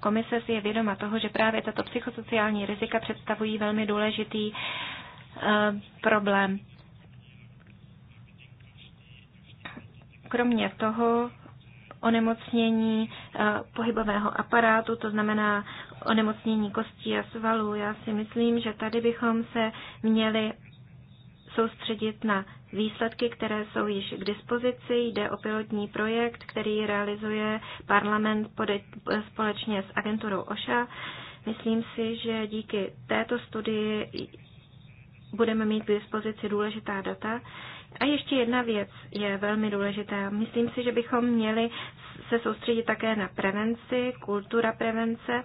Komise si je vědoma toho, že právě tato psychosociální rizika představují velmi důležitý eh, problém. Kromě toho onemocnění eh, pohybového aparátu, to znamená onemocnění kostí a svalů. Já si myslím, že tady bychom se měli soustředit na výsledky, které jsou již k dispozici. Jde o pilotní projekt, který realizuje parlament společně s agenturou OŠA. Myslím si, že díky této studii budeme mít k dispozici důležitá data. A ještě jedna věc je velmi důležitá. Myslím si, že bychom měli se soustředit také na prevenci, kultura prevence.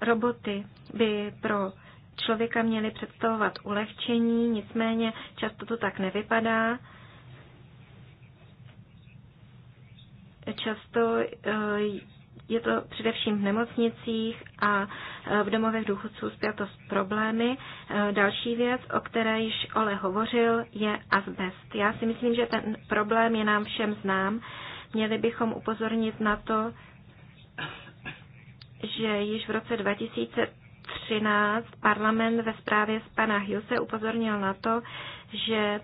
Roboty by pro člověka měly představovat ulehčení, nicméně často to tak nevypadá. Často eh, je to především v nemocnicích a e, v domovech důchodců zpěto s problémy. E, další věc, o které již Ole hovořil, je asbest. Já si myslím, že ten problém je nám všem znám. Měli bychom upozornit na to, že již v roce 2013 parlament ve zprávě z pana Hughese upozornil na to, že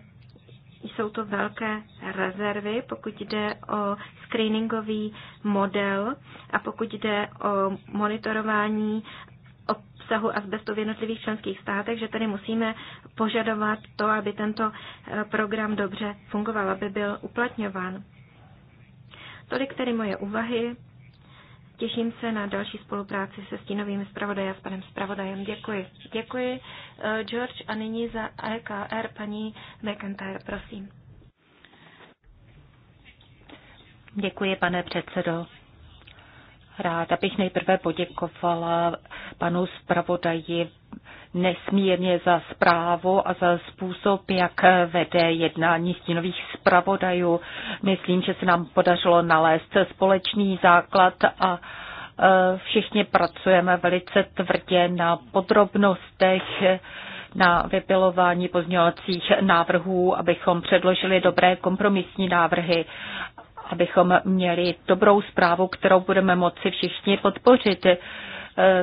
jsou to velké rezervy, pokud jde o screeningový model a pokud jde o monitorování obsahu asbestu v jednotlivých členských státech, že tady musíme požadovat to, aby tento eh, program dobře fungoval, aby byl uplatňován. Tolik tedy moje úvahy. Těším se na další spolupráci se stínovými zpravodaji a s panem zpravodajem. Děkuji. Děkuji, eh, George. A nyní za EKR paní McIntyre, prosím. Děkuji, pane předsedo. Ráda bych nejprve poděkovala panu zpravodaji nesmírně za zprávu a za způsob, jak vede jednání stínových zpravodajů. Myslím, že se nám podařilo nalézt společný základ a e, všichni pracujeme velice tvrdě na podrobnostech, na vypilování pozměňovacích návrhů, abychom předložili dobré kompromisní návrhy abychom měli dobrou zprávu, kterou budeme moci všichni podpořit.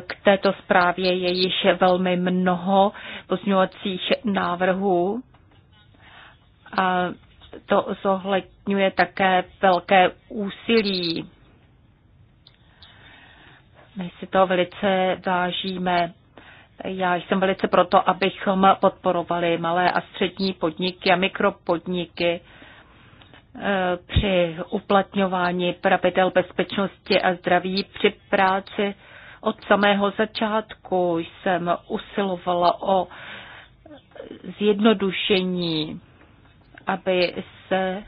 K této zprávě je již velmi mnoho pozměňovacích návrhů. A to zohledňuje také velké úsilí. My si to velice vážíme. Já jsem velice proto, abychom podporovali malé a střední podniky a mikropodniky eh, při uplatňování pravidel bezpečnosti a zdraví při práci od samého začátku jsem usilovala o zjednodušení, aby se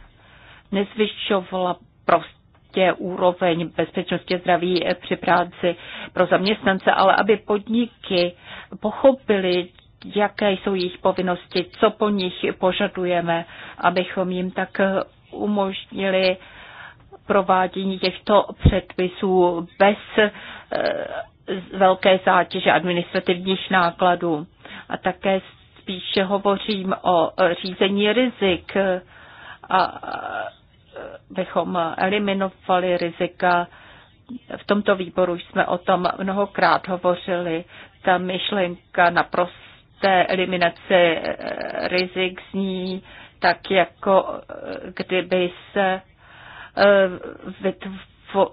nezvyšovala prostě úroveň bezpečnosti zdraví při práci pro zaměstnance, ale aby podniky pochopili, jaké jsou jejich povinnosti, co po nich požadujeme, abychom jim tak umožnili provádění těchto předpisů bez eh, velké zátěže administrativních nákladů. A také spíše hovořím o řízení rizik a bychom eliminovali rizika. V tomto výboru jsme o tom mnohokrát hovořili. Ta myšlenka naprosté eliminace eh, rizik zní tak, jako eh, kdyby se Eh, vytvo,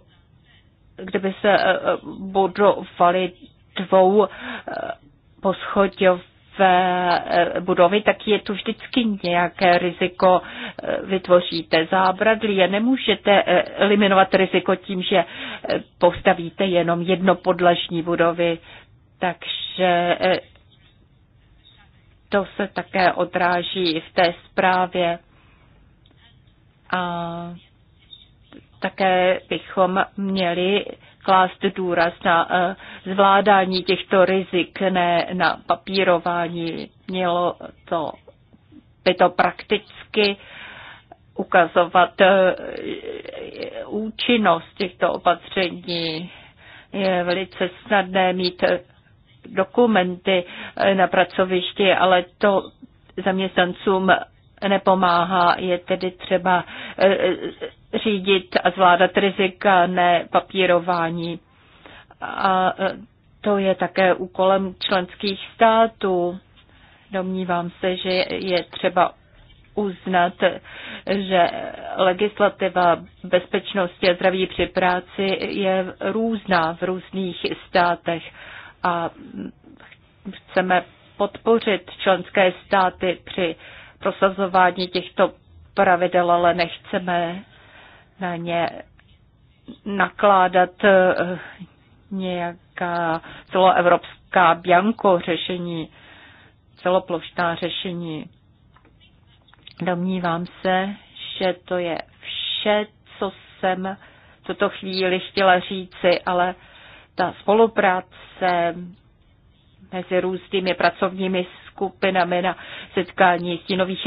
kdyby se eh, budovaly dvou eh, poschodové budovy, tak je tu vždycky nějaké riziko. Vytvoříte zábradlí a nemůžete eliminovat riziko tím, že postavíte jenom jednopodlažní budovy. Takže to se také odráží v té zprávě. A také bychom měli klást důraz na eh, zvládání těchto rizik, ne na papírování. Mělo to by to prakticky ukazovat eh, účinnost těchto opatření. Je velice snadné mít eh, dokumenty na pracovišti, ale to zaměstnancům nepomáhá. Je tedy třeba řídit a zvládat rizika, ne papírování. A e, to je také úkolem členských států. Domnívám se, že je třeba uznat, že legislativa bezpečnosti a zdraví při práci je různá v různých státech a chceme podpořit členské státy při prosazování těchto pravidel, ale nechceme na ně nakládat eh, nějaká celoevropská bianko řešení, celoplošná řešení. Domnívám se, že to je vše, co jsem v tuto chvíli chtěla říci, ale ta spolupráce mezi různými pracovními skupinami na setkání nových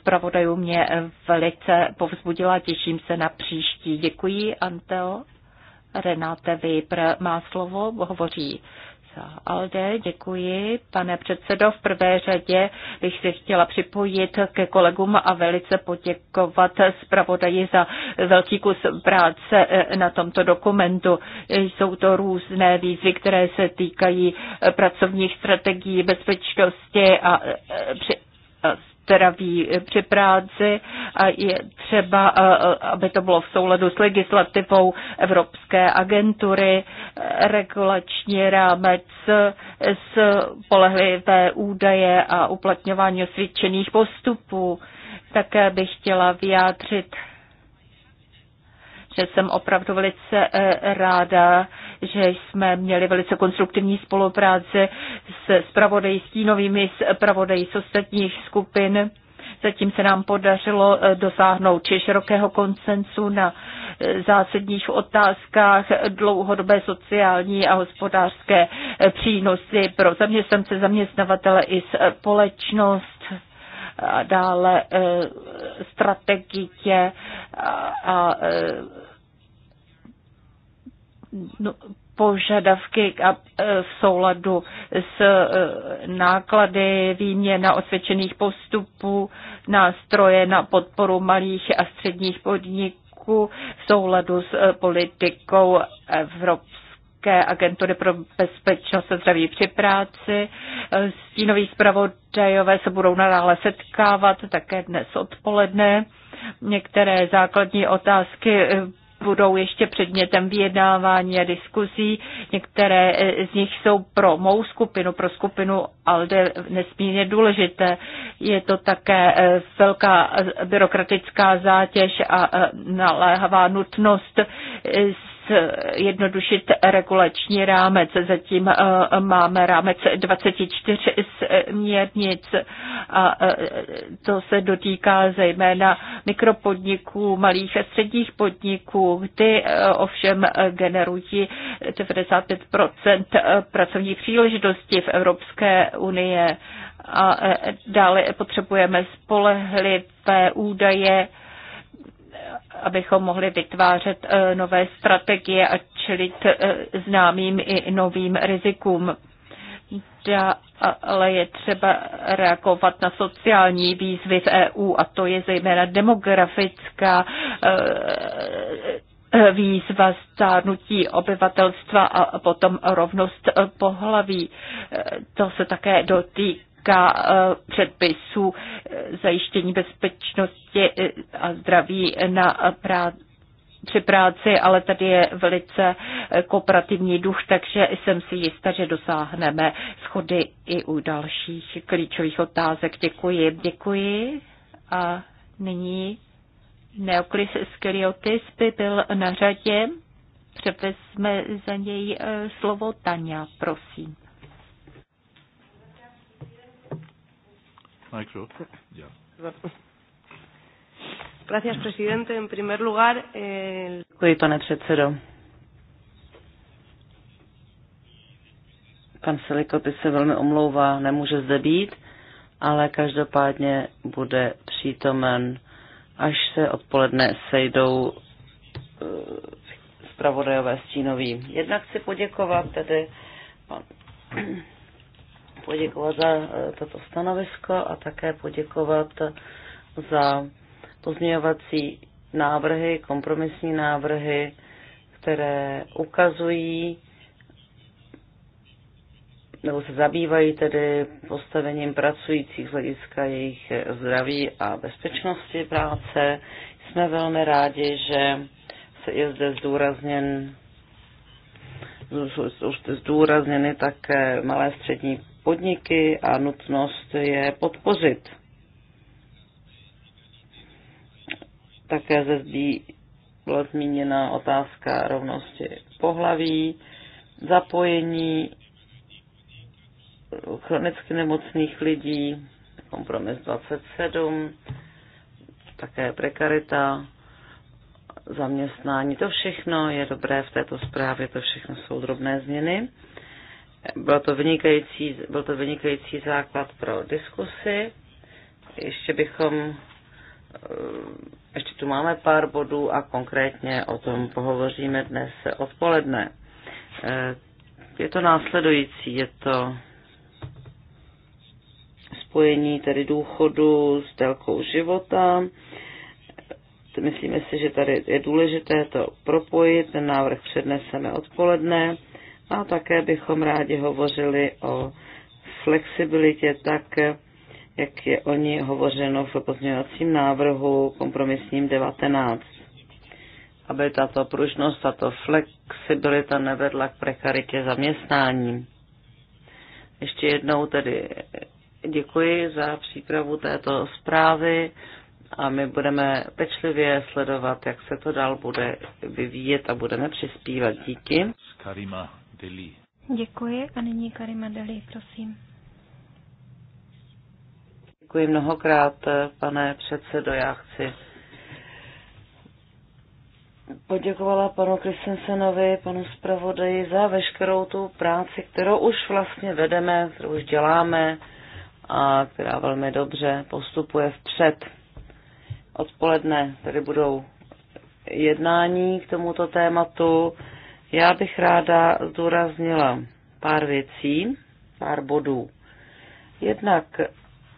zpravodajů mě velice povzbudila. Těším se na příští. Děkuji, Anteo. Renate Weber má slovo, hovoří za Alde. Děkuji, pane předsedo. V prvé řadě bych se chtěla připojit ke kolegům a velice poděkovat zpravodaji za velký kus práce eh, na tomto dokumentu. Jsou to různé výzvy, které se týkají pracovních strategií, bezpečnosti a eh, při zdraví při práci a je třeba, eh, eh, aby to bylo v souladu s legislativou Evropské agentury, regulační rámec, s polehlivé údaje a uplatňování osvědčených postupů. Také bych chtěla vyjádřit že jsem opravdu velice eh, ráda, že jsme měli velice konstruktivní spolupráci s zpravodají, novými tínovými z ostatních skupin. Zatím se nám podařilo eh, dosáhnout či širokého koncensu na eh, zásadních otázkách dlouhodobé sociální a hospodářské přínosy pro zaměstnance, zaměstnavatele i společnost a dále e, strategie a e, no, požadavky a e, v souladu s náklady, výměna osvědčených postupů, nástroje na podporu malých a středních podniků v souladu s politikou Evropské Evropské agentury pro bezpečnost a zdraví při práci. Stínoví zpravodajové se budou nadále setkávat také dnes odpoledne. Některé základní otázky eh, budou ještě předmětem vyjednávání a diskuzí. Některé eh, z nich jsou pro mou skupinu, pro skupinu ALDE nesmírně důležité. Je to také eh, velká byrokratická zátěž a naléhavá nutnost zjednodušit regulační rámec. Zatím eh, máme rámec 24 směrnic a eh, to se dotýká zejména mikropodniků, malých a středních podniků. kdy eh, ovšem generují 95 pracovní příležitosti v Evropské unie. A dále potřebujeme spolehlivé údaje abychom mohli vytvářet eh, nové strategie a čelit eh, známým i novým rizikům. Ale je třeba reagovat na sociální výzvy v EU a to je zejména demografická eh, výzva stárnutí obyvatelstva a potom rovnost pohlaví. To se také dotýká týká eh, předpisů eh, zajištění bezpečnosti eh, a zdraví na práci při práci, ale tady je velice kooperativní duch, takže jsem si jistá, že dosáhneme schody i u dalších klíčových otázek. Děkuji, děkuji. A nyní Neoklis Skeliotis by byl na řadě. Převezme za něj slovo Tania, prosím. Micro. Yeah. Gracias, presidente. En primer lugar, el... Děkuji, pane předsedo. Pan Silikopis se velmi omlouvá, nemůže zde být, ale každopádně bude přítomen, až se odpoledne sejdou eh, zpravodajové stínoví. Jednak chci poděkovat tedy pan poděkovat za eh, toto stanovisko a také poděkovat za pozměňovací návrhy, kompromisní návrhy, které ukazují nebo se zabývají tedy postavením pracujících z hlediska jejich zdraví a bezpečnosti práce. Jsme velmi rádi, že se je zde zdůrazněn zdůrazněny také malé střední podniky a nutnost je podpořit. Také ze zdí byla zmíněna otázka rovnosti pohlaví, zapojení chronicky nemocných lidí, kompromis 27, také prekarita, zaměstnání. To všechno je dobré v této zprávě, to všechno jsou drobné změny. Byl to vynikající, byl to vynikající základ pro diskusy. Ještě bychom, eh, ještě tu máme pár bodů a konkrétně o tom pohovoříme dnes odpoledne. Eh, je to následující, je to spojení tedy důchodu s délkou života. Myslíme si, že tady je důležité to propojit. Ten návrh předneseme odpoledne a také bychom rádi hovořili o flexibilitě tak, jak je o ní hovořeno v pozměňovacím návrhu kompromisním 19. Aby tato pružnost, tato flexibilita nevedla k prekaritě zaměstnání. Ještě jednou tedy děkuji za přípravu této zprávy a my budeme pečlivě sledovat, jak se to dál bude vyvíjet a budeme přispívat. Díky. Karima Deli. Děkuji a nyní Karima Deli, prosím. Děkuji mnohokrát, pane předsedo. Já chci poděkovala panu Kristensenovi, panu zpravodaji za veškerou tu práci, kterou už vlastně vedeme, kterou už děláme a která velmi dobře postupuje vpřed. Odpoledne tady budou jednání k tomuto tématu. Já bych ráda zdůraznila pár věcí, pár bodů. Jednak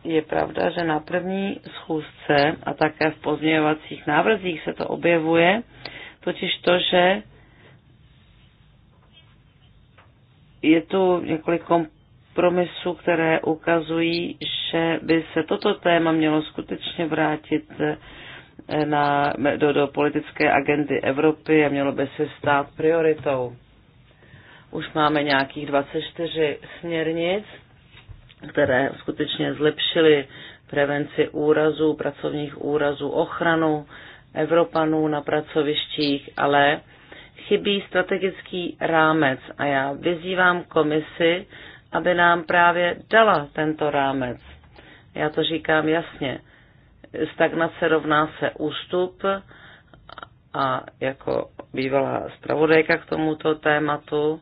je pravda, že na první schůzce a také v pozměňovacích návrzích se to objevuje, totiž to, že je tu několik kompromisů, které ukazují, že by se toto téma mělo skutečně vrátit na, do, do politické agendy Evropy a mělo by se stát prioritou. Už máme nějakých 24 směrnic, které skutečně zlepšily prevenci úrazů, pracovních úrazů, ochranu Evropanů na pracovištích, ale chybí strategický rámec a já vyzývám komisi, aby nám právě dala tento rámec. Já to říkám jasně. Stagnace rovná se ústup a jako bývalá zpravodajka k tomuto tématu,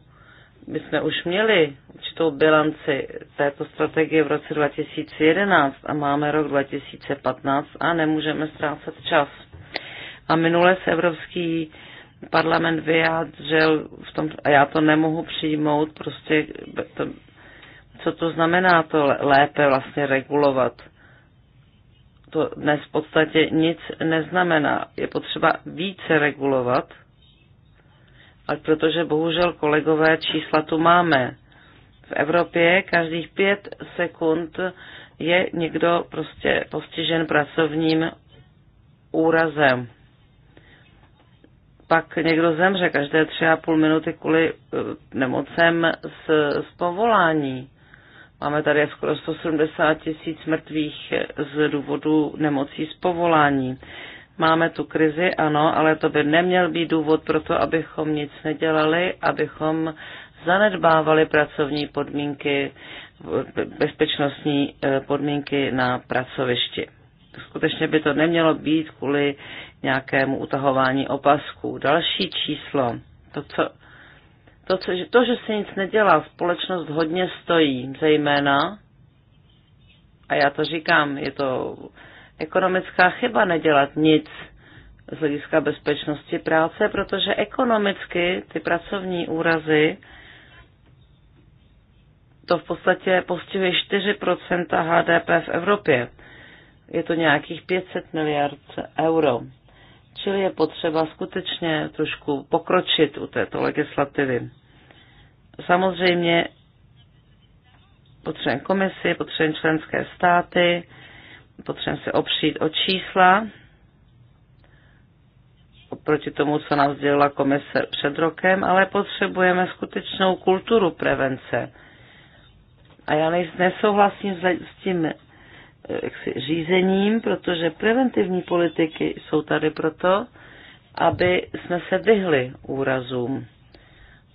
my jsme už měli určitou bilanci této strategie v roce 2011 a máme rok 2015 a nemůžeme ztrácet čas. A minule se Evropský parlament vyjádřil v tom, a já to nemohu přijmout, prostě to, co to znamená to lépe vlastně regulovat to dnes v podstatě nic neznamená. Je potřeba více regulovat, ale protože bohužel kolegové čísla tu máme. V Evropě každých pět sekund je někdo prostě postižen pracovním úrazem. Pak někdo zemře každé tři a půl minuty kvůli eh, nemocem z, z povolání. Máme tady skoro 170 tisíc mrtvých z důvodu nemocí z povolání. Máme tu krizi, ano, ale to by neměl být důvod pro to, abychom nic nedělali, abychom zanedbávali pracovní podmínky, bezpečnostní eh, podmínky na pracovišti. Skutečně by to nemělo být kvůli nějakému utahování opasků. Další číslo, to, co to, co, to, že se nic nedělá, společnost hodně stojí, zejména, a já to říkám, je to ekonomická chyba nedělat nic z hlediska bezpečnosti práce, protože ekonomicky ty pracovní úrazy, to v podstatě postihuje 4% HDP v Evropě. Je to nějakých 500 miliard euro. Čili je potřeba skutečně trošku pokročit u této legislativy. Samozřejmě potřebujeme komisi, potřebujeme členské státy, potřebujeme se opřít o čísla oproti tomu, co nám sdělila komise před rokem, ale potřebujeme skutečnou kulturu prevence. A já nesouhlasím s tím jaksi, řízením, protože preventivní politiky jsou tady proto, aby jsme se vyhli úrazům.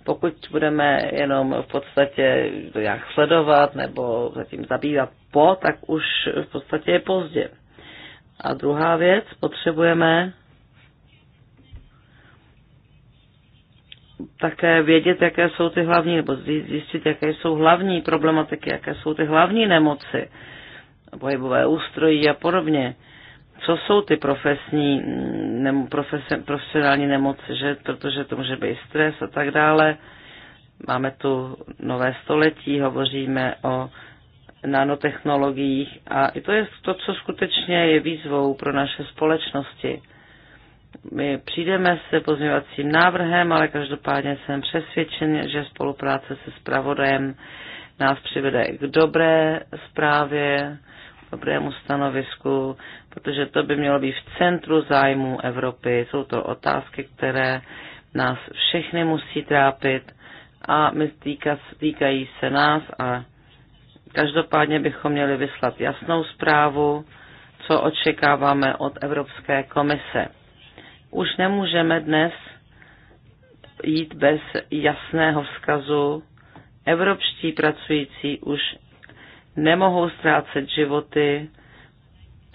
Pokud budeme jenom v podstatě to jak sledovat nebo zatím zabývat po, tak už v podstatě je pozdě. A druhá věc, potřebujeme také vědět, jaké jsou ty hlavní, nebo zjistit, jaké jsou hlavní problematiky, jaké jsou ty hlavní nemoci pohybové ústrojí a podobně. Co jsou ty profesní, ne, profese, profesionální nemoci, že? protože to může být stres a tak dále. Máme tu nové století, hovoříme o nanotechnologiích a i to je to, co skutečně je výzvou pro naše společnosti. My přijdeme se pozměvacím návrhem, ale každopádně jsem přesvědčen, že spolupráce se spravodajem nás přivede k dobré zprávě, dobrému stanovisku, protože to by mělo být v centru zájmu Evropy. Jsou to otázky, které nás všechny musí trápit a my týka, týkají se nás a každopádně bychom měli vyslat jasnou zprávu, co očekáváme od Evropské komise. Už nemůžeme dnes jít bez jasného vzkazu. Evropští pracující už nemohou ztrácet životy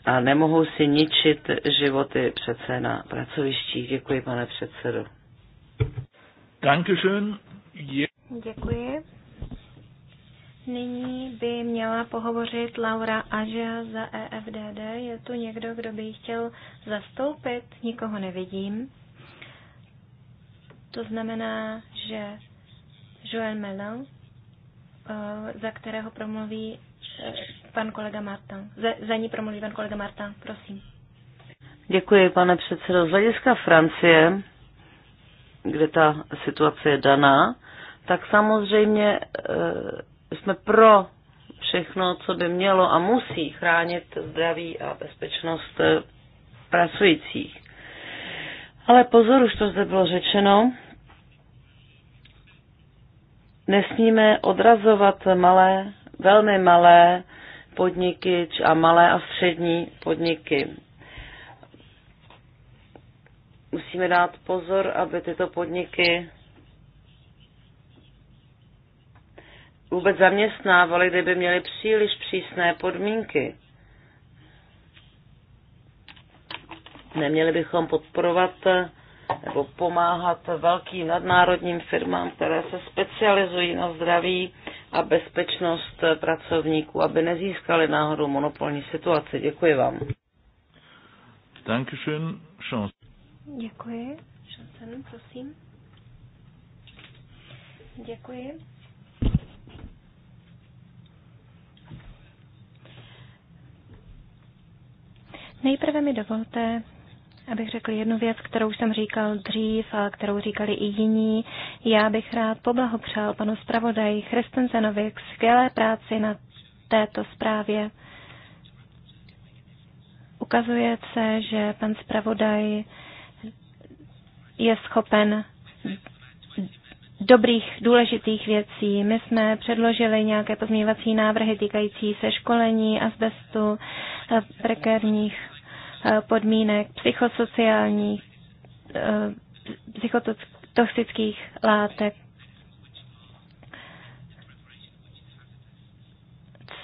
a nemohou si ničit životy přece na pracovištích. Děkuji, pane předsedo. Dankeschön. Děkuji. Nyní by měla pohovořit Laura Aža za EFDD. Je tu někdo, kdo by ji chtěl zastoupit? Nikoho nevidím. To znamená, že Joël Melon Eh, za kterého promluví eh, pan kolega Martin. Za, za ní promluví pan kolega Martin, prosím. Děkuji, pane předsedo. Z hlediska Francie, kde ta situace je daná, tak samozřejmě eh, jsme pro všechno, co by mělo a musí chránit zdraví a bezpečnost pracujících. Ale pozor, už to zde bylo řečeno, Nesmíme odrazovat malé, velmi malé podniky a malé a střední podniky. Musíme dát pozor, aby tyto podniky vůbec zaměstnávaly, kdyby měli příliš přísné podmínky. Neměli bychom podporovat nebo pomáhat velkým nadnárodním firmám, které se specializují na zdraví a bezpečnost pracovníků, aby nezískali náhodou monopolní situaci. Děkuji vám. Dankeschön, Chance. Děkuji. Šancen, prosím. Děkuji. Nejprve mi dovolte abych řekl jednu věc, kterou jsem říkal dřív a kterou říkali i jiní. Já bych rád poblahopřál panu zpravodaji Christensenovi k skvělé práci na této zprávě. Ukazuje se, že pan zpravodaj je schopen dobrých, důležitých věcí. My jsme předložili nějaké pozměňovací návrhy týkající se školení, asbestu, prekérních Eh, podmínek psychosociálních, eh, psychotoxických látek,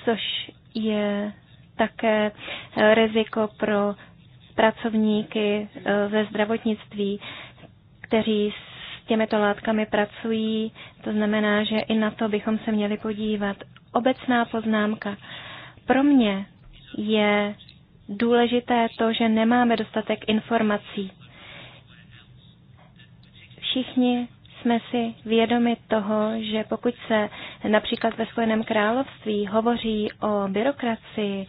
což je také eh, riziko pro pracovníky ve zdravotnictví, kteří s těmito látkami pracují. To znamená, že i na to bychom se měli podívat. Obecná poznámka. Pro mě je důležité to, že nemáme dostatek informací. Všichni jsme si vědomi toho, že pokud se například ve Spojeném království hovoří o byrokracii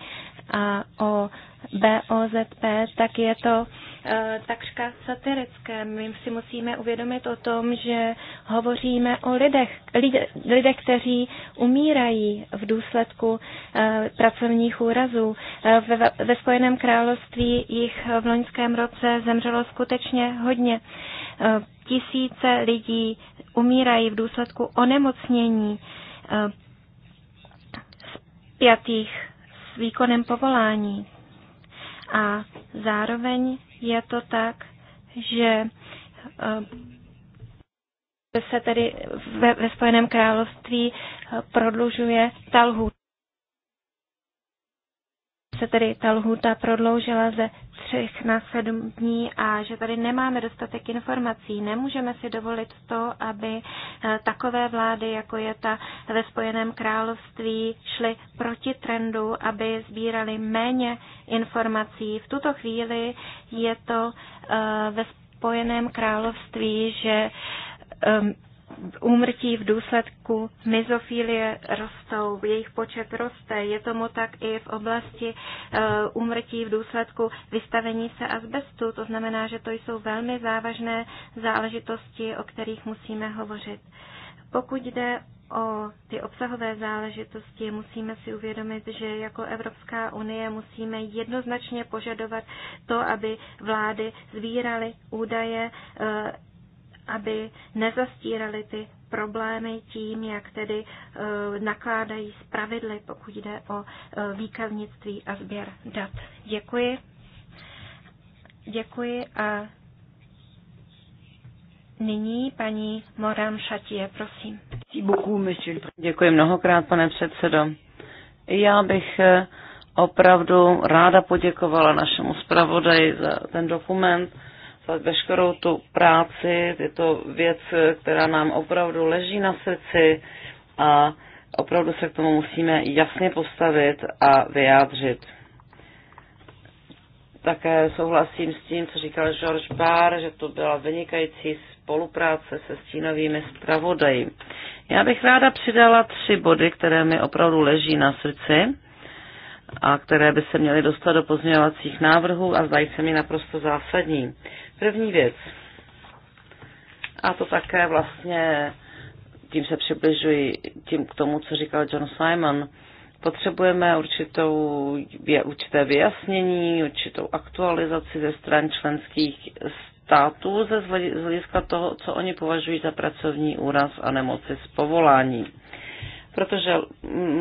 a o BOZP, tak je to Eh, takřka satirické. My si musíme uvědomit o tom, že hovoříme o lidech, lidech, lidech kteří umírají v důsledku eh, pracovních úrazů. Eh, ve, ve Spojeném království jich v loňském roce zemřelo skutečně hodně. Tisíce lidí umírají v důsledku onemocnění spjatých s výkonem povolání. A zároveň je to tak, že eh, se tedy ve, ve Spojeném království eh, prodlužuje ta lhůta se tedy ta lhůta prodloužila ze třech na sedm dní a že tady nemáme dostatek informací. Nemůžeme si dovolit to, aby eh, takové vlády, jako je ta ve Spojeném království, šly proti trendu, aby sbírali méně informací. V tuto chvíli je to eh, ve Spojeném království, že ehm, úmrtí v důsledku mizofílie rostou, jejich počet roste. Je tomu tak i v oblasti eh, úmrtí v důsledku vystavení se azbestu. To znamená, že to jsou velmi závažné záležitosti, o kterých musíme hovořit. Pokud jde o ty obsahové záležitosti, musíme si uvědomit, že jako Evropská unie musíme jednoznačně požadovat to, aby vlády sbíraly údaje eh, aby nezastírali ty problémy tím, jak tedy eh, nakládají z pravidly, pokud jde o eh, výkaznictví a sběr dat. Děkuji. Děkuji a nyní paní Moran Šatie, prosím. Děkuji mnohokrát, pane předsedo. Já bych eh, opravdu ráda poděkovala našemu zpravodaji za ten dokument dostat veškerou tu práci, je to věc, která nám opravdu leží na srdci a opravdu se k tomu musíme jasně postavit a vyjádřit. Také souhlasím s tím, co říkal George Barr, že to byla vynikající spolupráce se stínovými zpravodaji. Já bych ráda přidala tři body, které mi opravdu leží na srdci a které by se měly dostat do pozměňovacích návrhů a zdají se mi naprosto zásadní. První věc, a to také vlastně, tím se přibližuji tím k tomu, co říkal John Simon, potřebujeme určitou, je, určité vyjasnění, určitou aktualizaci ze stran členských států ze z hlediska toho, co oni považují za pracovní úraz a nemoci z povolání. Protože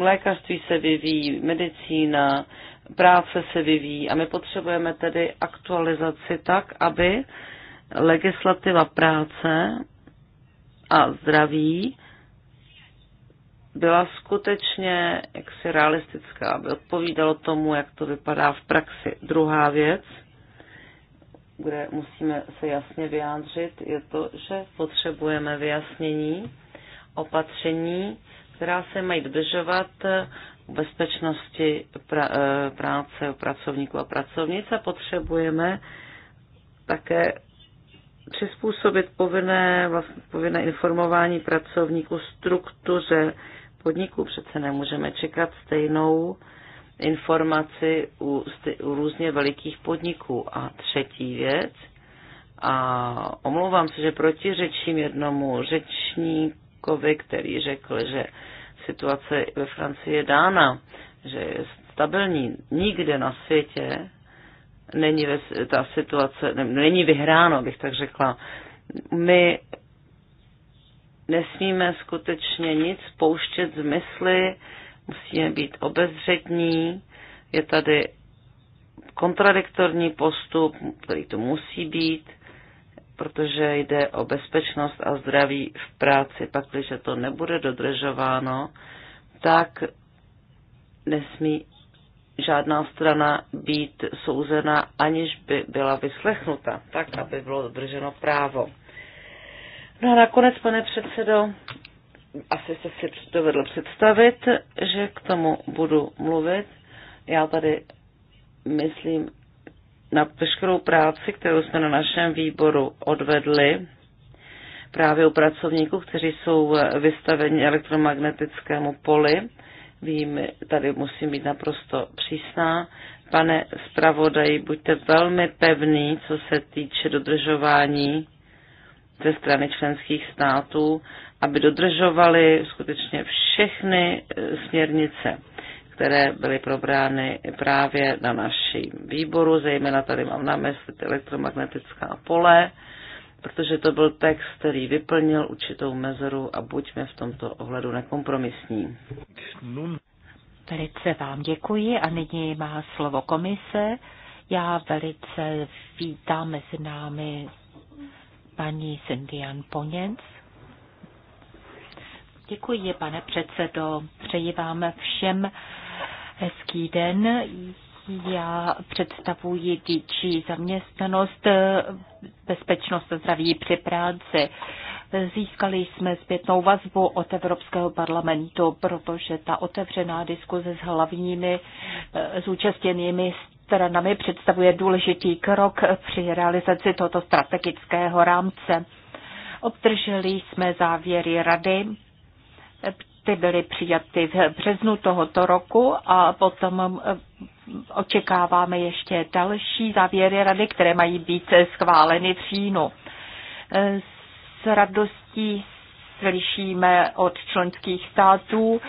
lékařství se vyvíjí, medicína, práce se vyvíjí a my potřebujeme tedy aktualizaci tak, aby legislativa práce a zdraví byla skutečně jaksi realistická, aby odpovídalo tomu, jak to vypadá v praxi. Druhá věc, kde musíme se jasně vyjádřit, je to, že potřebujeme vyjasnění opatření, která se mají dodržovat bezpečnosti pra, eh, práce pracovníků a pracovnic a potřebujeme také přizpůsobit povinné, vlastně povinné informování pracovníků struktuře podniků. Přece nemůžeme čekat stejnou informaci u, u různě velikých podniků. A třetí věc, a omlouvám se, že protiřečím jednomu řečníkovi, který řekl, že situace ve Francii je dána, že je stabilní. Nikde na světě není ve, ta situace, ne, není vyhráno, bych tak řekla. My nesmíme skutečně nic pouštět z mysli, musíme být obezřetní, je tady kontradiktorní postup, který tu musí být, protože jde o bezpečnost a zdraví v práci. Pak, když to nebude dodržováno, tak nesmí žádná strana být souzena, aniž by byla vyslechnuta, tak, aby bylo dodrženo právo. No a nakonec, pane předsedo, asi jste si dovedl představit, že k tomu budu mluvit. Já tady myslím na veškerou práci, kterou jsme na našem výboru odvedli, právě u pracovníků, kteří jsou vystaveni elektromagnetickému poli. Vím, tady musím být naprosto přísná. Pane zpravodaji, buďte velmi pevný, co se týče dodržování ze strany členských států, aby dodržovali skutečně všechny směrnice které byly probrány právě na našem výboru, zejména tady mám na mysli elektromagnetická pole, protože to byl text, který vyplnil určitou mezeru a buďme v tomto ohledu nekompromisní. Velice vám děkuji a nyní má slovo komise. Já velice vítám mezi námi paní Sindian Poněc. Děkuji, pane předsedo. Přeji vám všem Hezký den. Já představuji DG zaměstnanost, bezpečnost a zdraví při práci. Získali jsme zpětnou vazbu od Evropského parlamentu, protože ta otevřená diskuze s hlavními eh, zúčastněnými stranami představuje důležitý krok při realizaci tohoto strategického rámce. Obdrželi jsme závěry rady ty byly přijaty v březnu tohoto roku a potom eh, očekáváme ještě další závěry rady, které mají být schváleny v říjnu. Eh, s radostí slyšíme od členských států,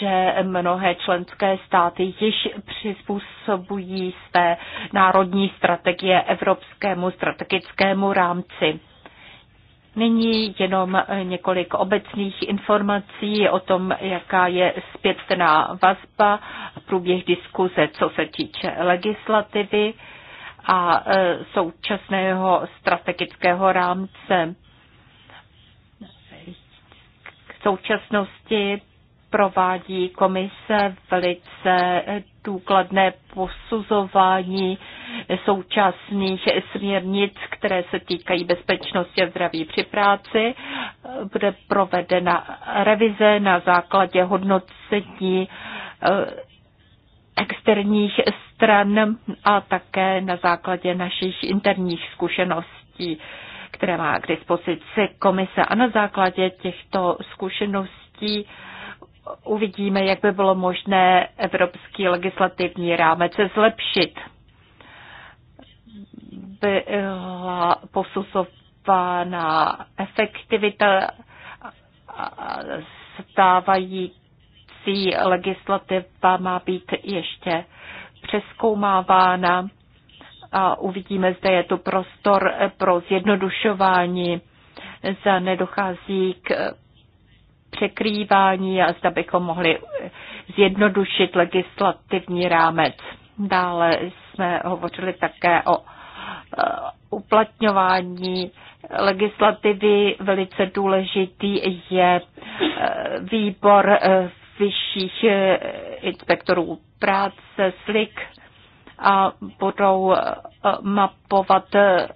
že mnohé členské státy již přizpůsobují své národní strategie evropskému strategickému rámci. Nyní jenom eh, několik obecných informací o tom, jaká je zpětná vazba, průběh diskuze, co se týče legislativy a eh, současného strategického rámce. V současnosti provádí komise velice důkladné posuzování současných směrnic, které se týkají bezpečnosti a zdraví při práci. Bude provedena revize na základě hodnocení eh, externích stran a také na základě našich interních zkušeností, které má k dispozici komise. A na základě těchto zkušeností uvidíme, jak by bylo možné evropský legislativní rámec zlepšit. Byla posuzována efektivita stávající legislativa má být ještě přeskoumávána a uvidíme, zda je tu prostor pro zjednodušování, za nedochází k překrývání a zda bychom mohli zjednodušit legislativní rámec. Dále jsme hovořili také o eh, uplatňování legislativy. Velice důležitý je eh, výbor eh, vyšších inspektorů práce SLIK a budou eh, mapovat eh,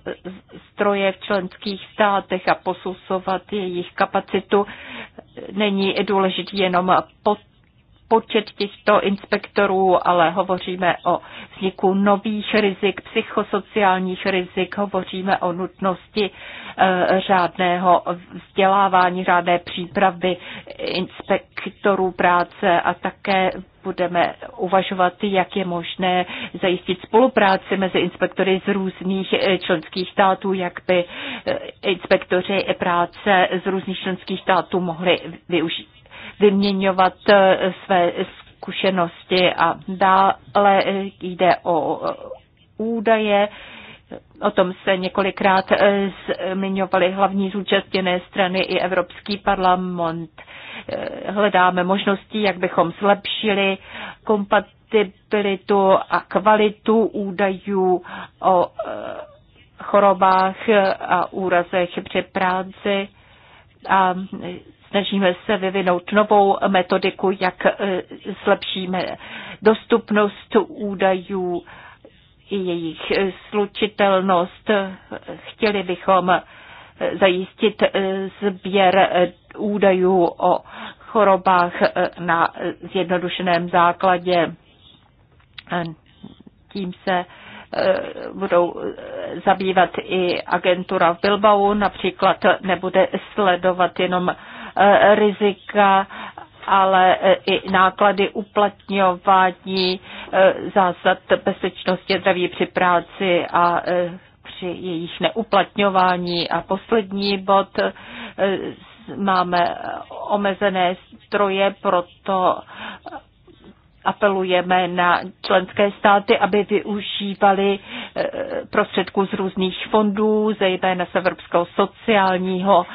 stroje v členských státech a posusovat jejich kapacitu. Není důležitý jenom počet těchto inspektorů, ale hovoříme o vzniku nových rizik, psychosociálních rizik, hovoříme o nutnosti eh, řádného vzdělávání, řádné přípravy inspektorů práce a také budeme uvažovat, jak je možné zajistit spolupráci mezi inspektory z různých eh, členských států, jak by eh, inspektoři práce z různých členských států mohli využít, vyměňovat eh, své zkušenosti a dále jde o údaje, O tom se několikrát eh, zmiňovaly hlavní zúčastněné strany i Evropský parlament. Eh, hledáme možnosti, jak bychom zlepšili kompatibilitu a kvalitu údajů o eh, chorobách a úrazech při práci a snažíme se vyvinout novou metodiku, jak zlepšíme dostupnost údajů jejich eh, slučitelnost. Chtěli bychom eh, zajistit eh, sběr údajů o chorobách na zjednodušeném základě. Tím se budou zabývat i agentura v Bilbao, například nebude sledovat jenom rizika ale e, i náklady uplatňování e, zásad bezpečnosti zdraví při práci a e, při jejich neuplatňování. A poslední bod, máme omezené stroje, proto apelujeme na členské státy, aby využívali prostředků z různých fondů, zejména z Evropského sociálního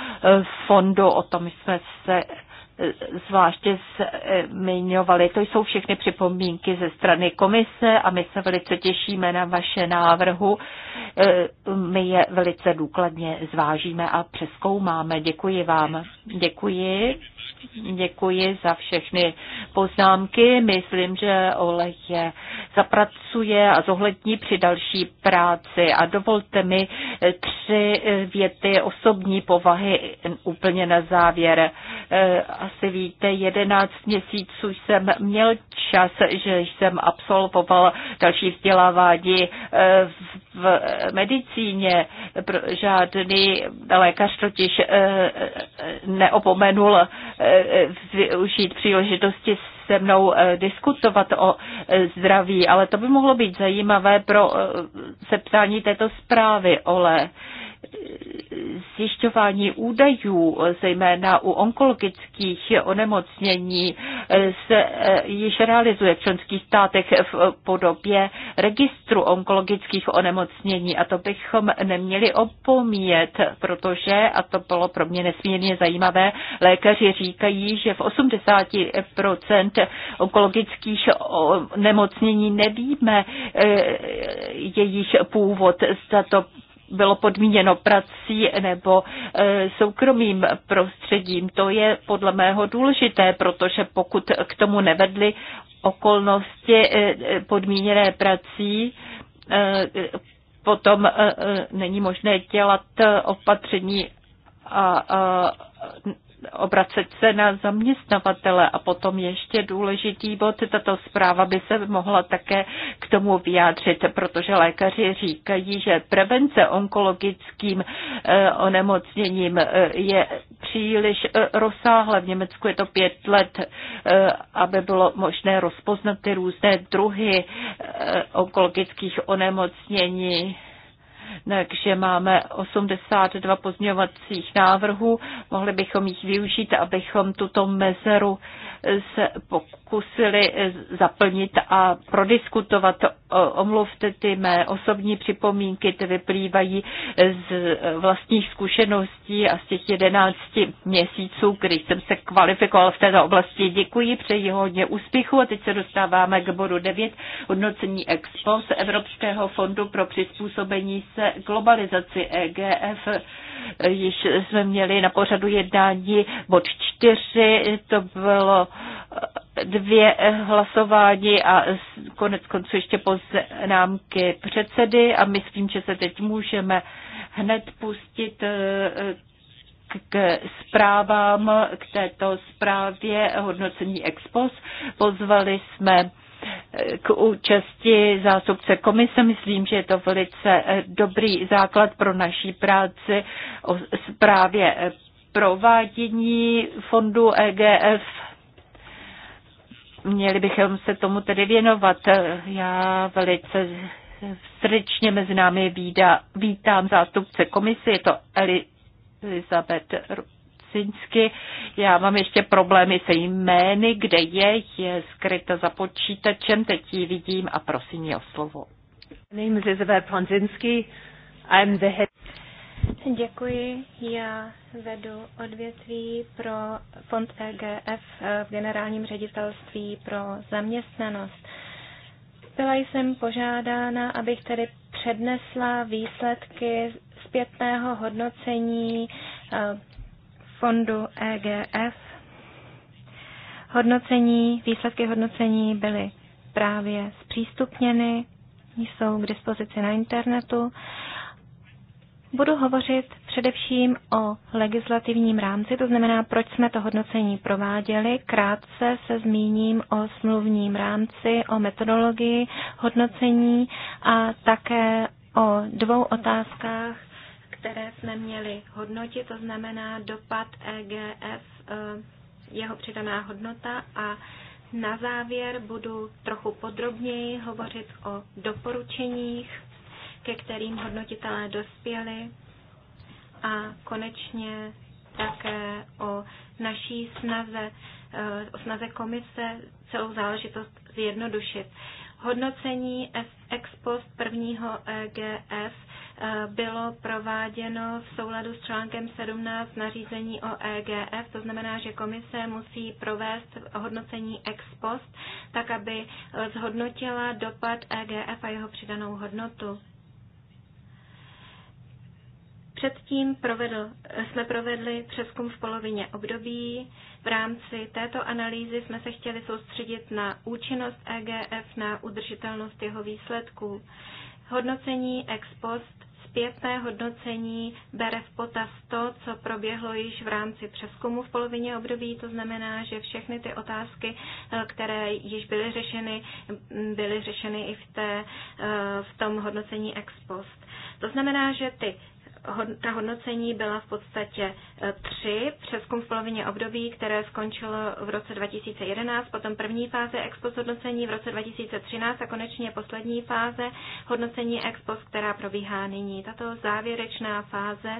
fondu. O tom jsme se zvláště zmiňovali. To jsou všechny připomínky ze strany komise a my se velice těšíme na vaše návrhu. My je velice důkladně zvážíme a přeskoumáme. Děkuji vám. Děkuji. Děkuji za všechny poznámky. Myslím, že Ole je zapracuje a zohlední při další práci. A dovolte mi tři věty osobní povahy úplně na závěr. E, asi víte, 11 měsíců jsem měl čas, že jsem absolvoval další vzdělávání e, v medicíně. Žádný lékař totiž e, neopomenul využít příležitosti se mnou eh, diskutovat o eh, zdraví, ale to by mohlo být zajímavé pro eh, sepsání této zprávy, Ole zjišťování údajů, zejména u onkologických onemocnění, se eh, již realizuje v členských státech v podobě registru onkologických onemocnění a to bychom neměli opomíjet, protože, a to bylo pro mě nesmírně zajímavé, lékaři říkají, že v 80% onkologických onemocnění nevíme eh, jejich původ, zda to bylo podmíněno prací nebo e, soukromým prostředím. To je podle mého důležité, protože pokud k tomu nevedly okolnosti e, e, podmíněné prací, potom není možné dělat opatření a, a obracet se na zaměstnavatele. A potom ještě důležitý bod, tato zpráva by se mohla také k tomu vyjádřit, protože lékaři říkají, že prevence onkologickým eh, onemocněním eh, je příliš eh, rozsáhlé. V Německu je to pět let, aby bylo možné rozpoznat ty různé druhy onkologických onemocnění takže máme 82 pozměňovacích návrhů. Mohli bychom jich využít, abychom tuto mezeru se pokusili zaplnit a prodiskutovat. Omluvte ty mé osobní připomínky, ty vyplývají z vlastních zkušeností a z těch 11 měsíců, kdy jsem se kvalifikoval v této oblasti. Děkuji, přeji hodně úspěchu a teď se dostáváme k bodu 9, hodnocení expo z Evropského fondu pro přizpůsobení se globalizaci EGF. Již jsme měli na pořadu jednání bod čtyři, to bylo eh, dvě eh, hlasování a konec konců ještě poznámky předsedy a myslím, že se teď můžeme hned pustit eh, k zprávám, k této zprávě hodnocení expos. Pozvali jsme k účasti zástupce komise. Myslím, že je to velice eh, dobrý základ pro naší práci o zprávě eh, provádění fondu EGF. Měli bychom se tomu tedy věnovat. Já velice srdečně mezi námi vítám zástupce komise, je to Elizabeth Pěsinsky. Já mám ještě problémy se jmény, kde je, je skryta za počítačem, teď ji vidím a prosím ji o slovo. Ponzinsky. Děkuji. Já vedu odvětví pro fond EGF eh, v generálním ředitelství pro zaměstnanost. Byla jsem požádána, abych tedy přednesla výsledky zpětného hodnocení eh, fondu EGF. Hodnocení, výsledky hodnocení byly právě zpřístupněny, jsou k dispozici na internetu. Budu hovořit především o legislativním rámci, to znamená, proč jsme to hodnocení prováděli. Krátce se zmíním o smluvním rámci, o metodologii hodnocení a také o dvou otázkách, které jsme měli hodnotit, to znamená dopad EGF, eh, jeho přidaná hodnota a na závěr budu trochu podrobněji hovořit o doporučeních, ke kterým hodnotitelé dospěli a konečně také o naší snaze, eh, o snaze komise celou záležitost zjednodušit. Hodnocení ex post prvního EGF Eh, bylo prováděno v souladu s článkem 17 nařízení o EGF, to znamená, že komise musí provést hodnocení ex post, tak aby zhodnotila dopad EGF a jeho přidanou hodnotu. Předtím provedl, jsme provedli přeskum v polovině období. V rámci této analýzy jsme se chtěli soustředit na účinnost EGF, na udržitelnost jeho výsledků. Hodnocení ex post zpětné hodnocení bere v potaz to, co proběhlo již v rámci přeskumu v polovině období. To znamená, že všechny ty otázky, eh, které již byly řešeny, byly řešeny i v, té, eh, v tom hodnocení ex post. To znamená, že ty ta hodnocení byla v podstatě e, tři, přeskum v polovině období, které skončilo v roce 2011, potom první fáze ex post hodnocení v roce 2013 a konečně poslední fáze hodnocení ex post, která probíhá nyní. Tato závěrečná fáze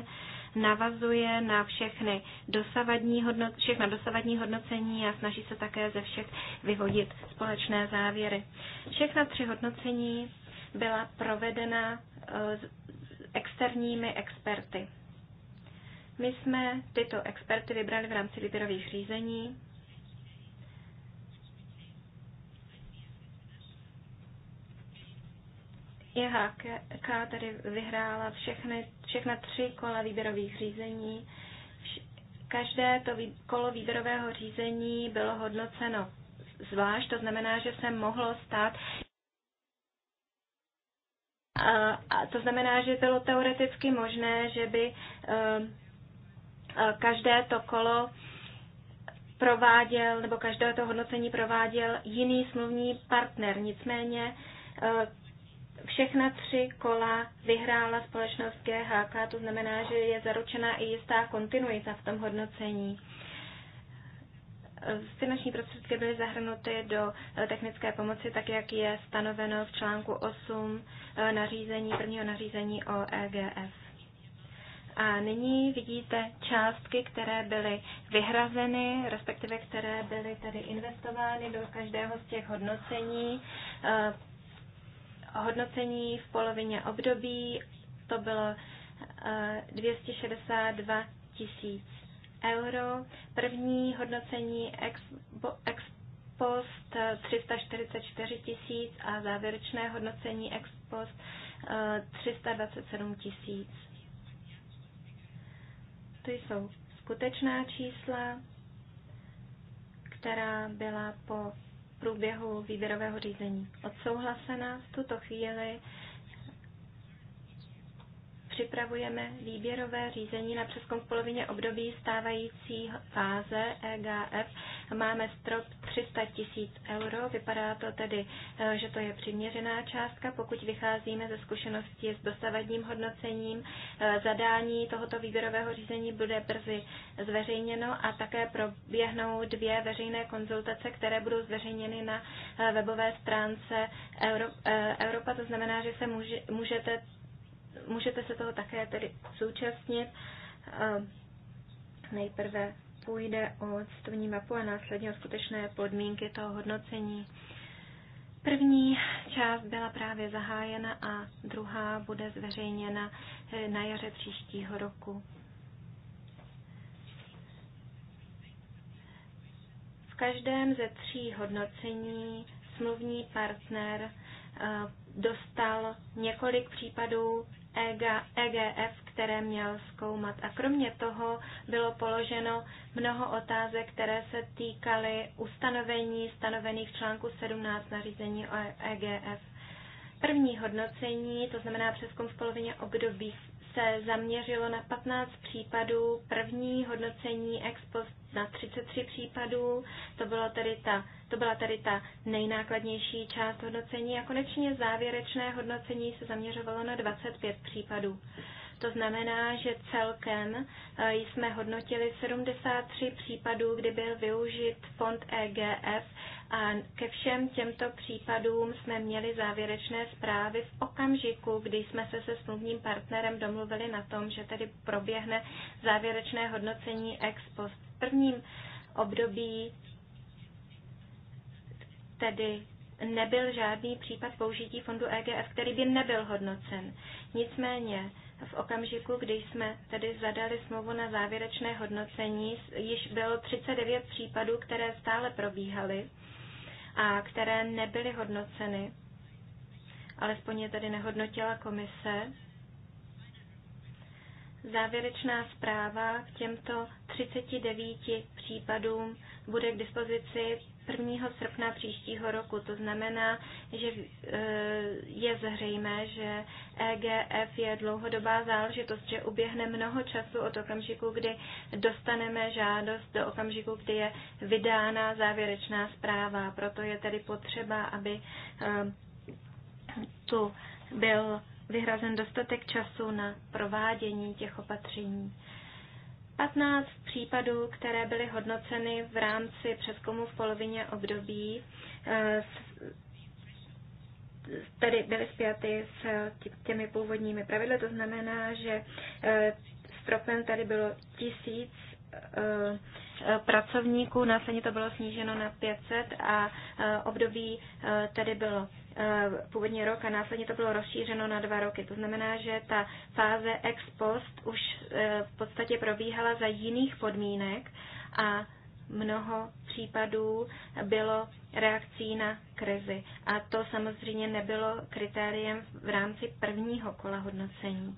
navazuje na všechny dosavadní hodnoc, všechna dosavadní hodnocení a snaží se také ze všech vyvodit společné závěry. Všechna tři hodnocení byla provedena e, externími experty. My jsme tyto experty vybrali v rámci výběrových řízení. IHK tedy vyhrála všechny, všechna tři kola výběrových řízení. Každé to kolo výběrového řízení bylo hodnoceno zvlášť, to znamená, že se mohlo stát a, a to znamená, že bylo teoreticky možné, že by eh, eh, každé to kolo prováděl, nebo každé to hodnocení prováděl jiný smluvní partner. Nicméně eh, všechna tři kola vyhrála společnost GHK, to znamená, že je zaručena i jistá kontinuita v tom hodnocení finanční prostředky byly zahrnuty do eh, technické pomoci, tak jak je stanoveno v článku 8 eh, nařízení, prvního nařízení o EGF. A nyní vidíte částky, které byly vyhrazeny, respektive které byly tedy investovány do každého z těch hodnocení. Eh, hodnocení v polovině období to bylo 262 tisíc euro, první hodnocení ex, ex post 344 eh, tisíc a závěrečné hodnocení ex post 327 eh, tisíc. To jsou skutečná čísla, která byla po průběhu výběrového řízení odsouhlasena. V tuto chvíli připravujeme výběrové řízení na přeskum v polovině období stávající fáze EGF. Máme strop 300 tisíc euro, vypadá to tedy, eh, že to je přiměřená částka, pokud vycházíme ze zkušenosti s dosavadním hodnocením. Eh, zadání tohoto výběrového řízení bude brzy zveřejněno a také proběhnou dvě veřejné konzultace, které budou zveřejněny na eh, webové stránce Europa. To znamená, že se můžete můžete se toho také tedy zúčastnit. Ehm, nejprve půjde o cestovní mapu a následně o skutečné podmínky toho hodnocení. První část byla právě zahájena a druhá bude zveřejněna eh, na jaře příštího roku. V každém ze tří hodnocení smluvní partner eh, dostal několik případů EGF, e které měl zkoumat. A kromě toho bylo položeno mnoho otázek, které se týkaly ustanovení stanovených článku 17 nařízení o EGF. První hodnocení, to znamená přeskum v polovině období, se zaměřilo na 15 případů, první hodnocení ex post na 33 případů, to, bylo tedy ta, to byla tedy ta nejnákladnější část hodnocení a konečně závěrečné hodnocení se zaměřovalo na 25 případů. To znamená, že celkem eh, jsme hodnotili 73 případů, kdy byl využit fond EGF a ke všem těmto případům jsme měli závěrečné zprávy v okamžiku, kdy jsme se se smluvním partnerem domluvili na tom, že tedy proběhne závěrečné hodnocení ex post. V prvním období tedy nebyl žádný případ použití fondu EGF, který by nebyl hodnocen. Nicméně v okamžiku, kdy jsme tedy zadali smlouvu na závěrečné hodnocení, již bylo 39 případů, které stále probíhaly a které nebyly hodnoceny. Alespoň je tedy nehodnotila komise. Závěrečná zpráva k těmto 39 případům bude k dispozici 1. srpna příštího roku. To znamená, že e, je zřejmé, že EGF je dlouhodobá záležitost, že uběhne mnoho času od okamžiku, kdy dostaneme žádost do okamžiku, kdy je vydána závěrečná zpráva. Proto je tedy potřeba, aby e, tu byl vyhrazen dostatek času na provádění těch opatření. 15 případů, které byly hodnoceny v rámci přeskumu v polovině období, eh, tedy byly zpěty s těmi původními pravidly. To znamená, že eh, stropem tady bylo tisíc eh, pracovníků, následně to bylo sníženo na 500 a období tady bylo Eh, původně rok a následně to bylo rozšířeno na dva roky. To znamená, že ta fáze ex post už eh, v podstatě probíhala za jiných podmínek a mnoho případů bylo reakcí na krizi. A to samozřejmě nebylo kritériem v rámci prvního kola hodnocení.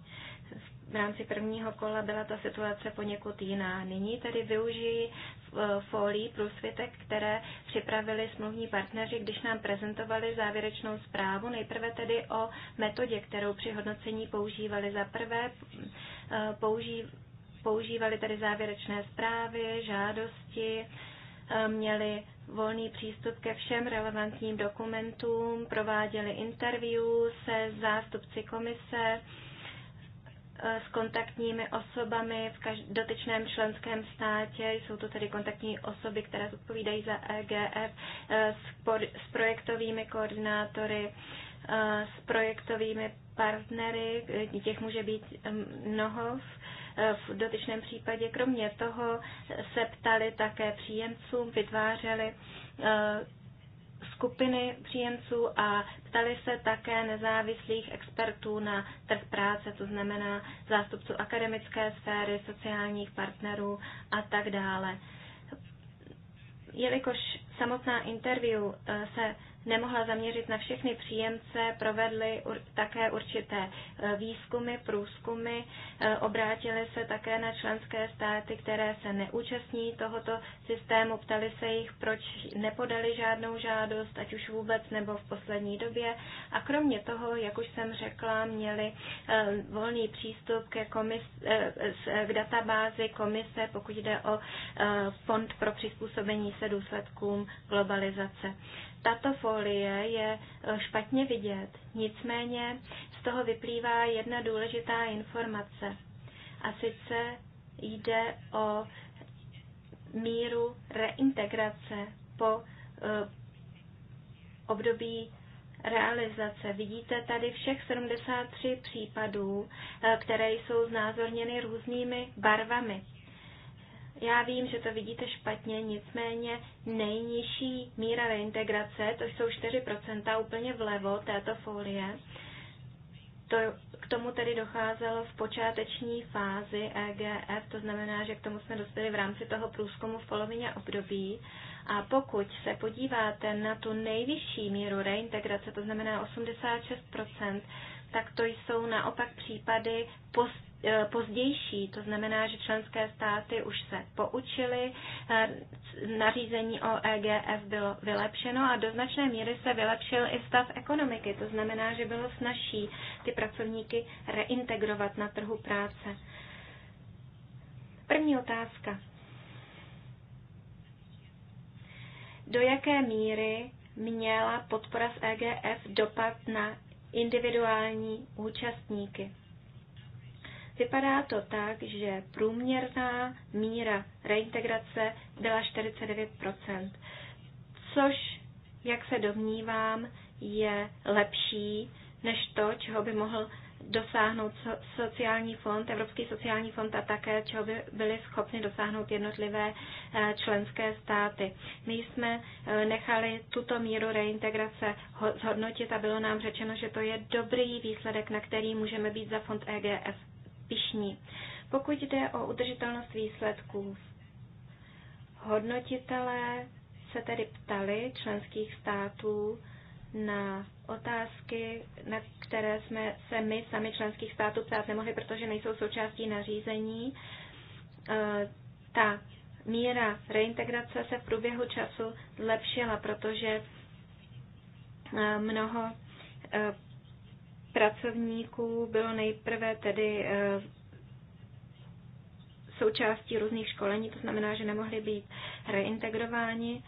V rámci prvního kola byla ta situace poněkud jiná. Nyní tady využiji Eh, pro průsvitek, které připravili smluvní partneři, když nám prezentovali závěrečnou zprávu. Nejprve tedy o metodě, kterou při hodnocení používali. Za prvé eh, používali tedy závěrečné zprávy, žádosti, eh, měli volný přístup ke všem relevantním dokumentům, prováděli interview se zástupci komise, Eh, s kontaktními osobami v každ- dotyčném členském státě. Jsou to tedy kontaktní osoby, které odpovídají za EGF, eh, s, por- s projektovými koordinátory, eh, s projektovými partnery, těch může být mnoho v dotyčném případě. Kromě toho se ptali také příjemcům, vytvářeli skupiny příjemců a ptali se také nezávislých expertů na trh práce, to znamená zástupců akademické sféry, sociálních partnerů a tak dále. Jelikož samotná interview eh, se nemohla zaměřit na všechny příjemce, provedly také určité e, výzkumy, průzkumy, e, Obrátily se také na členské státy, které se neúčastní tohoto systému, ptali se jich, proč nepodali žádnou žádost, ať už vůbec nebo v poslední době. A kromě toho, jak už jsem řekla, měli e, volný přístup ke komis, k databázi komise, pokud jde o fond pro přizpůsobení se důsledkům globalizace. Tato for folie je eh, špatně vidět, nicméně z toho vyplývá jedna důležitá informace. A sice jde o míru reintegrace po eh, období realizace. Vidíte tady všech 73 případů, eh, které jsou znázorněny různými barvami. Já vím, že to vidíte špatně, nicméně nejnižší míra reintegrace, to jsou 4% úplně vlevo této folie. To, k tomu tedy docházelo v počáteční fázi EGF, to znamená, že k tomu jsme dospěli v rámci toho průzkumu v polovině období. A pokud se podíváte na tu nejvyšší míru reintegrace, to znamená 86%, tak to jsou naopak případy post E, pozdější. To znamená, že členské státy už se poučily, e, nařízení o EGF bylo vylepšeno a do značné míry se vylepšil i stav ekonomiky. To znamená, že bylo snažší ty pracovníky reintegrovat na trhu práce. První otázka. Do jaké míry měla podpora z EGF dopad na individuální účastníky? Vypadá to tak, že průměrná míra reintegrace byla 49 což, jak se domnívám, je lepší než to, čeho by mohl dosáhnout sociální fond, Evropský sociální fond a také, čeho by byly schopny dosáhnout jednotlivé eh, členské státy. My jsme eh, nechali tuto míru reintegrace zhodnotit a bylo nám řečeno, že to je dobrý výsledek, na který můžeme být za fond EGF pišní. Pokud jde o udržitelnost výsledků, hodnotitelé se tedy ptali členských států na otázky, na které jsme se my sami členských států ptát nemohli, protože nejsou součástí nařízení. Eh, ta míra reintegrace se v průběhu času zlepšila, protože eh, mnoho eh, pracovníků bylo nejprve tedy eh, součástí různých školení, to znamená, že nemohli být reintegrováni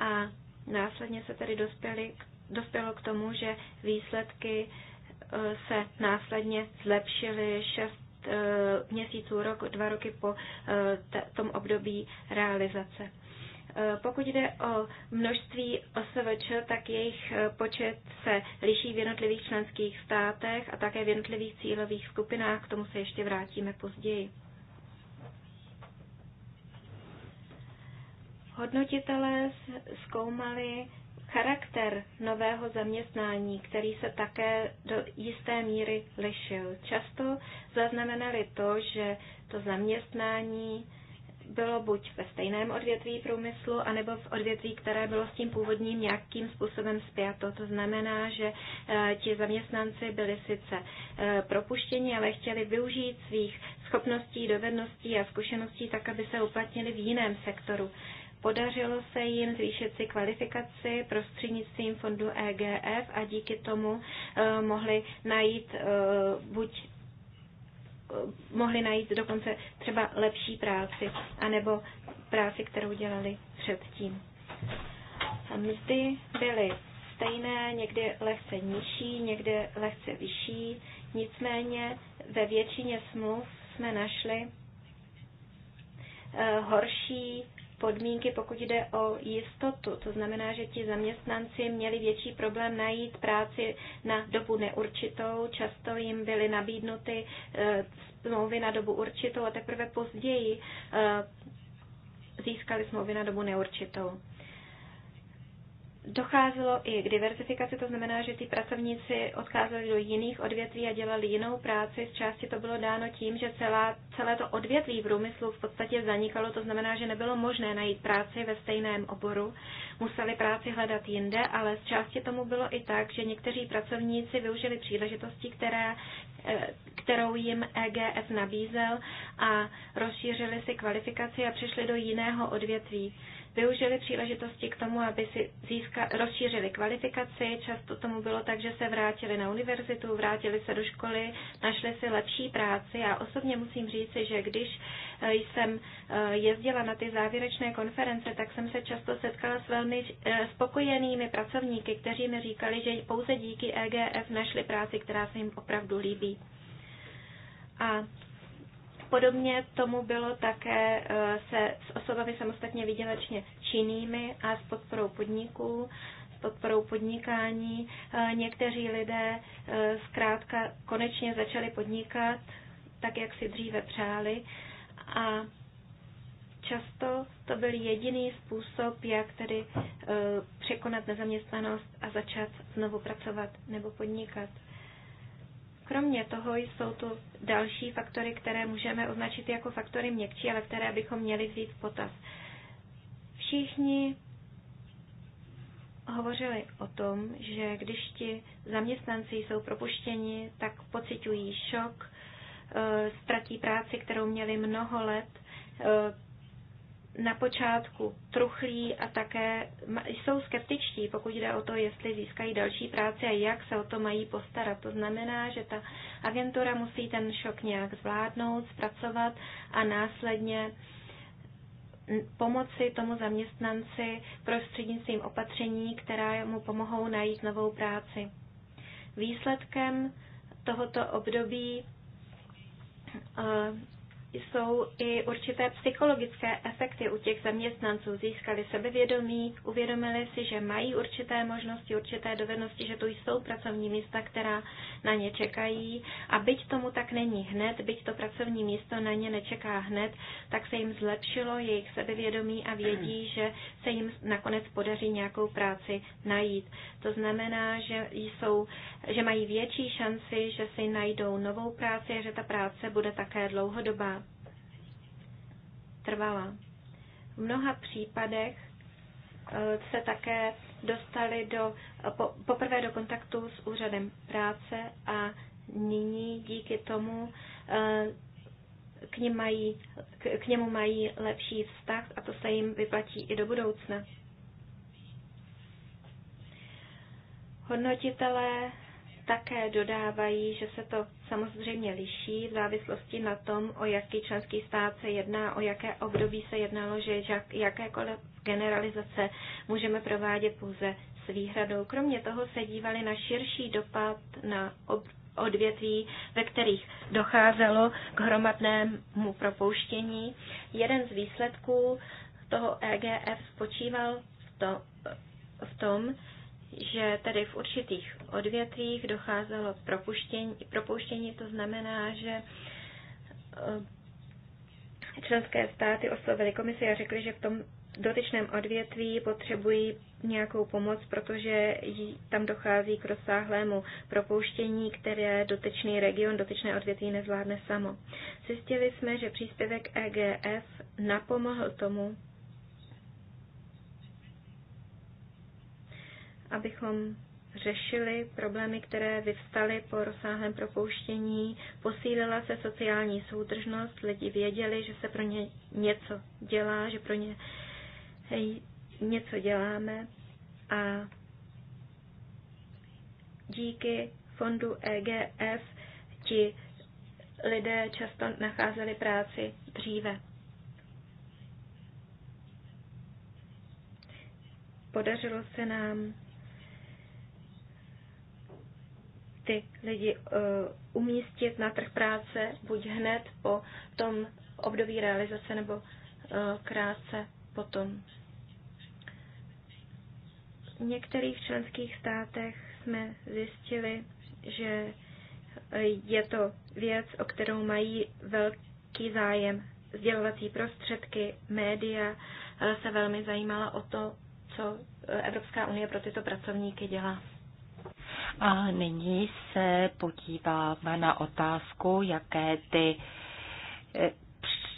a následně se tedy dospěli, dospělo k tomu, že výsledky eh, se následně zlepšily šest eh, měsíců, rok, dva roky po tom období realizace. Eh, pokud jde o množství OSVČ, tak jejich eh, počet se liší v jednotlivých členských státech a také v jednotlivých cílových skupinách. K tomu se ještě vrátíme později. Hodnotitelé zkoumali charakter nového zaměstnání, který se také do jisté míry lišil. Často zaznamenali to, že to zaměstnání bylo buď ve stejném odvětví průmyslu, anebo v odvětví, které bylo s tím původním nějakým způsobem zpěto. To znamená, že eh, ti zaměstnanci byli sice eh, propuštěni, ale chtěli využít svých schopností, dovedností a zkušeností tak, aby se uplatnili v jiném sektoru. Podařilo se jim zvýšit si kvalifikaci prostřednictvím fondu EGF a díky tomu eh, mohli najít buď mohli najít dokonce třeba lepší práci, anebo práci, kterou dělali předtím. Mzdy byly stejné, někdy lehce nižší, někdy lehce vyšší, nicméně ve většině smluv jsme našli eh, horší podmínky, pokud jde o jistotu. To znamená, že ti zaměstnanci měli větší problém najít práci na dobu neurčitou, často jim byly nabídnuty eh, smlouvy na dobu určitou a teprve později eh, získali smlouvy na dobu neurčitou docházelo i k diverzifikaci, to znamená, že ty pracovníci odcházeli do jiných odvětví a dělali jinou práci. Z části to bylo dáno tím, že celá, celé to odvětví v průmyslu v podstatě zanikalo, to znamená, že nebylo možné najít práci ve stejném oboru. Museli práci hledat jinde, ale z části tomu bylo i tak, že někteří pracovníci využili příležitosti, které, eh, kterou jim EGF nabízel a rozšířili si kvalifikaci a přišli do jiného odvětví využili příležitosti k tomu, aby si získa, rozšířili kvalifikaci. Často tomu bylo tak, že se vrátili na univerzitu, vrátili se do školy, našli si lepší práci. Já osobně musím říci, že když eh, jsem eh, jezdila na ty závěrečné konference, tak jsem se často setkala s velmi eh, spokojenými pracovníky, kteří mi říkali, že pouze díky EGF našli práci, která se jim opravdu líbí. A Podobně tomu bylo také eh, se s osobami samostatně výdělečně činnými a s podporou podniků, s podporou podnikání. Eh, někteří lidé eh, zkrátka konečně začali podnikat tak, jak si dříve přáli a často to byl jediný způsob, jak tedy překonat nezaměstnanost a začat znovu pracovat nebo podnikat. Kromě toho jsou tu další faktory, které můžeme označit jako faktory měkčí, ale které bychom měli vzít v potaz. Všichni hovořili o tom, že když ti zaměstnanci jsou propuštěni, tak pocitují šok, eh, ztratí práci, kterou měli mnoho let, eh, na počátku truchlí a také jsou skeptičtí, pokud jde o to, jestli získají další práci a jak se o to mají postarat. To znamená, že ta agentura musí ten šok nějak zvládnout, zpracovat a následně pomoci tomu zaměstnanci prostřednictvím opatření, která mu pomohou najít novou práci. Výsledkem tohoto období eh, jsou i určité psychologické efekty u těch zaměstnanců. Získali sebevědomí, uvědomili si, že mají určité možnosti, určité dovednosti, že tu jsou pracovní místa, která na ně čekají. A byť tomu tak není hned, byť to pracovní místo na ně nečeká hned, tak se jim zlepšilo jejich sebevědomí a vědí, že se jim nakonec podaří nějakou práci najít. To znamená, že, jsou, že mají větší šanci, že si najdou novou práci a že ta práce bude také dlouhodobá trvala. V mnoha případech eh, se také dostali do, eh, po, poprvé do kontaktu s úřadem práce a nyní díky tomu eh, k, ním mají, k, k němu mají lepší vztah a to se jim vyplatí i do budoucna. Hodnotitelé také dodávají, že se to samozřejmě liší v závislosti na tom, o jaký členský stát se jedná, o jaké období se jednalo, že jakékoliv generalizace můžeme provádět pouze s výhradou. Kromě toho se dívali na širší dopad na odvětví, ve kterých docházelo k hromadnému propouštění. Jeden z výsledků toho EGF spočíval v, to, v tom, že tedy v určitých odvětvích docházelo k propuštění, propuštění, to znamená, že eh, členské státy oslovily komisi a řekly, že v tom dotyčném odvětví potřebují nějakou pomoc, protože tam dochází k rozsáhlému propouštění, které dotyčný region, dotyčné odvětví nezvládne samo. Zjistili jsme, že příspěvek EGF napomohl tomu, abychom řešili problémy, které vyvstaly po rozsáhlém propouštění, posílila se sociální soudržnost, lidi věděli, že se pro ně něco dělá, že pro ně něco děláme a díky fondu EGF ti lidé často nacházeli práci dříve. Podařilo se nám ty lidi eh, umístit na trh práce buď hned po tom období realizace nebo eh, krátce potom. V některých členských státech jsme zjistili, že eh, je to věc, o kterou mají velký zájem. Sdělovací prostředky, média se velmi zajímala o to, co Evropská unie pro tyto pracovníky dělá. A nyní se podíváme na otázku, jaké ty e,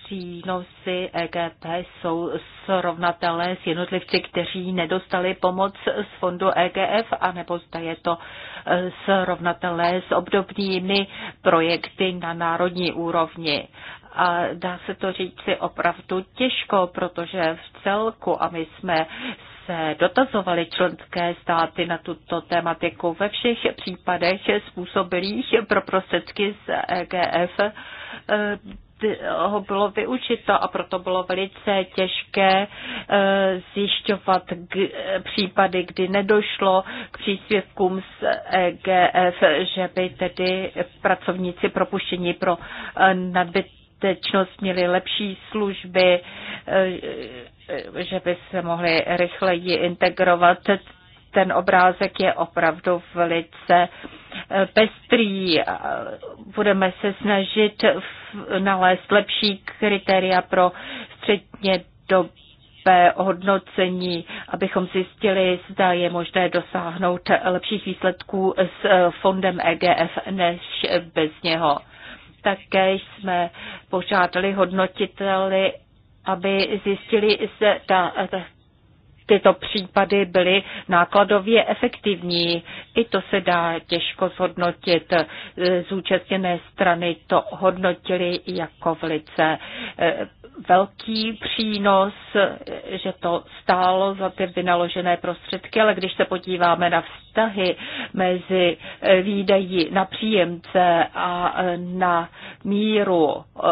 přínosy EGP jsou srovnatelné s jednotlivci, kteří nedostali pomoc z fondu EGF, anebo zda je to e, srovnatelné s obdobnými projekty na národní úrovni. A dá se to říct si opravdu těžko, protože v celku, a my jsme se dotazovaly členské státy na tuto tématiku ve všech případech způsobilých pro prostředky z EGF eh, ho bylo vyučito a proto bylo velice těžké eh, zjišťovat případy, kdy nedošlo k příspěvkům z EGF, že by tedy pracovníci propuštění pro eh, nadbytečnost měli lepší služby že by se mohli rychleji integrovat. Ten obrázek je opravdu velice eh, pestrý. Budeme se snažit nalézt lepší kritéria pro středně dobu hodnocení, abychom zjistili, zda je možné dosáhnout lepších výsledků s eh, fondem EGF než bez něho. Také jsme požádali hodnotiteli aby zjistili, ta, tyto případy byly nákladově efektivní. I to se dá těžko zhodnotit. Zúčastněné strany to hodnotily jako velice eh, velký přínos, že to stálo za ty vynaložené prostředky, ale když se podíváme na vztahy mezi eh, výdaji na příjemce a eh, na míru eh,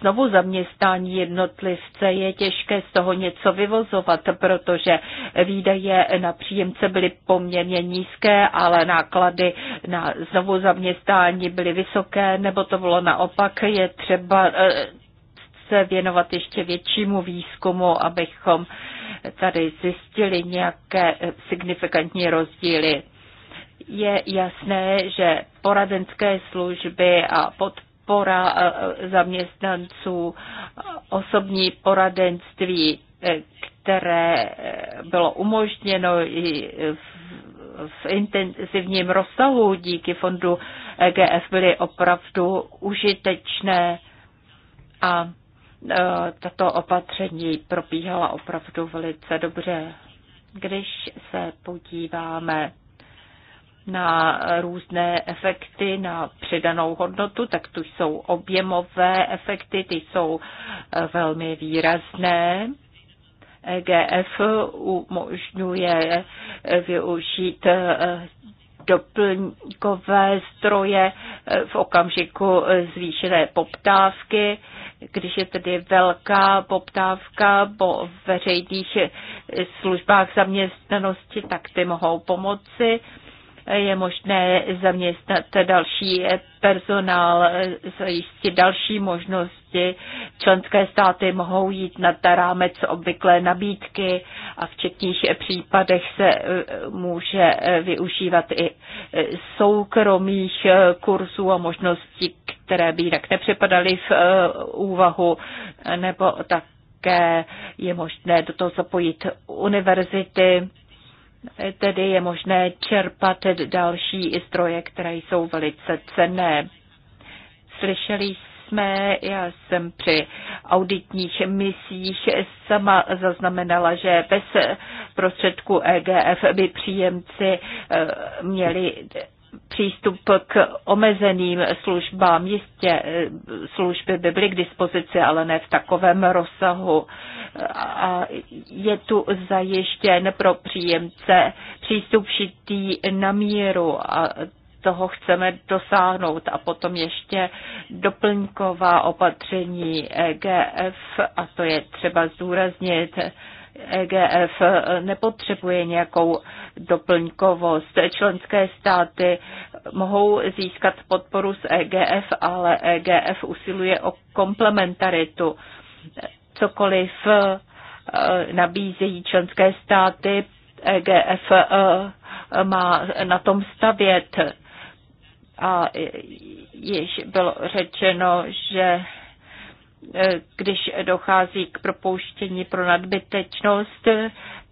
znovu zaměstnání jednotlivce, je těžké z toho něco vyvozovat, protože výdaje na příjemce byly poměrně nízké, ale náklady na znovu zaměstnání byly vysoké, nebo to bylo naopak, je třeba se věnovat ještě většímu výzkumu, abychom tady zjistili nějaké signifikantní rozdíly. Je jasné, že poradenské služby a podpora e, e, zaměstnanců, osobní poradenství, e, které bylo umožněno i v intenzivním rozsahu díky fondu EGF byly opravdu užitečné a Eh, tato opatření probíhala opravdu velice dobře. Když se podíváme na různé efekty, na přidanou hodnotu, tak tu jsou objemové efekty, ty jsou eh, velmi výrazné. EGF umožňuje eh, využít doplňkové zdroje eh, v okamžiku eh, zvýšené poptávky, když je tedy velká poptávka po veřejných eh, službách zaměstnanosti, tak ty mohou pomoci je možné zaměstnat další personál, zajistit další možnosti. Členské státy mohou jít na rámec obvyklé nabídky a v četných případech se e, může e, využívat i e, soukromých kurzů a možností, které by jinak nepřipadaly v úvahu, nebo také je možné do toho zapojit univerzity tedy je možné čerpat další zdroje, které jsou velice cenné. Slyšeli jsme, já jsem při auditních misích sama zaznamenala, že bez prostředku EGF by příjemci eh, měli přístup k omezeným službám. Jistě e, služby by byly k dispozici, ale ne v takovém rozsahu. A je tu zajištěn pro příjemce přístup šitý na míru a toho chceme dosáhnout. A potom ještě doplňková opatření EGF, a to je třeba zdůraznit, EGF eh, nepotřebuje nějakou doplňkovost. Členské státy mohou získat podporu z EGF, ale EGF usiluje o komplementaritu. Cokoliv eh, nabízejí členské státy, EGF eh, má na tom stavět. A již bylo řečeno, že Eh, když dochází k propouštění pro nadbytečnost,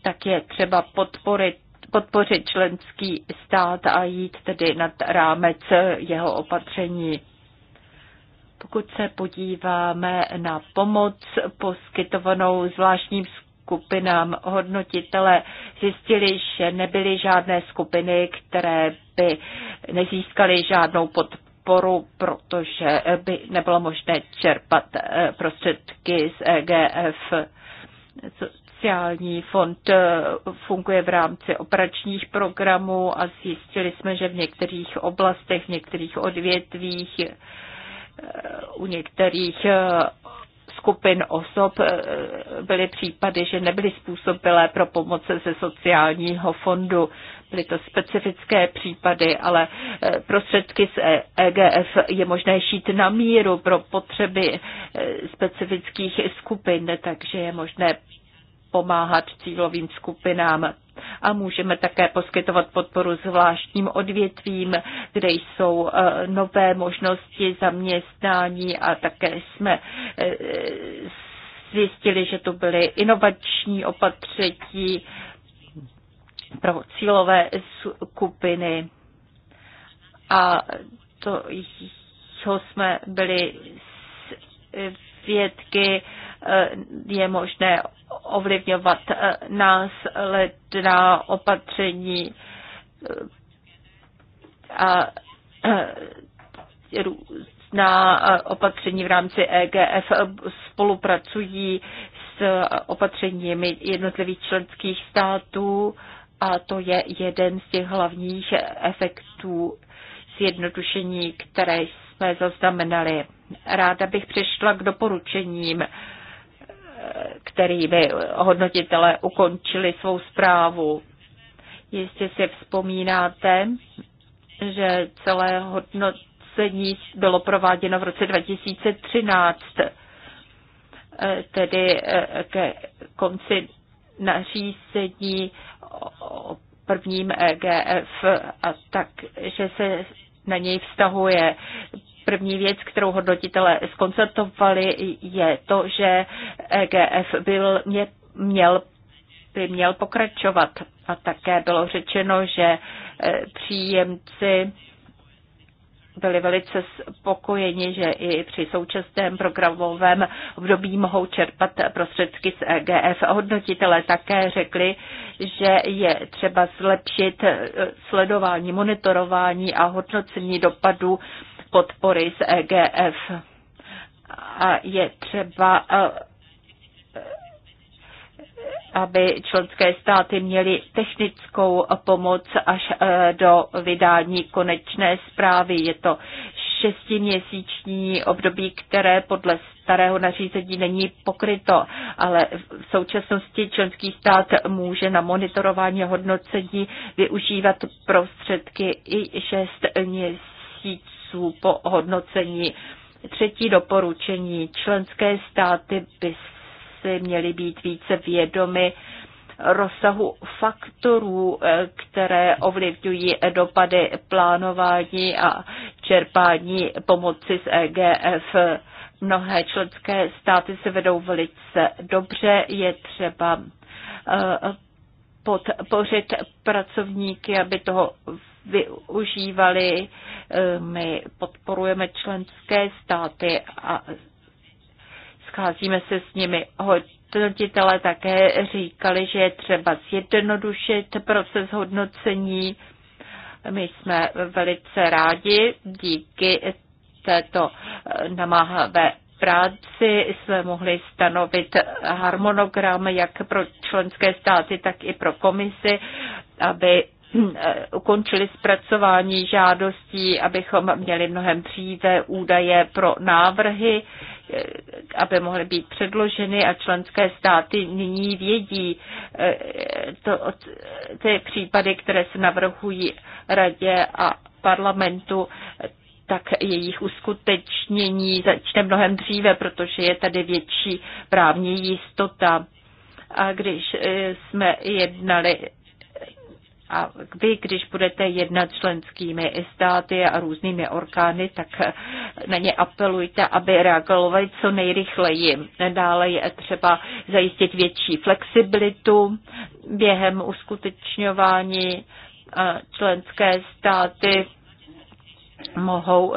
tak je třeba podporit podpořit členský stát a jít tedy nad rámec jeho opatření. Pokud se podíváme na pomoc poskytovanou zvláštním skupinám, hodnotitele zjistili, že nebyly žádné skupiny, které by nezískaly žádnou podporu podporu, protože by nebylo možné čerpat eh, prostředky z EGF. Sociální fond eh, funguje v rámci operačních programů a zjistili jsme, že v některých oblastech, v některých odvětvích, eh, u některých skupin osob eh, byly případy, že nebyly způsobilé pro pomoc ze sociálního fondu. Byly to specifické případy, ale eh, prostředky z EGF e je možné šít na míru pro potřeby eh, specifických skupin, takže je možné pomáhat cílovým skupinám a můžeme také poskytovat podporu zvláštním odvětvím, kde jsou eh, nové možnosti zaměstnání a také jsme eh, zjistili, že to byly inovační opatření pro cílové skupiny a to, co jsme byli svědky eh, je možné ovlivňovat eh, na opatření eh, a různá opatření v rámci EGF spolupracují s opatřeními jednotlivých členských států a to je jeden z těch hlavních efektů zjednodušení, které jsme zaznamenali. Ráda bych přešla k doporučením, eh, kterými hodnotitelé ukončili svou zprávu. Jistě si vzpomínáte, že celé hodnocení bylo prováděno v roce 2013, eh, tedy eh, ke konci nařízení o prvním EGF a tak, že se na něj vztahuje. První věc, kterou hodnotitelé skoncertovali, je to, že EGF byl, mě, měl, by měl pokračovat. A také bylo řečeno, že e, příjemci byli velice spokojeni, že i při současném programovém období mohou čerpat prostředky z EGF. Hodnotitelé také řekli, že je třeba zlepšit eh, sledování, monitorování a hodnocení dopadů podpory z EGF. A je třeba eh, aby členské státy měly technickou pomoc až eh, do vydání konečné zprávy. Je to šestiměsíční období, které podle starého nařízení není pokryto, ale v současnosti členský stát může na monitorování a hodnocení využívat prostředky i šest měsíců po hodnocení. Třetí doporučení. Členské státy by si měli být více vědomi rozsahu faktorů, eh, které ovlivňují dopady plánování a čerpání pomoci z EGF. Mnohé členské státy se vedou velice dobře, je třeba eh, podpořit pracovníky, aby toho využívali. Eh, my podporujeme členské státy a scházíme se s nimi hodnotitelé také říkali, že je třeba zjednodušit proces hodnocení. My jsme velice rádi díky této eh, namáhavé práci jsme mohli stanovit harmonogram jak pro členské státy, tak i pro komisi, aby eh, ukončili zpracování žádostí, abychom měli mnohem dříve údaje pro návrhy Eh, aby mohly být předloženy a členské státy nyní vědí eh, to, ty případy, které se navrhují radě a parlamentu, tak jejich uskutečnění začne mnohem dříve, protože je tady větší právní jistota. A když eh, jsme jednali a vy, když budete jednat členskými státy a různými orgány, tak na ně apelujte, aby reagovali co nejrychleji. Dále je třeba zajistit větší flexibilitu během uskutečňování. Členské státy mohou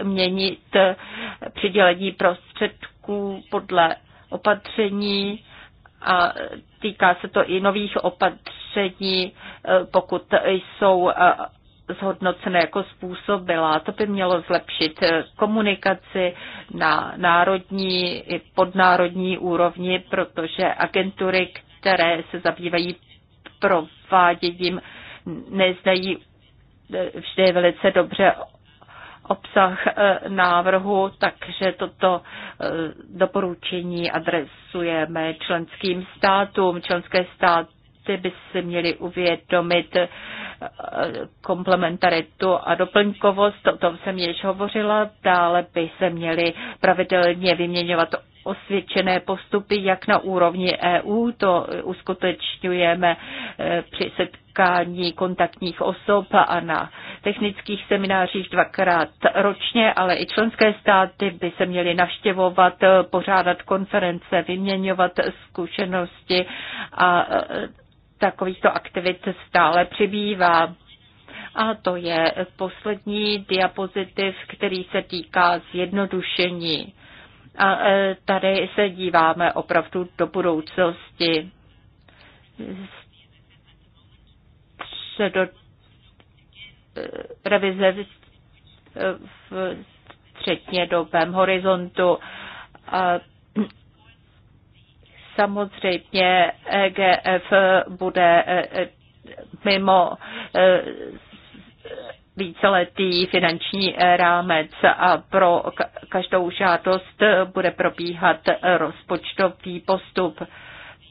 změnit přidělení prostředků podle opatření a týká se to i nových opatření, e, pokud jsou e, zhodnocené jako způsobila. To by mělo zlepšit e, komunikaci na národní i podnárodní úrovni, protože agentury, které se zabývají prováděním, neznají vždy velice dobře obsah eh, návrhu, takže toto eh, doporučení adresujeme členským státům. Členské státy by si měli uvědomit eh, komplementaritu a doplňkovost, o tom jsem již hovořila, dále by se měly pravidelně vyměňovat osvědčené postupy, jak na úrovni EU, to uskutečňujeme eh, při setkání kontaktních osob a na technických seminářích dvakrát ročně, ale i členské státy by se měly navštěvovat, eh, pořádat konference, vyměňovat zkušenosti a eh, takovýchto aktivit stále přibývá. A to je poslední diapozitiv, který se týká zjednodušení. A e, tady se díváme opravdu do budoucnosti. do e, revize v, v střednědobém horizontu. A samozřejmě EGF bude e, mimo víceletý finanční rámec a pro každou žádost bude probíhat rozpočtový postup,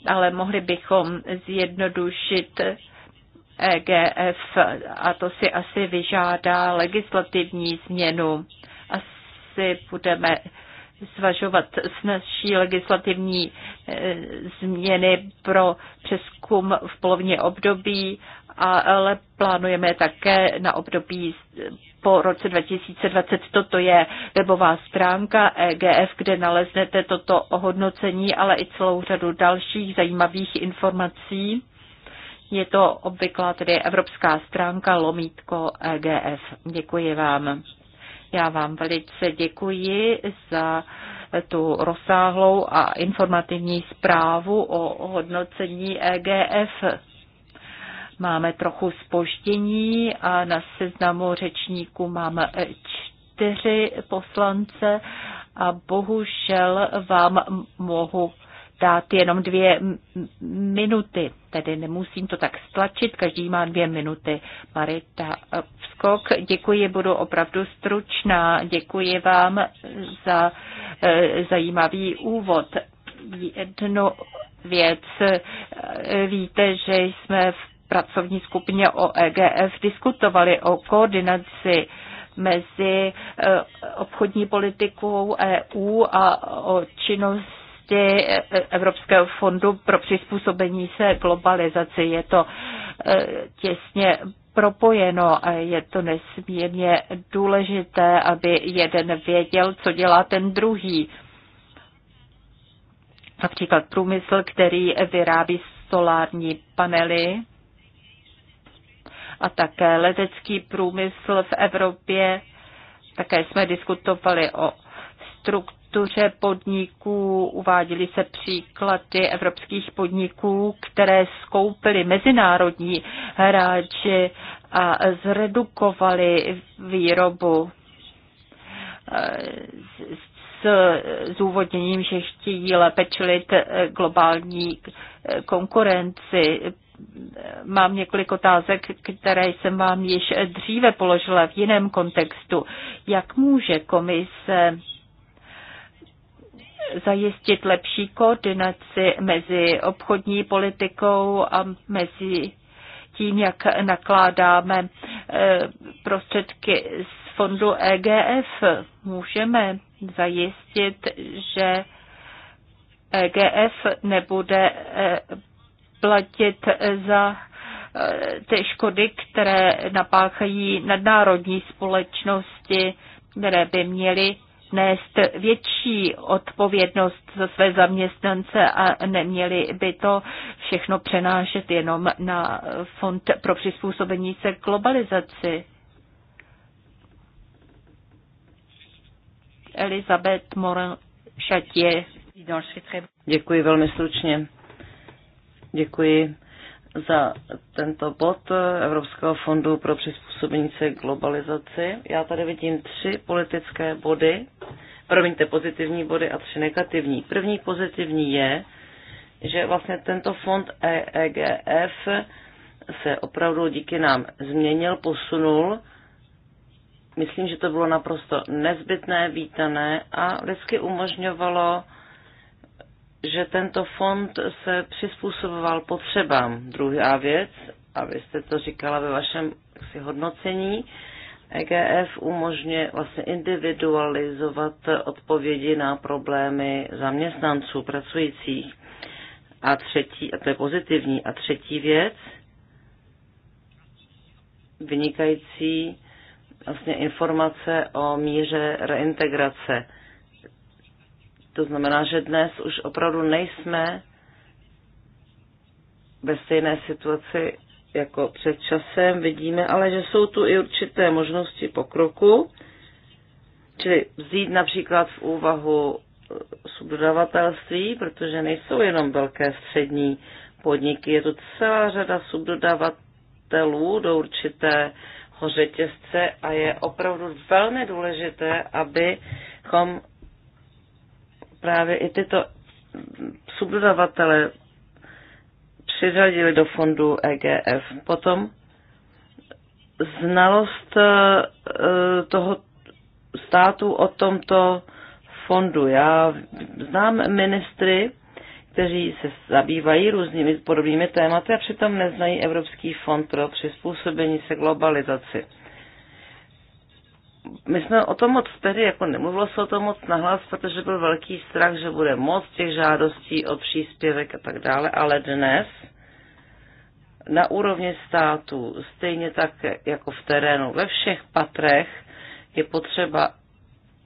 ale mohli bychom zjednodušit EGF a to si asi vyžádá legislativní změnu. Asi budeme zvažovat snažší legislativní e, změny pro přeskum v polovině období, ale plánujeme také na období po roce 2020. Toto je webová stránka EGF, kde naleznete toto ohodnocení, ale i celou řadu dalších zajímavých informací. Je to obvyklá tedy evropská stránka lomítko EGF. Děkuji vám. Já vám velice děkuji za tu rozsáhlou a informativní zprávu o hodnocení EGF. Máme trochu spoždění a na seznamu řečníků máme čtyři poslance a bohužel vám mohu dát jenom dvě minuty, tedy nemusím to tak stlačit, každý má dvě minuty. Marita e, Vskok, děkuji, budu opravdu stručná, děkuji vám za e, zajímavý úvod. Jednu věc, e, víte, že jsme v pracovní skupině o EGF diskutovali o koordinaci mezi obchodní politikou EU a o činnosti oblasti Evropského fondu pro přizpůsobení se globalizaci. Je to eh, těsně propojeno a je to nesmírně důležité, aby jeden věděl, co dělá ten druhý. Například průmysl, který vyrábí solární panely a také letecký průmysl v Evropě. Také jsme diskutovali o struktu struktuře podniků. Uváděly se příklady evropských podniků, které skoupily mezinárodní hráči a zredukovali výrobu s zúvodněním, že chtějí lépe čelit globální konkurenci. Mám několik otázek, které jsem vám již dříve položila v jiném kontextu. Jak může komise zajistit lepší koordinaci mezi obchodní politikou a mezi tím, jak nakládáme eh, prostředky z fondu EGF. Můžeme zajistit, že EGF nebude eh, platit za eh, ty škody, které napáchají nadnárodní společnosti, které by měly nést větší odpovědnost za své zaměstnance a neměli by to všechno přenášet jenom na fond pro přizpůsobení se globalizaci. Elizabeth Morin Chatier. Děkuji velmi slučně. Děkuji za tento bod Evropského fondu pro přizpůsobení se globalizaci. Já tady vidím tři politické body, promiňte, pozitivní body a tři negativní. První pozitivní je, že vlastně tento fond EGF e se opravdu díky nám změnil, posunul. Myslím, že to bylo naprosto nezbytné, vítané a vždycky umožňovalo že tento fond se přizpůsoboval potřebám. Druhá věc, a vy jste to říkala ve vašem si hodnocení, EGF umožňuje vlastně individualizovat odpovědi na problémy zaměstnanců, pracujících. A třetí, a to je pozitivní, a třetí věc, vynikající vlastně informace o míře reintegrace to znamená, že dnes už opravdu nejsme ve stejné situaci jako před časem. Vidíme ale, že jsou tu i určité možnosti pokroku, čili vzít například v úvahu subdodavatelství, protože nejsou jenom velké střední podniky, je tu celá řada subdodavatelů do určitého řetězce a je opravdu velmi důležité, abychom právě i tyto subdodavatele přiřadili do fondu EGF. Potom znalost eh, toho státu o tomto fondu. Já znám ministry, kteří se zabývají různými podobnými tématy a přitom neznají Evropský fond pro přizpůsobení se globalizaci my jsme o tom moc tehdy, jako nemluvilo se o tom moc nahlas, protože byl velký strach, že bude moc těch žádostí o příspěvek a tak dále, ale dnes na úrovni státu, stejně tak jako v terénu, ve všech patrech je potřeba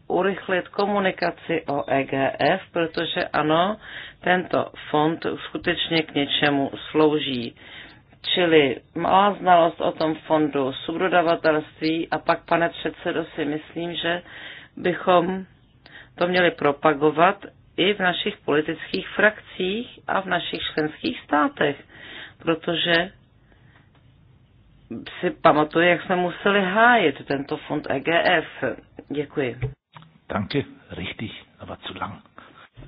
urychlit komunikaci o EGF, protože ano, tento fond skutečně k něčemu slouží. Čili má znalost o tom fondu subdodavatelství a pak, pane předsedo, si myslím, že bychom to měli propagovat i v našich politických frakcích a v našich členských státech, protože si pamatuju, jak jsme museli hájit tento fond EGF. Děkuji. Danke, richtig, aber zu lang.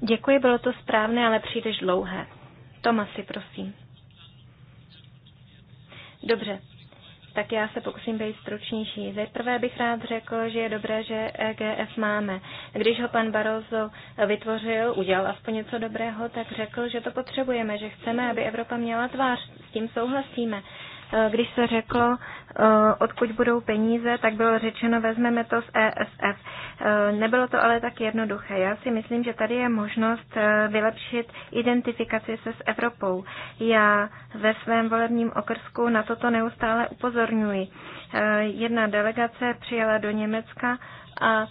Děkuji, bylo to správné, ale příliš dlouhé. Tomasi, prosím. Dobře, tak já se pokusím být stručnější. Nejprve bych rád řekl, že je dobré, že EGF máme. Když ho pan Barroso vytvořil, udělal aspoň něco dobrého, tak řekl, že to potřebujeme, že chceme, aby Evropa měla tvář. S tím souhlasíme. Eh, když se řeklo, eh, odkud budou peníze, tak bylo řečeno, vezmeme to z ESF. Eh, nebylo to ale tak jednoduché. Já si myslím, že tady je možnost vylepšit identifikaci se s Evropou. Já ve svém volebním okrsku na toto neustále upozorňuji. Jedna delegace přijela do Německa a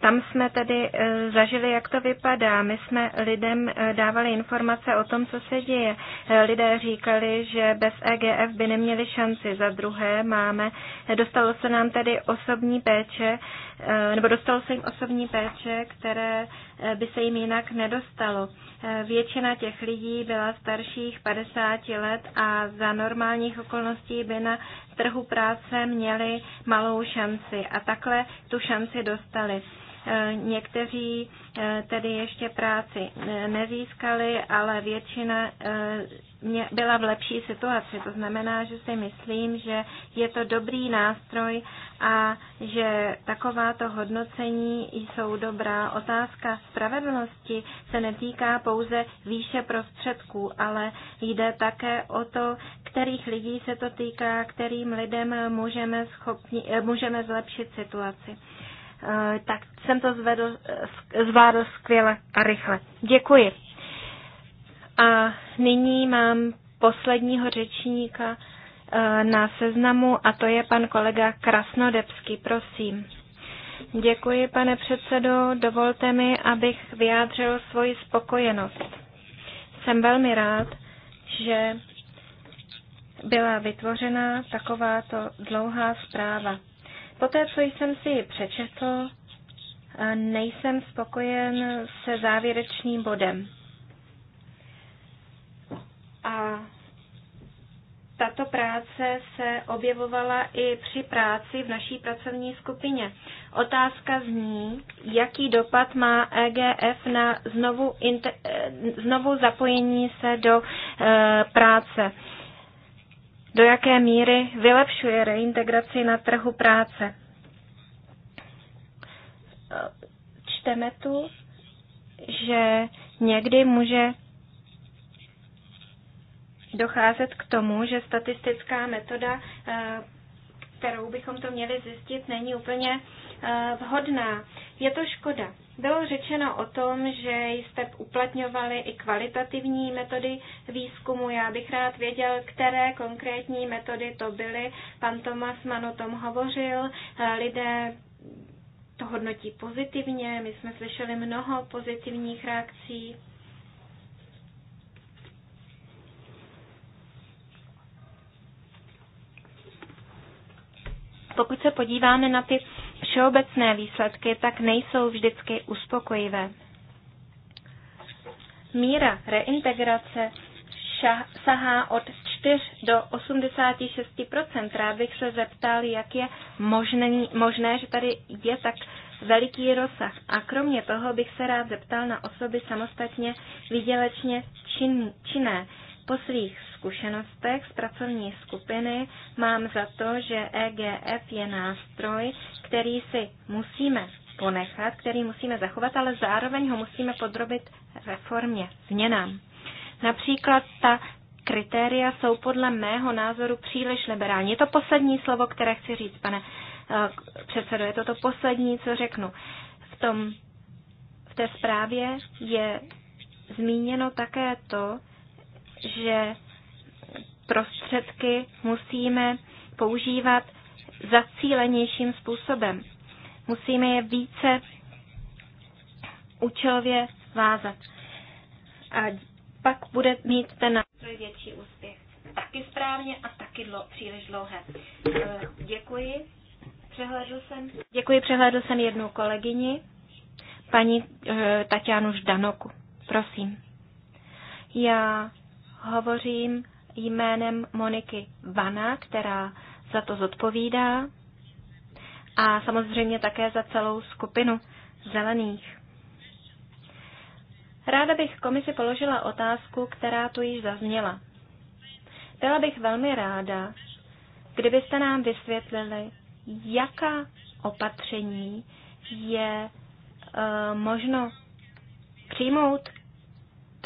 tam jsme tedy e, zažili, jak to vypadá. My jsme lidem e, dávali informace o tom, co se děje. E, lidé říkali, že bez EGF by neměli šanci. Za druhé máme, dostalo se nám tedy osobní péče Eh, nebo dostalo se jim osobní péče, které eh, by se jim jinak nedostalo. Eh, většina těch lidí byla starších 50 let a za normálních okolností by na trhu práce měli malou šanci a takhle tu šanci dostali. Někteří eh, tedy ještě práci eh, nezískali, ale většina eh, byla v lepší situaci. To znamená, že si myslím, že je to dobrý nástroj a že takováto hodnocení jsou dobrá. Otázka spravedlnosti se netýká pouze výše prostředků, ale jde také o to, kterých lidí se to týká, kterým lidem můžeme, schopni, můžeme zlepšit situaci. Eh, tak jsem to zvedl, eh, zvládl skvěle a rychle. Děkuji. A nyní mám posledního řečníka eh, na seznamu a to je pan kolega Krasnodebský. Prosím. Děkuji, pane předsedo. Dovolte mi, abych vyjádřil svoji spokojenost. Jsem velmi rád, že byla vytvořena takováto dlouhá zpráva. Poté, co jsem si ji přečetl, nejsem spokojen se závěrečným bodem. A tato práce se objevovala i při práci v naší pracovní skupině. Otázka zní, jaký dopad má EGF na znovu, inter, eh, znovu zapojení se do e, práce do jaké míry vylepšuje reintegraci na trhu práce. Čteme tu, že někdy může docházet k tomu, že statistická metoda, eh, kterou bychom to měli zjistit, není úplně Eh, vhodná. Je to škoda. Bylo řečeno o tom, že jste uplatňovali i kvalitativní metody výzkumu. Já bych rád věděl, které konkrétní metody to byly. Pan Tomas Man o tom hovořil. Eh, lidé to hodnotí pozitivně. My jsme slyšeli mnoho pozitivních reakcí. Pokud se podíváme na ty všeobecné výsledky tak nejsou vždycky uspokojivé. Míra reintegrace sahá od 4 do 86 Rád bych se zeptal, jak je možné, možné, že tady je tak veliký rozsah. A kromě toho bych se rád zeptal na osoby samostatně výdělečně činné. Po svých zkušenostech z pracovní skupiny mám za to, že EGF je nástroj, který si musíme ponechat, který musíme zachovat, ale zároveň ho musíme podrobit reformě, změnám. Například ta kritéria jsou podle mého názoru příliš liberální. Je to poslední slovo, které chci říct, pane eh, předsedo, je to to poslední, co řeknu. V, tom, v té zprávě je zmíněno také to, že prostředky musíme používat zacílenějším způsobem. Musíme je více účelově vázat. A pak bude mít ten nástroj větší úspěch. Taky správně a taky dlo, příliš dlouhé. Eh, děkuji. Přehledl jsem, děkuji, přehledl jsem jednu kolegyni, paní eh, Tatianu Ždanoku. Prosím. Já hovořím jménem Moniky Vana, která za to zodpovídá a samozřejmě také za celou skupinu zelených. Ráda bych komisi položila otázku, která tu již zazněla. Byla bych velmi ráda, kdybyste nám vysvětlili, jaká opatření je e, možno přijmout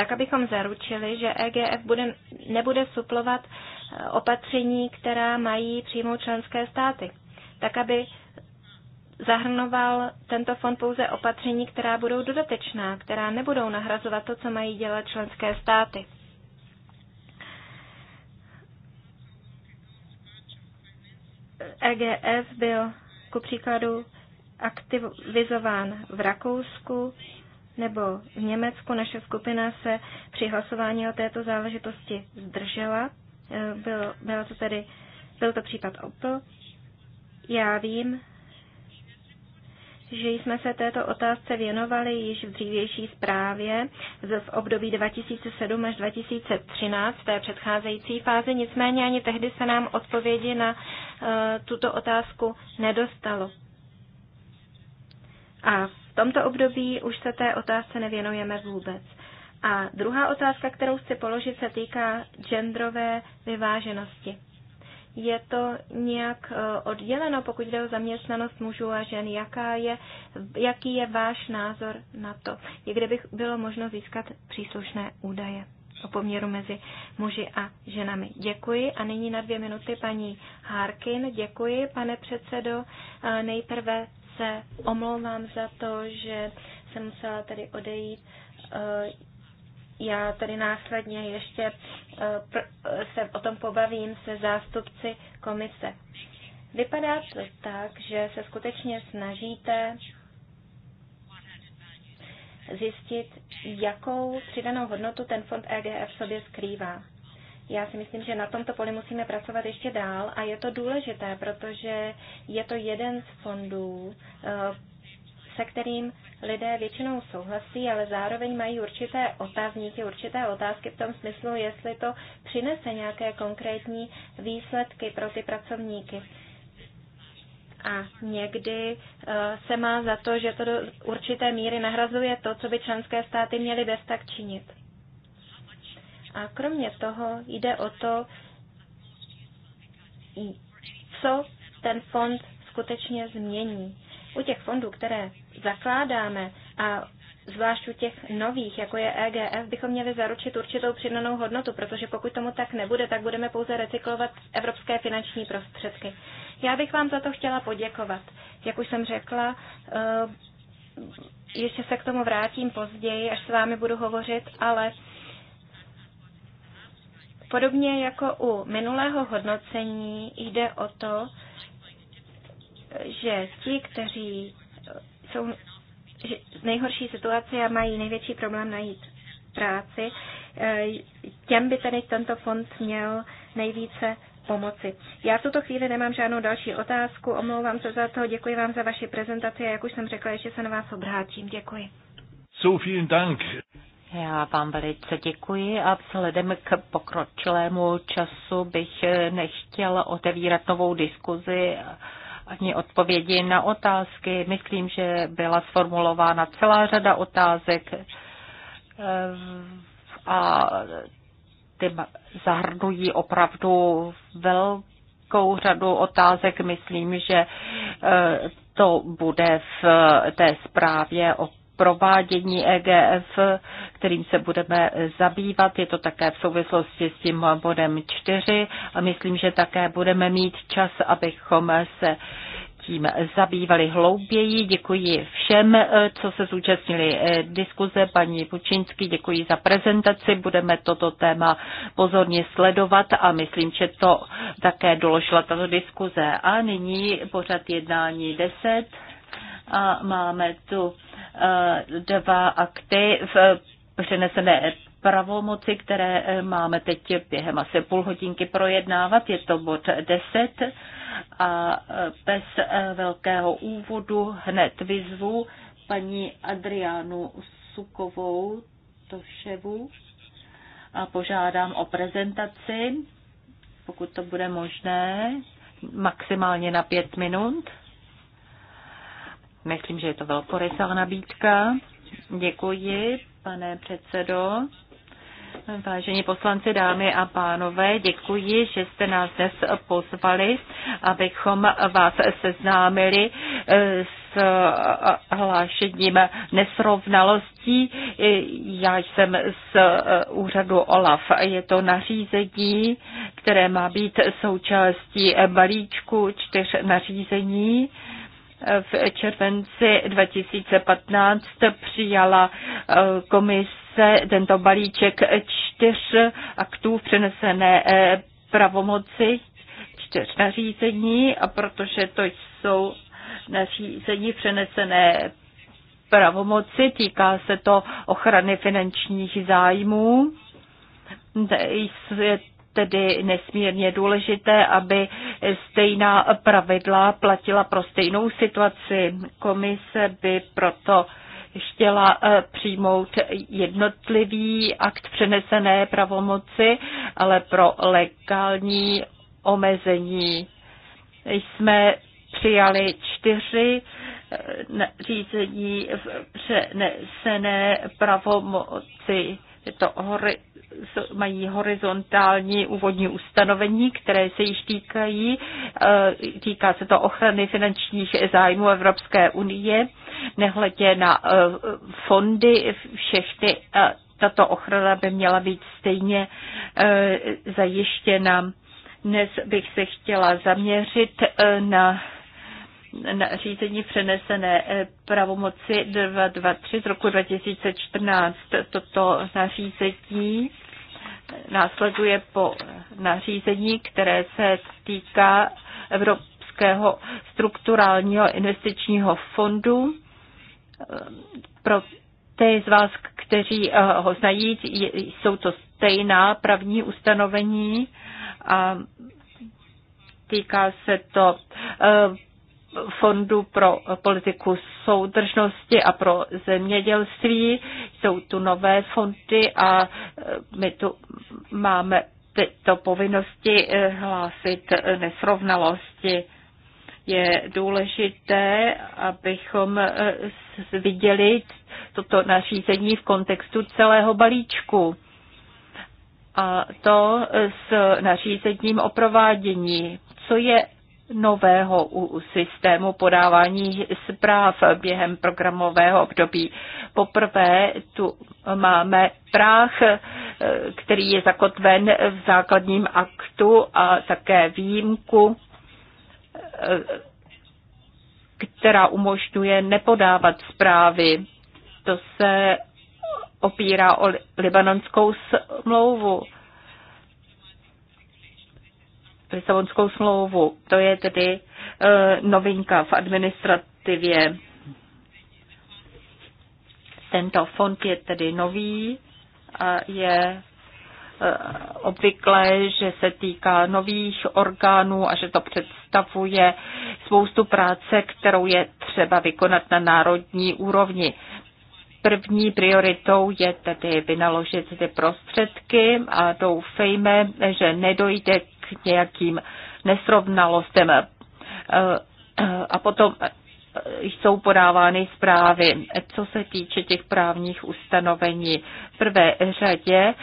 tak abychom zaručili, že EGF bude, nebude suplovat eh, opatření, která mají přijmout členské státy, tak aby zahrnoval tento fond pouze opatření, která budou dodatečná, která nebudou nahrazovat to, co mají dělat členské státy. EGF byl ku příkladu aktivizován v Rakousku, nebo v Německu naše skupina se při hlasování o této záležitosti zdržela. Eh, bylo, bylo to tedy, byl to případ Opel. Já vím, že jsme se této otázce věnovali již v dřívější zprávě z období 2007 až 2013, té předcházející fáze. nicméně ani tehdy se nám odpovědi na eh, tuto otázku nedostalo. A v tomto období už se té otázce nevěnujeme vůbec. A druhá otázka, kterou chci položit, se týká genderové vyváženosti. Je to nějak eh, odděleno, pokud jde o zaměstnanost mužů a žen? Jaká je, jaký je váš názor na to? Je kde bych bylo možno získat příslušné údaje o poměru mezi muži a ženami? Děkuji. A nyní na dvě minuty paní Harkin. Děkuji, pane předsedo. Eh, nejprve se omlouvám za to, že jsem musela tady odejít. Eh, já tady následně ještě eh, se o tom pobavím se zástupci komise. Vypadá to tak, že se skutečně snažíte zjistit, jakou přidanou hodnotu ten fond EGF sobě skrývá. Já si myslím, že na tomto poli musíme pracovat ještě dál a je to důležité, protože je to jeden z fondů, eh, se kterým lidé většinou souhlasí, ale zároveň mají určité otázníky, určité otázky v tom smyslu, jestli to přinese nějaké konkrétní výsledky pro ty pracovníky. A někdy eh, se má za to, že to do určité míry nahrazuje to, co by členské státy měly bez tak činit. A kromě toho jde o to, co ten fond skutečně změní. U těch fondů, které zakládáme a zvlášť u těch nových, jako je EGF, bychom měli zaručit určitou přidanou hodnotu, protože pokud tomu tak nebude, tak budeme pouze recyklovat evropské finanční prostředky. Já bych vám za to chtěla poděkovat. Jak už jsem řekla, eh, ještě se k tomu vrátím později, až s vámi budu hovořit, ale Podobně jako u minulého hodnocení jde o to, že ti, kteří jsou v nejhorší situaci a mají největší problém najít práci, eh, těm by tady tento fond měl nejvíce pomoci. Já v tuto chvíli nemám žádnou další otázku, omlouvám se za to, děkuji vám za vaši prezentaci a jak už jsem řekla, ještě se na vás obrátím. Děkuji. So, vielen Dank. Já vám velice děkuji a vzhledem k pokročilému času bych nechtěl otevírat novou diskuzi ani odpovědi na otázky. Myslím, že byla sformulována celá řada otázek eh, a ty zahrnují opravdu velkou řadu otázek. Myslím, že eh, to bude v té zprávě o provádění EGF, kterým se budeme zabývat. Je to také v souvislosti s tím bodem 4 a myslím, že také budeme mít čas, abychom se tím zabývali hlouběji. Děkuji všem, co se zúčastnili diskuze. Paní Pučinsky, děkuji za prezentaci. Budeme toto téma pozorně sledovat a myslím, že to také doložila tato diskuze. A nyní pořad jednání 10 a máme tu eh, dva akty v přenesené pravomoci, které eh, máme teď během asi půl hodinky projednávat. Je to bod 10 a eh, bez velkého úvodu hned vyzvu paní Adriánu Sukovou Toševu a požádám o prezentaci, pokud to bude možné, maximálně na pět minut. Myslím, že je to velkorysá nabídka. Děkuji, pane předsedo. Vážení poslanci, dámy a pánové, děkuji, že jste nás dnes pozvali, abychom vás seznámili eh, s eh, hlášením nesrovnalostí. Já jsem z eh, úřadu OLAF. Je to nařízení, které má být součástí balíčku čtyř nařízení v červenci 2015 přijala eh, komise tento balíček čtyř aktů v přenesené eh, pravomoci, čtyř nařízení, a protože to jsou nařízení přenesené pravomoci, týká se to ochrany finančních zájmů. Je tedy nesmírně důležité, aby stejná pravidla platila pro stejnou situaci. Komise by proto chtěla eh, přijmout jednotlivý akt přenesené pravomoci, ale pro legální omezení. Jsme přijali čtyři eh, řízení v přenesené pravomoci je to hori, mají horizontální úvodní ustanovení, které se již týkají. Eh, týká se to ochrany finančních zájmů Evropské unie, nehledě na eh, fondy, všechny eh, tato ochrana by měla být stejně zajištěna. Dnes bych se chtěla zaměřit na nařízení přenesené eh, pravomoci 223 z roku 2014. Toto nařízení eh, následuje po nařízení, které se týká Evropského strukturálního investičního fondu. Eh, pro ty z vás, kteří ho znají, jsou to stejná právní ustanovení a týká se to fondu pro politiku soudržnosti a pro zemědělství. Jsou tu nové fondy a e, my tu máme tyto povinnosti e, hlásit e, nesrovnalosti. Je důležité, abychom viděli toto nařízení v kontextu celého balíčku. A to s nařízením o provádění. Co je nového systému podávání zpráv během programového období. Poprvé tu máme práh, eh, který je zakotven v základním aktu a také výjimku, eh, která umožňuje nepodávat zprávy. To se opírá o libanonskou smlouvu Lisabonskou smlouvu. To je tedy e, novinka v administrativě. Tento fond je tedy nový a je e, obvyklé, že se týká nových orgánů a že to představuje spoustu práce, kterou je třeba vykonat na národní úrovni. První prioritou je tedy vynaložit ty prostředky a doufejme, že nedojde nějakým nesrovnalostem. Eh, eh, a potom eh, jsou podávány zprávy. Co se týče těch právních ustanovení, v prvé řadě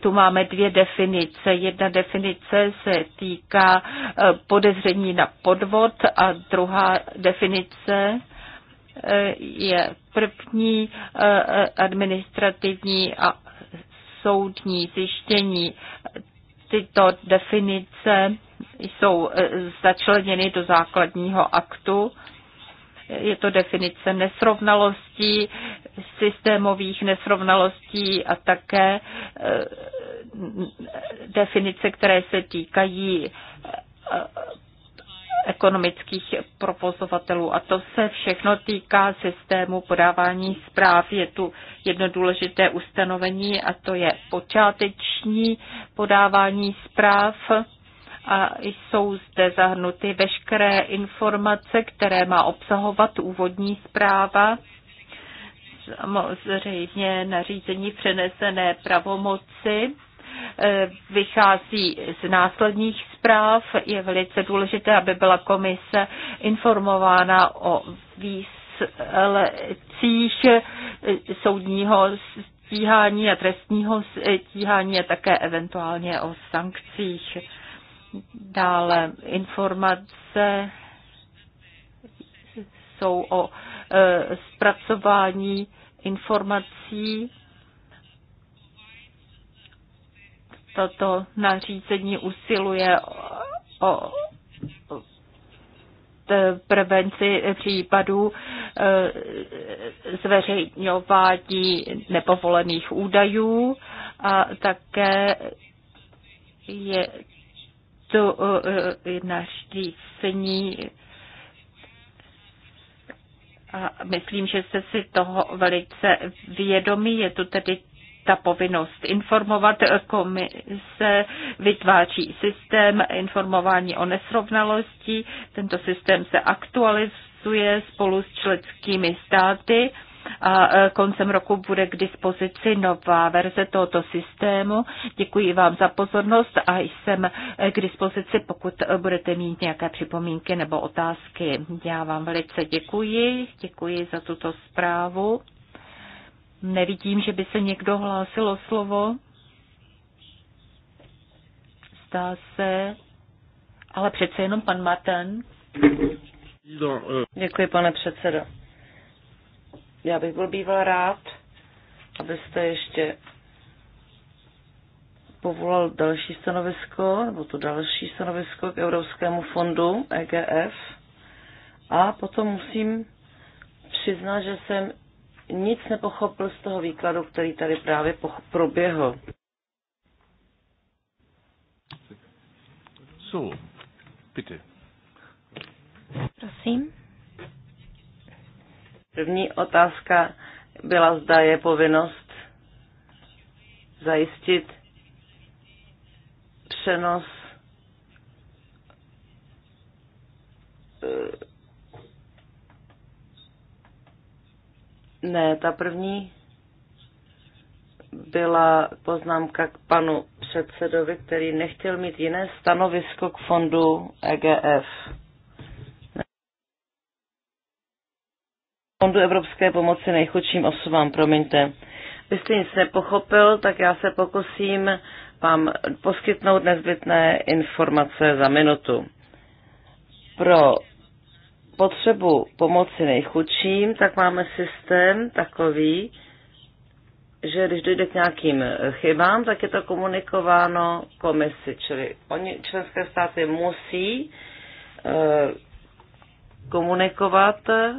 tu máme dvě definice. Jedna definice se týká podezření na podvod a druhá definice je první administrativní a soudní zjištění tyto definice jsou e, začleněny do základního aktu. Je to definice nesrovnalostí, systémových nesrovnalostí a také e, definice, které se týkají e, ekonomických provozovatelů. A to se všechno týká systému podávání zpráv. Je tu jedno důležité ustanovení a to je počáteční podávání zpráv. A jsou zde zahrnuty veškeré informace, které má obsahovat úvodní zpráva. Samozřejmě nařízení přenesené pravomoci Eh, vychází z následních zpráv. Je velice důležité, aby byla komise informována o výsledcích eh, soudního stíhání a trestního stíhání a také eventuálně o sankcích. Dále informace jsou o eh, zpracování informací Toto nařízení usiluje o prevenci případů e, zveřejňování nepovolených údajů a také je to e, nařízení a myslím, že jste si toho velice vědomí. Je tu tedy ta povinnost informovat eh, komise vytváří systém informování o nesrovnalosti. Tento systém se aktualizuje spolu s členskými státy a eh, koncem roku bude k dispozici nová verze tohoto systému. Děkuji vám za pozornost a jsem eh, k dispozici, pokud budete mít nějaké připomínky nebo otázky. Já vám velice děkuji, děkuji za tuto zprávu. Nevidím, že by se někdo hlásil o slovo. Zdá se, ale přece jenom pan Martin. Děkuji, pane předsedo. Já bych byl býval rád, abyste ještě povolal další stanovisko, nebo to další stanovisko k Evropskému fondu EGF. A potom musím přiznat, že jsem nic nepochopil z toho výkladu, který tady právě proběhl. So, bitte. Prosím. První otázka byla, zda je povinnost zajistit přenos eh, Ne, ta první byla poznámka k panu předsedovi, který nechtěl mít jiné stanovisko k fondu EGF. Fondu Evropské pomoci nejchudším osobám, promiňte. Vy jste nic nepochopil, tak já se pokusím vám poskytnout nezbytné informace za minutu. Pro potřebu pomoci nejchudším, tak máme systém takový, že když dojde k nějakým chybám, tak je to komunikováno komisi, čili oni, členské státy musí eh, komunikovat eh,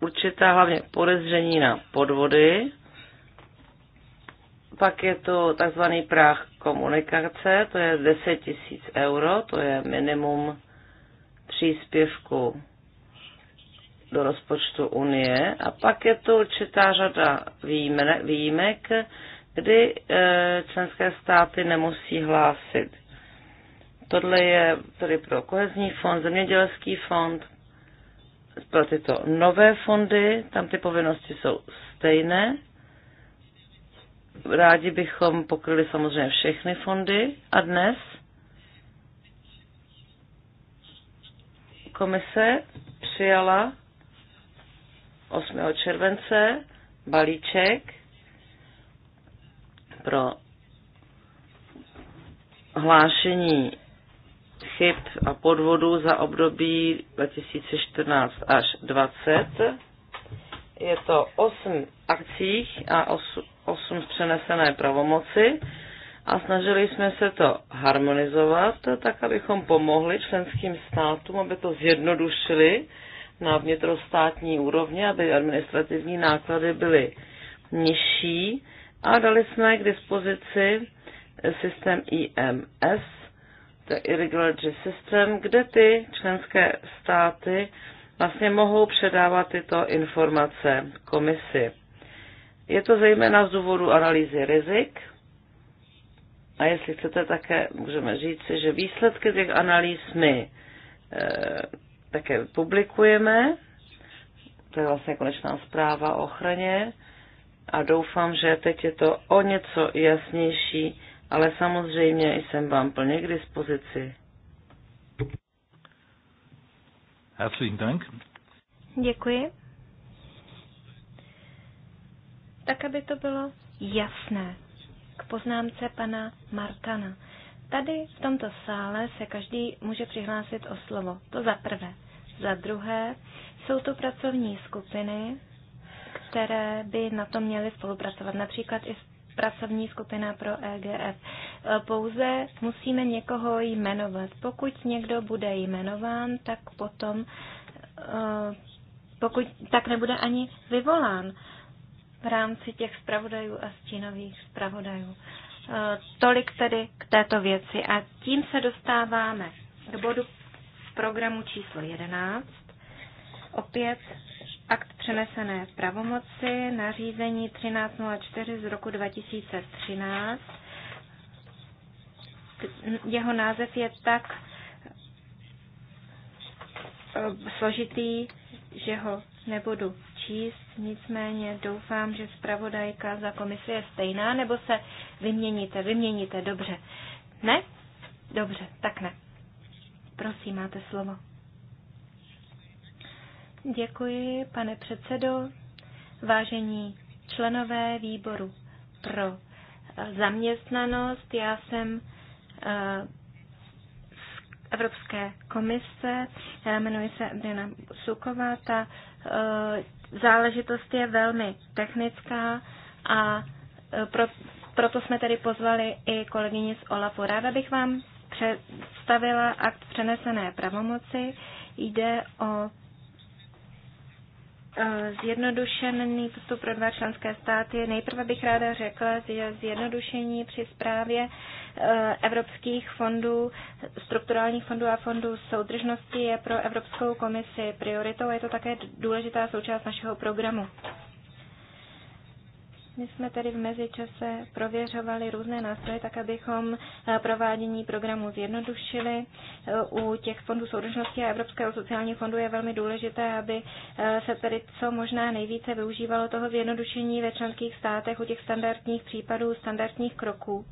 určitá hlavně podezření na podvody, pak je to takzvaný práh komunikace, to je 10 000 euro, to je minimum příspěvku do rozpočtu Unie a pak je tu určitá řada výjimek, kdy eh, členské státy nemusí hlásit. Tohle je tedy pro kohezní fond, zemědělský fond, pro tyto nové fondy, tam ty povinnosti jsou stejné. Rádi bychom pokryli samozřejmě všechny fondy a dnes Komise přijala 8. července balíček pro hlášení chyb a podvodů za období 2014 až 2020. Je to 8 akcích a 8 přenesené pravomoci a snažili jsme se to harmonizovat, tak abychom pomohli členským státům, aby to zjednodušili na vnitrostátní úrovni, aby administrativní náklady byly nižší a dali jsme k dispozici systém IMS, to Irregularity System, kde ty členské státy vlastně mohou předávat tyto informace komisi. Je to zejména z důvodu analýzy rizik, a jestli chcete také, můžeme říct, že výsledky těch analýz my e, také publikujeme. To je vlastně konečná zpráva o ochraně. A doufám, že teď je to o něco jasnější, ale samozřejmě jsem vám plně k dispozici. Herzlichen Dank. Děkuji. Tak, aby to bylo jasné k poznámce pana Martana. Tady v tomto sále se každý může přihlásit o slovo. To za prvé. Za druhé jsou to pracovní skupiny, které by na to měly spolupracovat. Například i pracovní skupina pro EGF. Pouze musíme někoho jmenovat. Pokud někdo bude jmenován, tak potom eh, pokud tak nebude ani vyvolán v rámci těch zpravodajů a stínových zpravodajů. Eh, tolik tedy k této věci. A tím se dostáváme k bodu programu číslo 11. Opět akt přenesené pravomoci, nařízení 1304 z roku 2013. Jeho název je tak eh, složitý, že ho nebudu číst, nicméně doufám, že zpravodajka za komisi je stejná, nebo se vyměníte, vyměníte, dobře. Ne? Dobře, tak ne. Prosím, máte slovo. Děkuji, pane předsedo, vážení členové výboru pro eh, zaměstnanost. Já jsem eh, z Evropské komise, jmenuji se Adriana Suková, ta eh, záležitost je velmi technická a e, pro, proto jsme tady pozvali i kolegyni z OLAFu. Ráda bych vám představila akt přenesené pravomoci. Jde o Eh, zjednodušený postup pro dva členské státy. Nejprve bych ráda řekla, že zjednodušení při zprávě eh, evropských fondů, strukturálních fondů a fondů soudržnosti je pro Evropskou komisi prioritou a je to také důležitá součást našeho programu. My jsme tedy v mezičase prověřovali různé nástroje, tak abychom eh, provádění programu zjednodušili. Eh, u těch fondů soudržnosti a Evropského sociálního fondu je velmi důležité, aby eh, se tedy co možná nejvíce využívalo toho zjednodušení ve členských státech u těch standardních případů, standardních kroků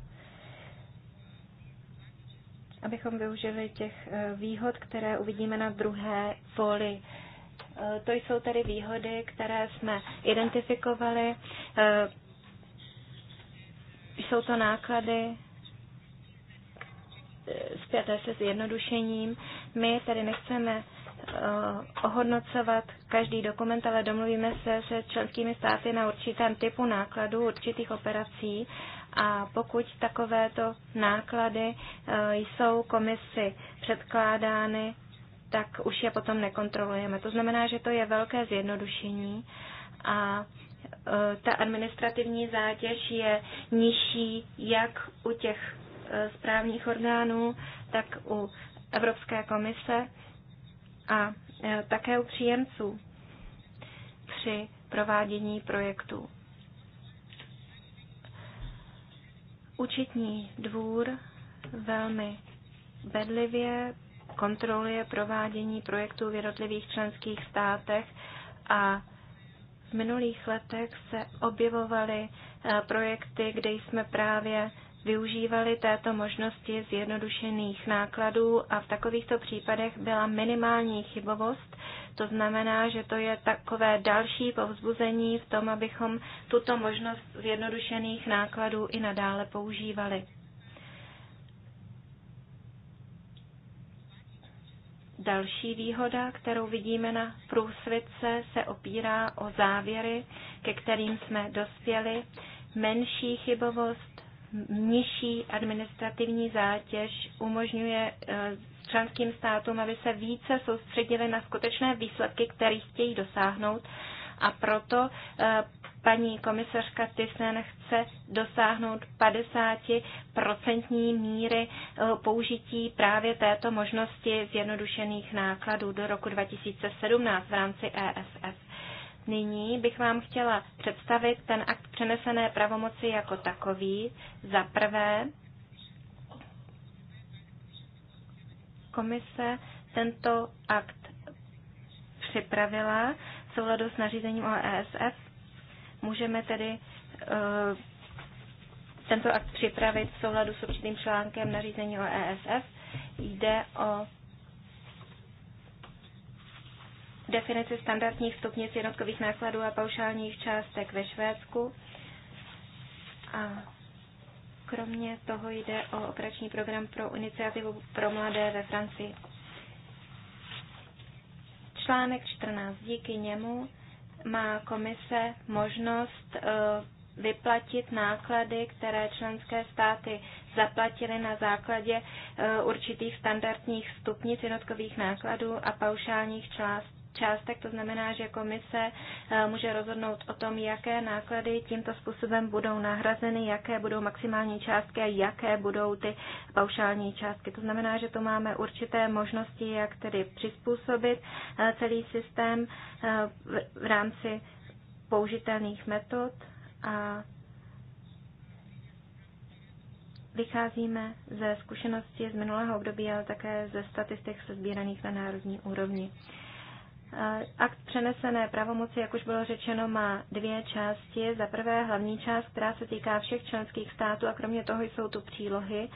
abychom využili těch výhod, které uvidíme na druhé poli Eh, to jsou tedy výhody, které jsme identifikovali. Eh, jsou to náklady eh, zpěté se zjednodušením. My tedy nechceme ohodnocovat každý dokument, ale domluvíme se se členskými státy na určitém typu nákladů, určitých operací a pokud takovéto náklady jsou komisi předkládány tak už je potom nekontrolujeme. To znamená, že to je velké zjednodušení a e, ta administrativní zátěž je nižší jak u těch e, správních orgánů, tak u Evropské komise a e, také u příjemců při provádění projektů. Učitní dvůr velmi bedlivě kontroluje provádění projektů v jednotlivých členských státech a v minulých letech se objevovaly eh, projekty, kde jsme právě využívali této možnosti zjednodušených nákladů a v takovýchto případech byla minimální chybovost. To znamená, že to je takové další povzbuzení v tom, abychom tuto možnost zjednodušených nákladů i nadále používali. Další výhoda, kterou vidíme na průsvitce, se opírá o závěry, ke kterým jsme dospěli. Menší chybovost, nižší administrativní zátěž umožňuje eh, členským státům, aby se více soustředili na skutečné výsledky, které chtějí dosáhnout a proto eh, paní komisařka Tysen chce dosáhnout 50% míry eh, použití právě této možnosti zjednodušených nákladů do roku 2017 v rámci ESF. Nyní bych vám chtěla představit ten akt přenesené pravomoci jako takový. Za prvé, komise tento akt připravila v souladu s nařízením o ESF Můžeme tedy eh, tento akt připravit v souladu s určitým článkem nařízení o ESF. Jde o definici standardních stupnic jednotkových nákladů a paušálních částek ve Švédsku. A kromě toho jde o operační program pro iniciativu pro mladé ve Francii. Článek 14. Díky němu má komise možnost eh, vyplatit náklady, které členské státy zaplatily na základě eh, určitých standardních stupnic jednotkových nákladů a paušálních částí částek, to znamená, že komise eh, může rozhodnout o tom, jaké náklady tímto způsobem budou nahrazeny, jaké budou maximální částky a jaké budou ty paušální částky. To znamená, že to máme určité možnosti, jak tedy přizpůsobit eh, celý systém eh, v rámci použitelných metod a Vycházíme ze zkušenosti z minulého období, ale také ze statistik sezbíraných na národní úrovni. Akt přenesené pravomoci, jak už bylo řečeno, má dvě části. Za prvé hlavní část, která se týká všech členských států a kromě toho jsou tu přílohy.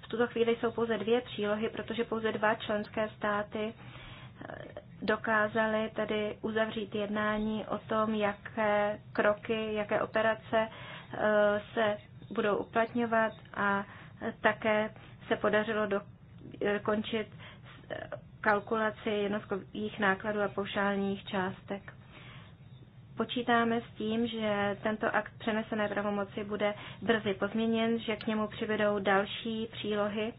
V tuto chvíli jsou pouze dvě přílohy, protože pouze dva členské státy dokázali tedy uzavřít jednání o tom, jaké kroky, jaké operace se budou uplatňovat a také se podařilo dokončit e, kalkulaci jednotkových nákladů a paušálních částek. Počítáme s tím, že tento akt přenesené pravomoci bude brzy pozměněn, že k němu přibydou další přílohy.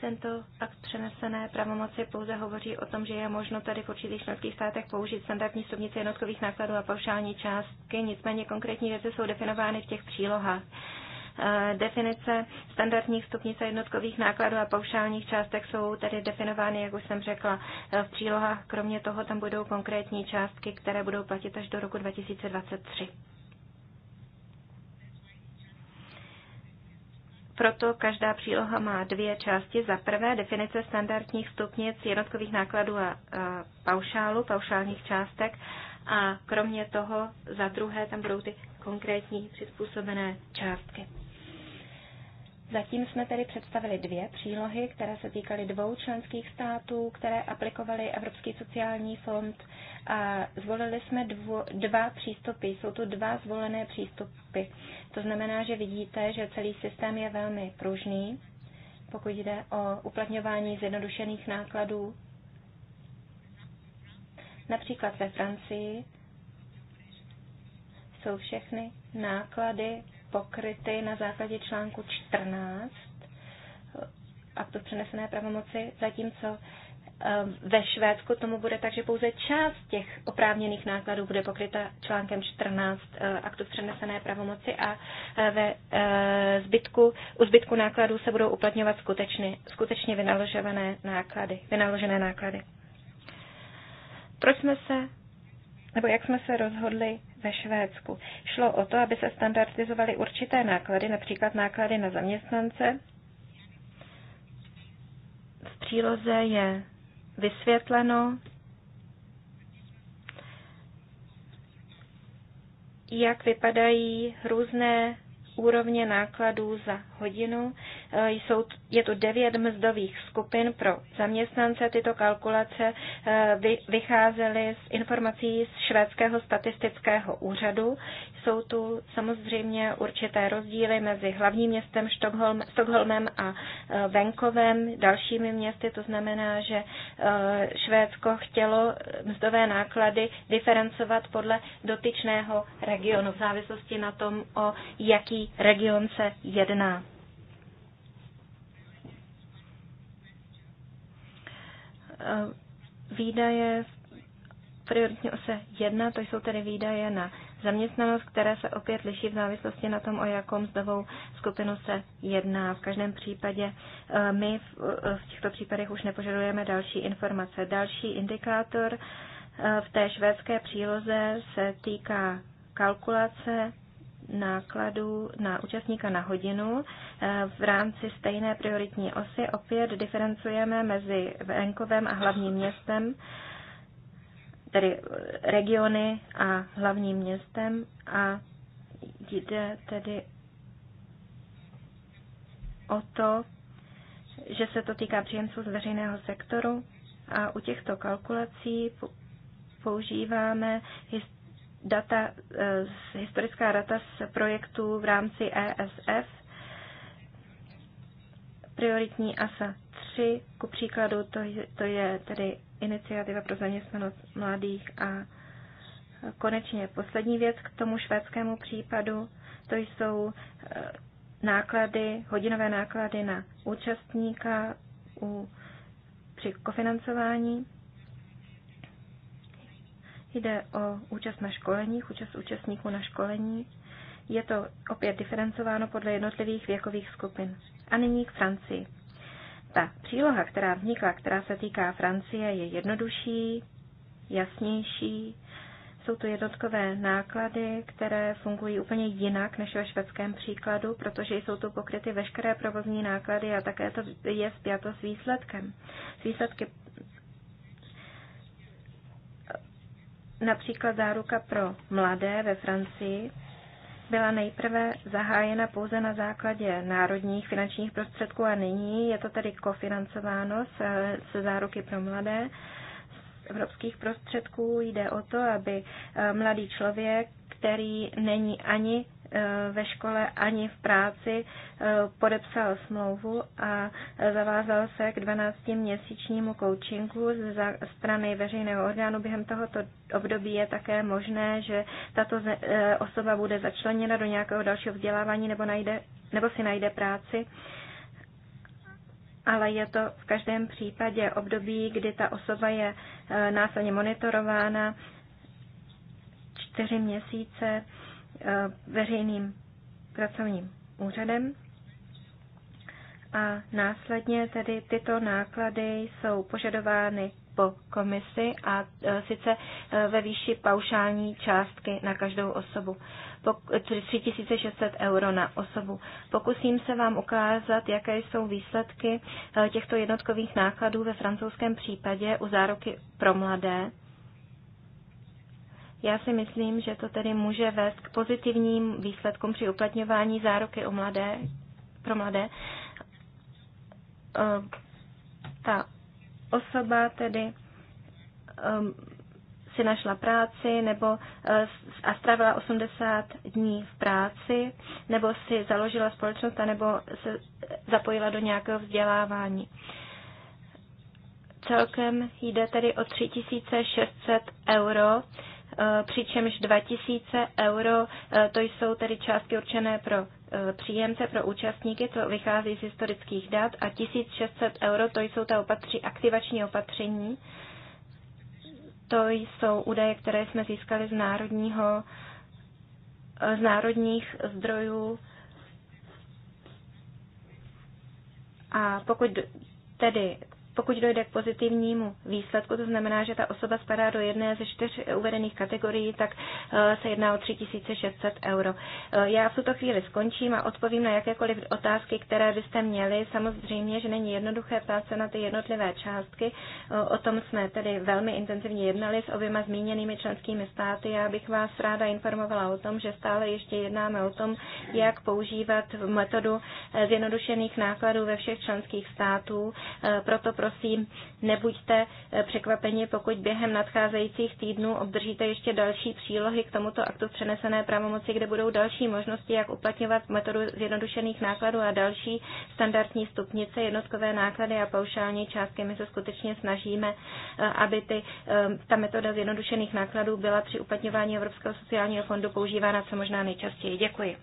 Tento akt přenesené pravomoci pouze hovoří o tom, že je možno tady v určitých členských státech použít standardní stupnice jednotkových nákladů a paušální částky, nicméně konkrétní věci jsou definovány v těch přílohách. Eh, definice standardních stupnic a jednotkových nákladů a paušálních částek jsou tedy definovány, jak už jsem řekla, eh, v přílohách. Kromě toho tam budou konkrétní částky, které budou platit až do roku 2023. Proto každá příloha má dvě části. Za prvé definice standardních stupnic jednotkových nákladů a, eh, paušálu, paušálních částek. A kromě toho za druhé tam budou ty konkrétní přizpůsobené částky. Zatím jsme tedy představili dvě přílohy, které se týkaly dvou členských států, které aplikovaly Evropský sociální fond a zvolili jsme dvo, dva přístupy. Jsou tu dva zvolené přístupy. To znamená, že vidíte, že celý systém je velmi pružný, pokud jde o uplatňování zjednodušených nákladů. Například ve Francii jsou všechny náklady pokryty na základě článku 14 aktu přenesené pravomoci, zatímco ehm, ve Švédsku tomu bude tak, že pouze část těch oprávněných nákladů bude pokryta článkem 14 eh, aktu přenesené pravomoci a eh, ve eh, zbytku, u zbytku nákladů se budou uplatňovat skutečně, skutečně vynaložené náklady. Vynaložené náklady. Proč jsme se, nebo jak jsme se rozhodli ve Švédsku. Šlo o to, aby se standardizovaly určité náklady, například náklady na zaměstnance. V příloze je vysvětleno, jak vypadají různé úrovně nákladů za hodinu. Eh, jsou, je tu devět mzdových skupin pro zaměstnance. Tyto kalkulace eh, vycházely z informací z švédského statistického úřadu. Jsou tu samozřejmě určité rozdíly mezi hlavním městem Stockholm, Stockholmem a eh, venkovem, dalšími městy. To znamená, že Švédsko chtělo mzdové náklady diferencovat podle dotyčného regionu v závislosti na tom, o jaký region se jedná. Eh, výdaje prioritně prioritní ose 1, to jsou tedy výdaje na zaměstnanost, které se opět liší v závislosti na tom, o jakou mzdovou skupinu se jedná. V každém případě eh, my eh, v těchto případech už nepožadujeme další informace. Další indikátor v té švédské příloze se týká kalkulace nákladů na účastníka na hodinu eh, v rámci stejné prioritní osy. Opět diferencujeme mezi venkovem a hlavním městem, tedy regiony a hlavním městem a jde tedy o to, že se to týká příjemců z veřejného sektoru a u těchto kalkulací používáme historii data, eh, z historická data z projektů v rámci ESF, prioritní ASA 3, ku příkladu, to, to je tedy iniciativa pro zaměstnanost mladých a konečně poslední věc k tomu švédskému případu, to jsou eh, náklady, hodinové náklady na účastníka u, při kofinancování Jde o účast na školeních, účast účastníků na školení. Je to opět diferencováno podle jednotlivých věkových skupin. A nyní k Francii. Ta příloha, která vznikla, která se týká Francie, je jednodušší, jasnější. Jsou to jednotkové náklady, které fungují úplně jinak než ve švédském příkladu, protože jsou tu pokryty veškeré provozní náklady a také to je spjato s výsledkem. S výsledky Například záruka pro mladé ve Francii byla nejprve zahájena pouze na základě národních finančních prostředků a nyní je to tedy kofinancováno se, se záruky pro mladé z evropských prostředků. Jde o to, aby eh, mladý člověk, který není ani Eh, ve škole ani v práci eh, podepsal smlouvu a zavázal se k 12-měsíčnímu coachingu ze strany veřejného orgánu. Během tohoto období je také možné, že tato eh, osoba bude začleněna do nějakého dalšího vzdělávání nebo, najde, nebo si najde práci ale je to v každém případě období, kdy ta osoba je následně monitorována čtyři měsíce Eh, veřejným pracovním úřadem. A následně tedy tyto náklady jsou požadovány po komisi a eh, sice eh, ve výši paušální částky na každou osobu, 3600 euro na osobu. Pokusím se vám ukázat, jaké jsou výsledky těchto jednotkových nákladů ve francouzském případě u záruky pro mladé. Já si myslím, že to tedy může vést k pozitivním výsledkům při uplatňování záruky o mladé, pro mladé. Ehm, ta osoba tedy ehm, si našla práci nebo eh, a strávila 80 dní v práci, nebo si založila společnost, nebo se zapojila do nějakého vzdělávání. Celkem jde tedy o 3600 euro Eh, přičemž 2000 euro eh, to jsou tedy částky určené pro eh, příjemce, pro účastníky, to vychází z historických dat, a 1600 euro to jsou ta opatři, aktivační opatření, to jsou údaje, které jsme získali z, národního, z národních zdrojů. A pokud tedy pokud dojde k pozitivnímu výsledku, to znamená, že ta osoba spadá do jedné ze čtyř uvedených kategorií, tak eh, se jedná o 3600 euro. Eh, já v tuto chvíli skončím a odpovím na jakékoliv otázky, které byste měli. Samozřejmě, že není jednoduché ptát se na ty jednotlivé částky. Eh, o tom jsme tedy velmi intenzivně jednali s oběma zmíněnými členskými státy. Já bych vás ráda informovala o tom, že stále ještě jednáme o tom, jak používat metodu zjednodušených nákladů ve všech členských států. Proto prosím, nebuďte eh, překvapeni, pokud během nadcházejících týdnů obdržíte ještě další přílohy k tomuto aktu přenesené pravomoci, kde budou další možnosti, jak uplatňovat metodu zjednodušených nákladů a další standardní stupnice, jednotkové náklady a paušální částky. My se skutečně snažíme, eh, aby ty, eh, ta metoda zjednodušených nákladů byla při uplatňování Evropského sociálního fondu používána co možná nejčastěji. Děkuji.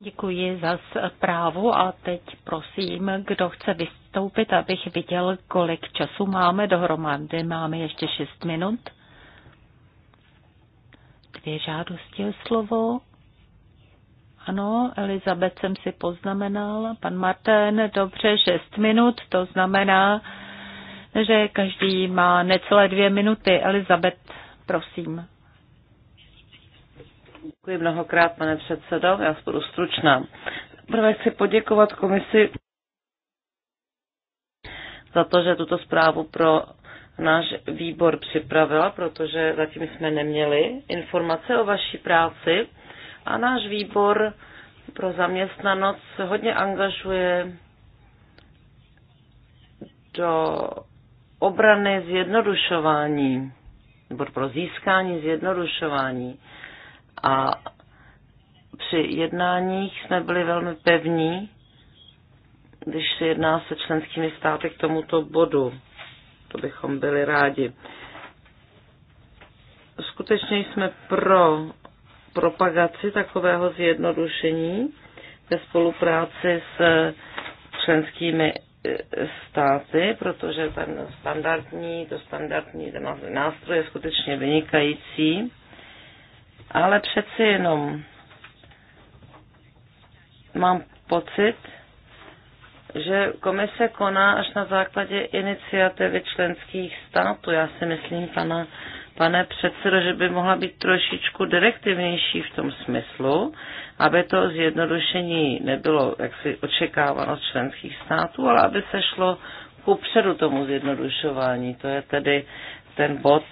Děkuji za zprávu a teď prosím, kdo chce vystoupit vystoupit, abych viděl, kolik času máme dohromady. Máme ještě 6 minut. Dvě žádosti o slovo. Ano, Elizabeth jsem si poznamenal. Pan Martin, dobře, 6 minut, to znamená, že každý má necelé dvě minuty. Elizabeth, prosím. Děkuji mnohokrát, pane předsedo. Já budu stručná. Prvé chci poděkovat komisi za to, že tuto zprávu pro náš výbor připravila, protože zatím jsme neměli informace o vaší práci a náš výbor pro zaměstnanost se hodně angažuje do obrany zjednodušování, nebo pro získání zjednodušování. A při jednáních jsme byli velmi pevní když se jedná se členskými státy k tomuto bodu. To bychom byli rádi. Skutečně jsme pro propagaci takového zjednodušení ve spolupráci s členskými eh, státy, protože ten standardní, to standardní nástroj je skutečně vynikající, ale přeci jenom mám pocit, že komise koná až na základě iniciativy členských států. Já si myslím, pana, pane předsedo, že by mohla být trošičku direktivnější v tom smyslu, aby to zjednodušení nebylo jaksi očekáváno z členských států, ale aby se šlo ku předu tomu zjednodušování. To je tedy ten bod,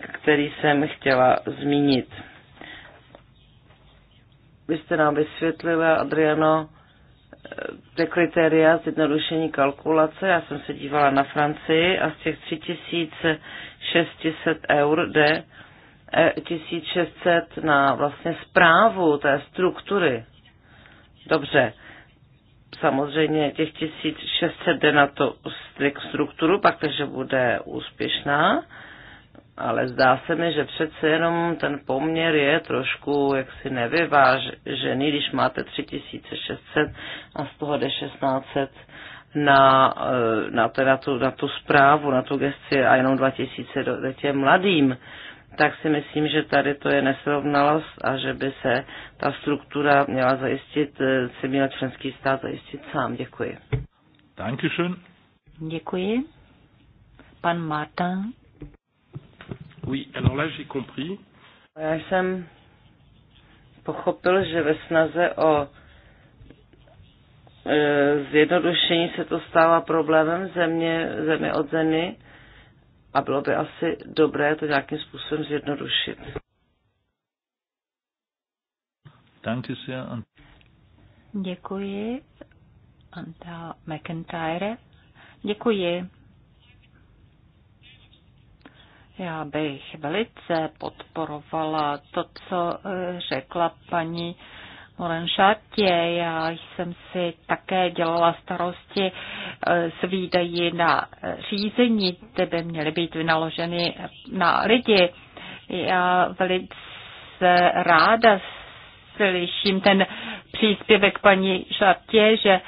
který jsem chtěla zmínit. Vy jste nám vysvětlila, Adriano, Eh, ty kritéria zjednodušení kalkulace, já jsem se dívala na Francii a z těch 3600 eur jde 1600 eh, na vlastně zprávu té struktury. Dobře, samozřejmě těch 1600 jde na to strukturu, pak takže bude úspěšná ale zdá se mi, že přece jenom ten poměr je trošku jaksi nevyvážený, když máte 3600 a z toho jde 1600 na, eh, na, te, na, tu, na tu zprávu, na tu gesci a jenom 2000 do, do těm mladým, tak si myslím, že tady to je nesrovnalost a že by se ta struktura měla zajistit, eh, se měl členský stát zajistit sám. Děkuji. schön. Děkuji. Pan Martin Oui, alors là, j'ai compris. Já jsem pochopil, že ve snaze o e, zjednodušení se to stává problémem země, země od zemi a bylo by asi dobré to nějakým způsobem zjednodušit. Děkuji. Anta McIntyre. Děkuji. Já bych velice podporovala to, co eh, řekla paní Morenšatě. Já jsem si také dělala starosti eh, s výdají na eh, řízení, ty by měly být vynaloženy na lidi. Já velice ráda slyším ten příspěvek paní Šatě, že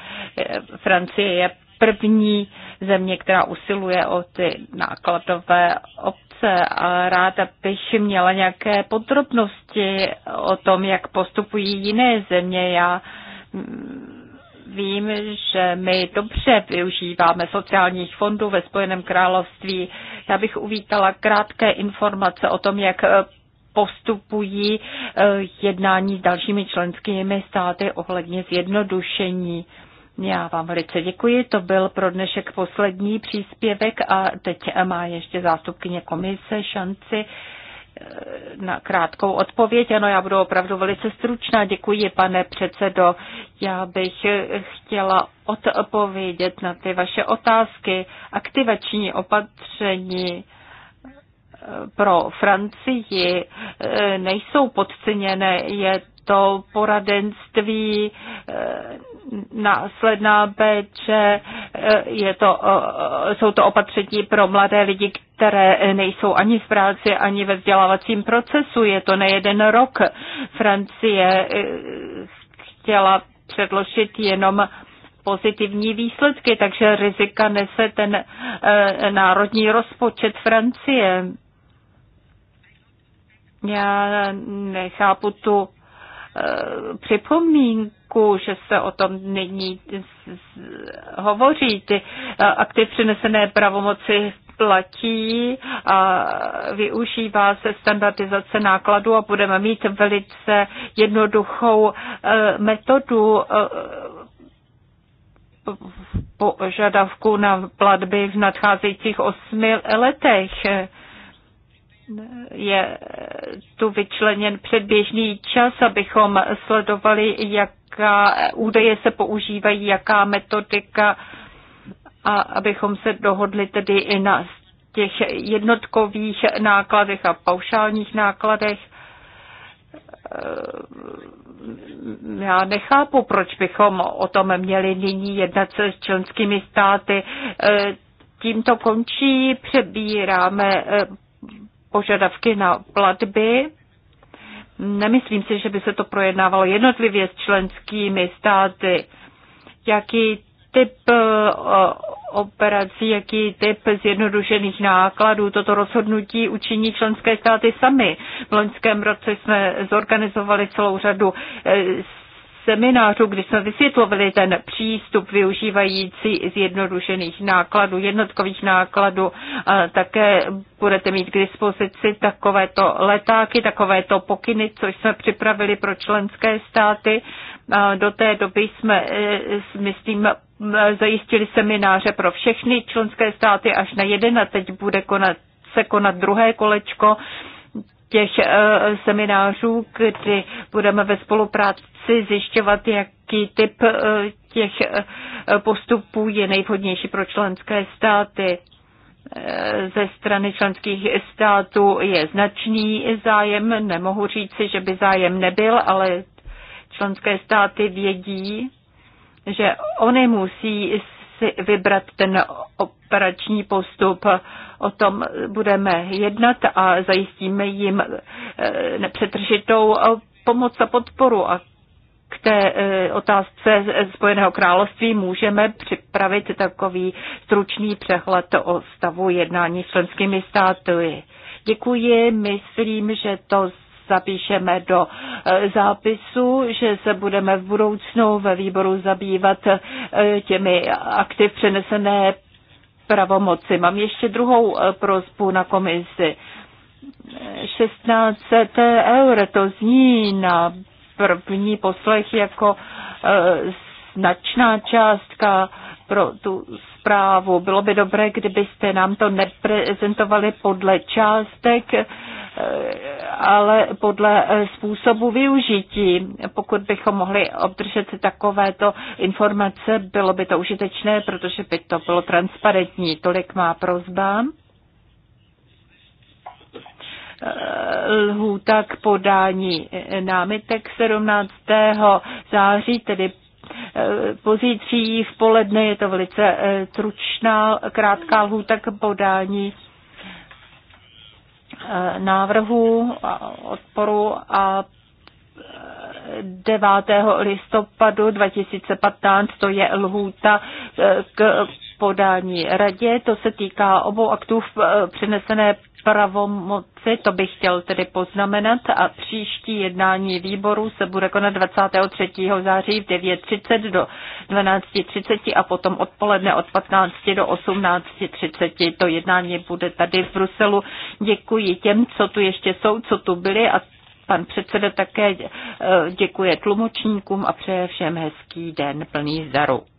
Francie je první země, která usiluje o ty nákladové obce a ráda bych měla nějaké podrobnosti o tom, jak postupují jiné země. Já mm, vím, že my dobře využíváme sociálních fondů ve Spojeném království. Já bych uvítala krátké informace o tom, jak eh, postupují eh, jednání s dalšími členskými státy ohledně zjednodušení já vám velice děkuji. To byl pro dnešek poslední příspěvek a teď má ještě zástupkyně komise šanci eh, na krátkou odpověď. Ano, já budu opravdu velice stručná. Děkuji, pane předsedo. Já bych chtěla odpovědět na ty vaše otázky. Aktivační opatření eh, pro Francii eh, nejsou podceněné. Je to poradenství, eh, následná péče, eh, je to, eh, jsou to opatření pro mladé lidi, které nejsou ani v práci, ani ve vzdělávacím procesu. Je to nejeden rok. Francie chtěla předložit jenom pozitivní výsledky, takže rizika nese ten národní rozpočet Francie. Já nechápu tu připomínku, že se o tom nyní hovoří. Ty eh, akty přinesené pravomoci platí a využívá se standardizace nákladu a budeme mít velice jednoduchou eh, metodu eh, požadavku na platby v nadcházejících osmi letech je eh, tu vyčleněn předběžný čas, abychom sledovali, jaká údaje se používají, jaká metodika a abychom se dohodli tedy i na těch jednotkových nákladech a paušálních nákladech. Eh, já nechápu, proč bychom o tom měli nyní jednat se s členskými státy. Eh, Tímto končí, přebíráme požadavky na platby. Nemyslím si, že by se to projednávalo jednotlivě s členskými státy. Jaký typ eh, operací, jaký typ zjednodušených nákladů. Toto rozhodnutí učiní členské státy sami. V loňském roce jsme zorganizovali celou řadu eh, seminářů, kdy jsme vysvětlovali ten přístup využívající zjednodušených nákladů, jednotkových nákladů. A také budete mít k dispozici takovéto letáky, takovéto pokyny, což jsme připravili pro členské státy. A do té doby jsme, e, myslím, zajistili semináře pro všechny členské státy až na jeden a teď bude konat, se konat druhé kolečko těch eh, seminářů, kdy budeme ve spolupráci zjišťovat, jaký typ eh, těch eh, postupů je nejvhodnější pro členské státy. Ze strany členských států je značný zájem, nemohu říci, že by zájem nebyl, ale členské státy vědí, že oni musí si vybrat ten operační postup. O tom budeme jednat a zajistíme jim eh, nepřetržitou eh, pomoc a podporu a k té eh, otázce Spojeného království můžeme připravit takový stručný přehled o stavu jednání s členskými státy. Děkuji, myslím, že to zapíšeme do e, zápisu, že se budeme v budoucnu ve výboru zabývat e, těmi akty přenesené pravomoci. Mám ještě druhou e, prozbu na komisi. 16 eur, to zní na první poslech jako značná částka pro tu zprávu. Bylo by dobré, kdybyste nám to neprezentovali podle částek, eh, ale podle eh, způsobu využití. Pokud bychom mohli obdržet takovéto informace, bylo by to užitečné, protože by to bylo transparentní. Tolik má prozba eh, lhůta k podání námitek 17. září, tedy Eh, pozítří v poledne, je to velice eh, tručná, krátká lhůta k podání eh, návrhu a odporu a 9. listopadu 2015, to je lhůta k podání radě. To se týká obou aktů v přenesené pravomoci, to bych chtěl tedy poznamenat, a příští jednání výboru se bude konat 23. září v 9.30 do 12.30 a potom odpoledne od 15 do 18.30. To jednání bude tady v Bruselu. Děkuji těm, co tu ještě jsou, co tu byli a pan předseda také eh, děkuje tlumočníkům a přeje všem hezký den plný zdaru.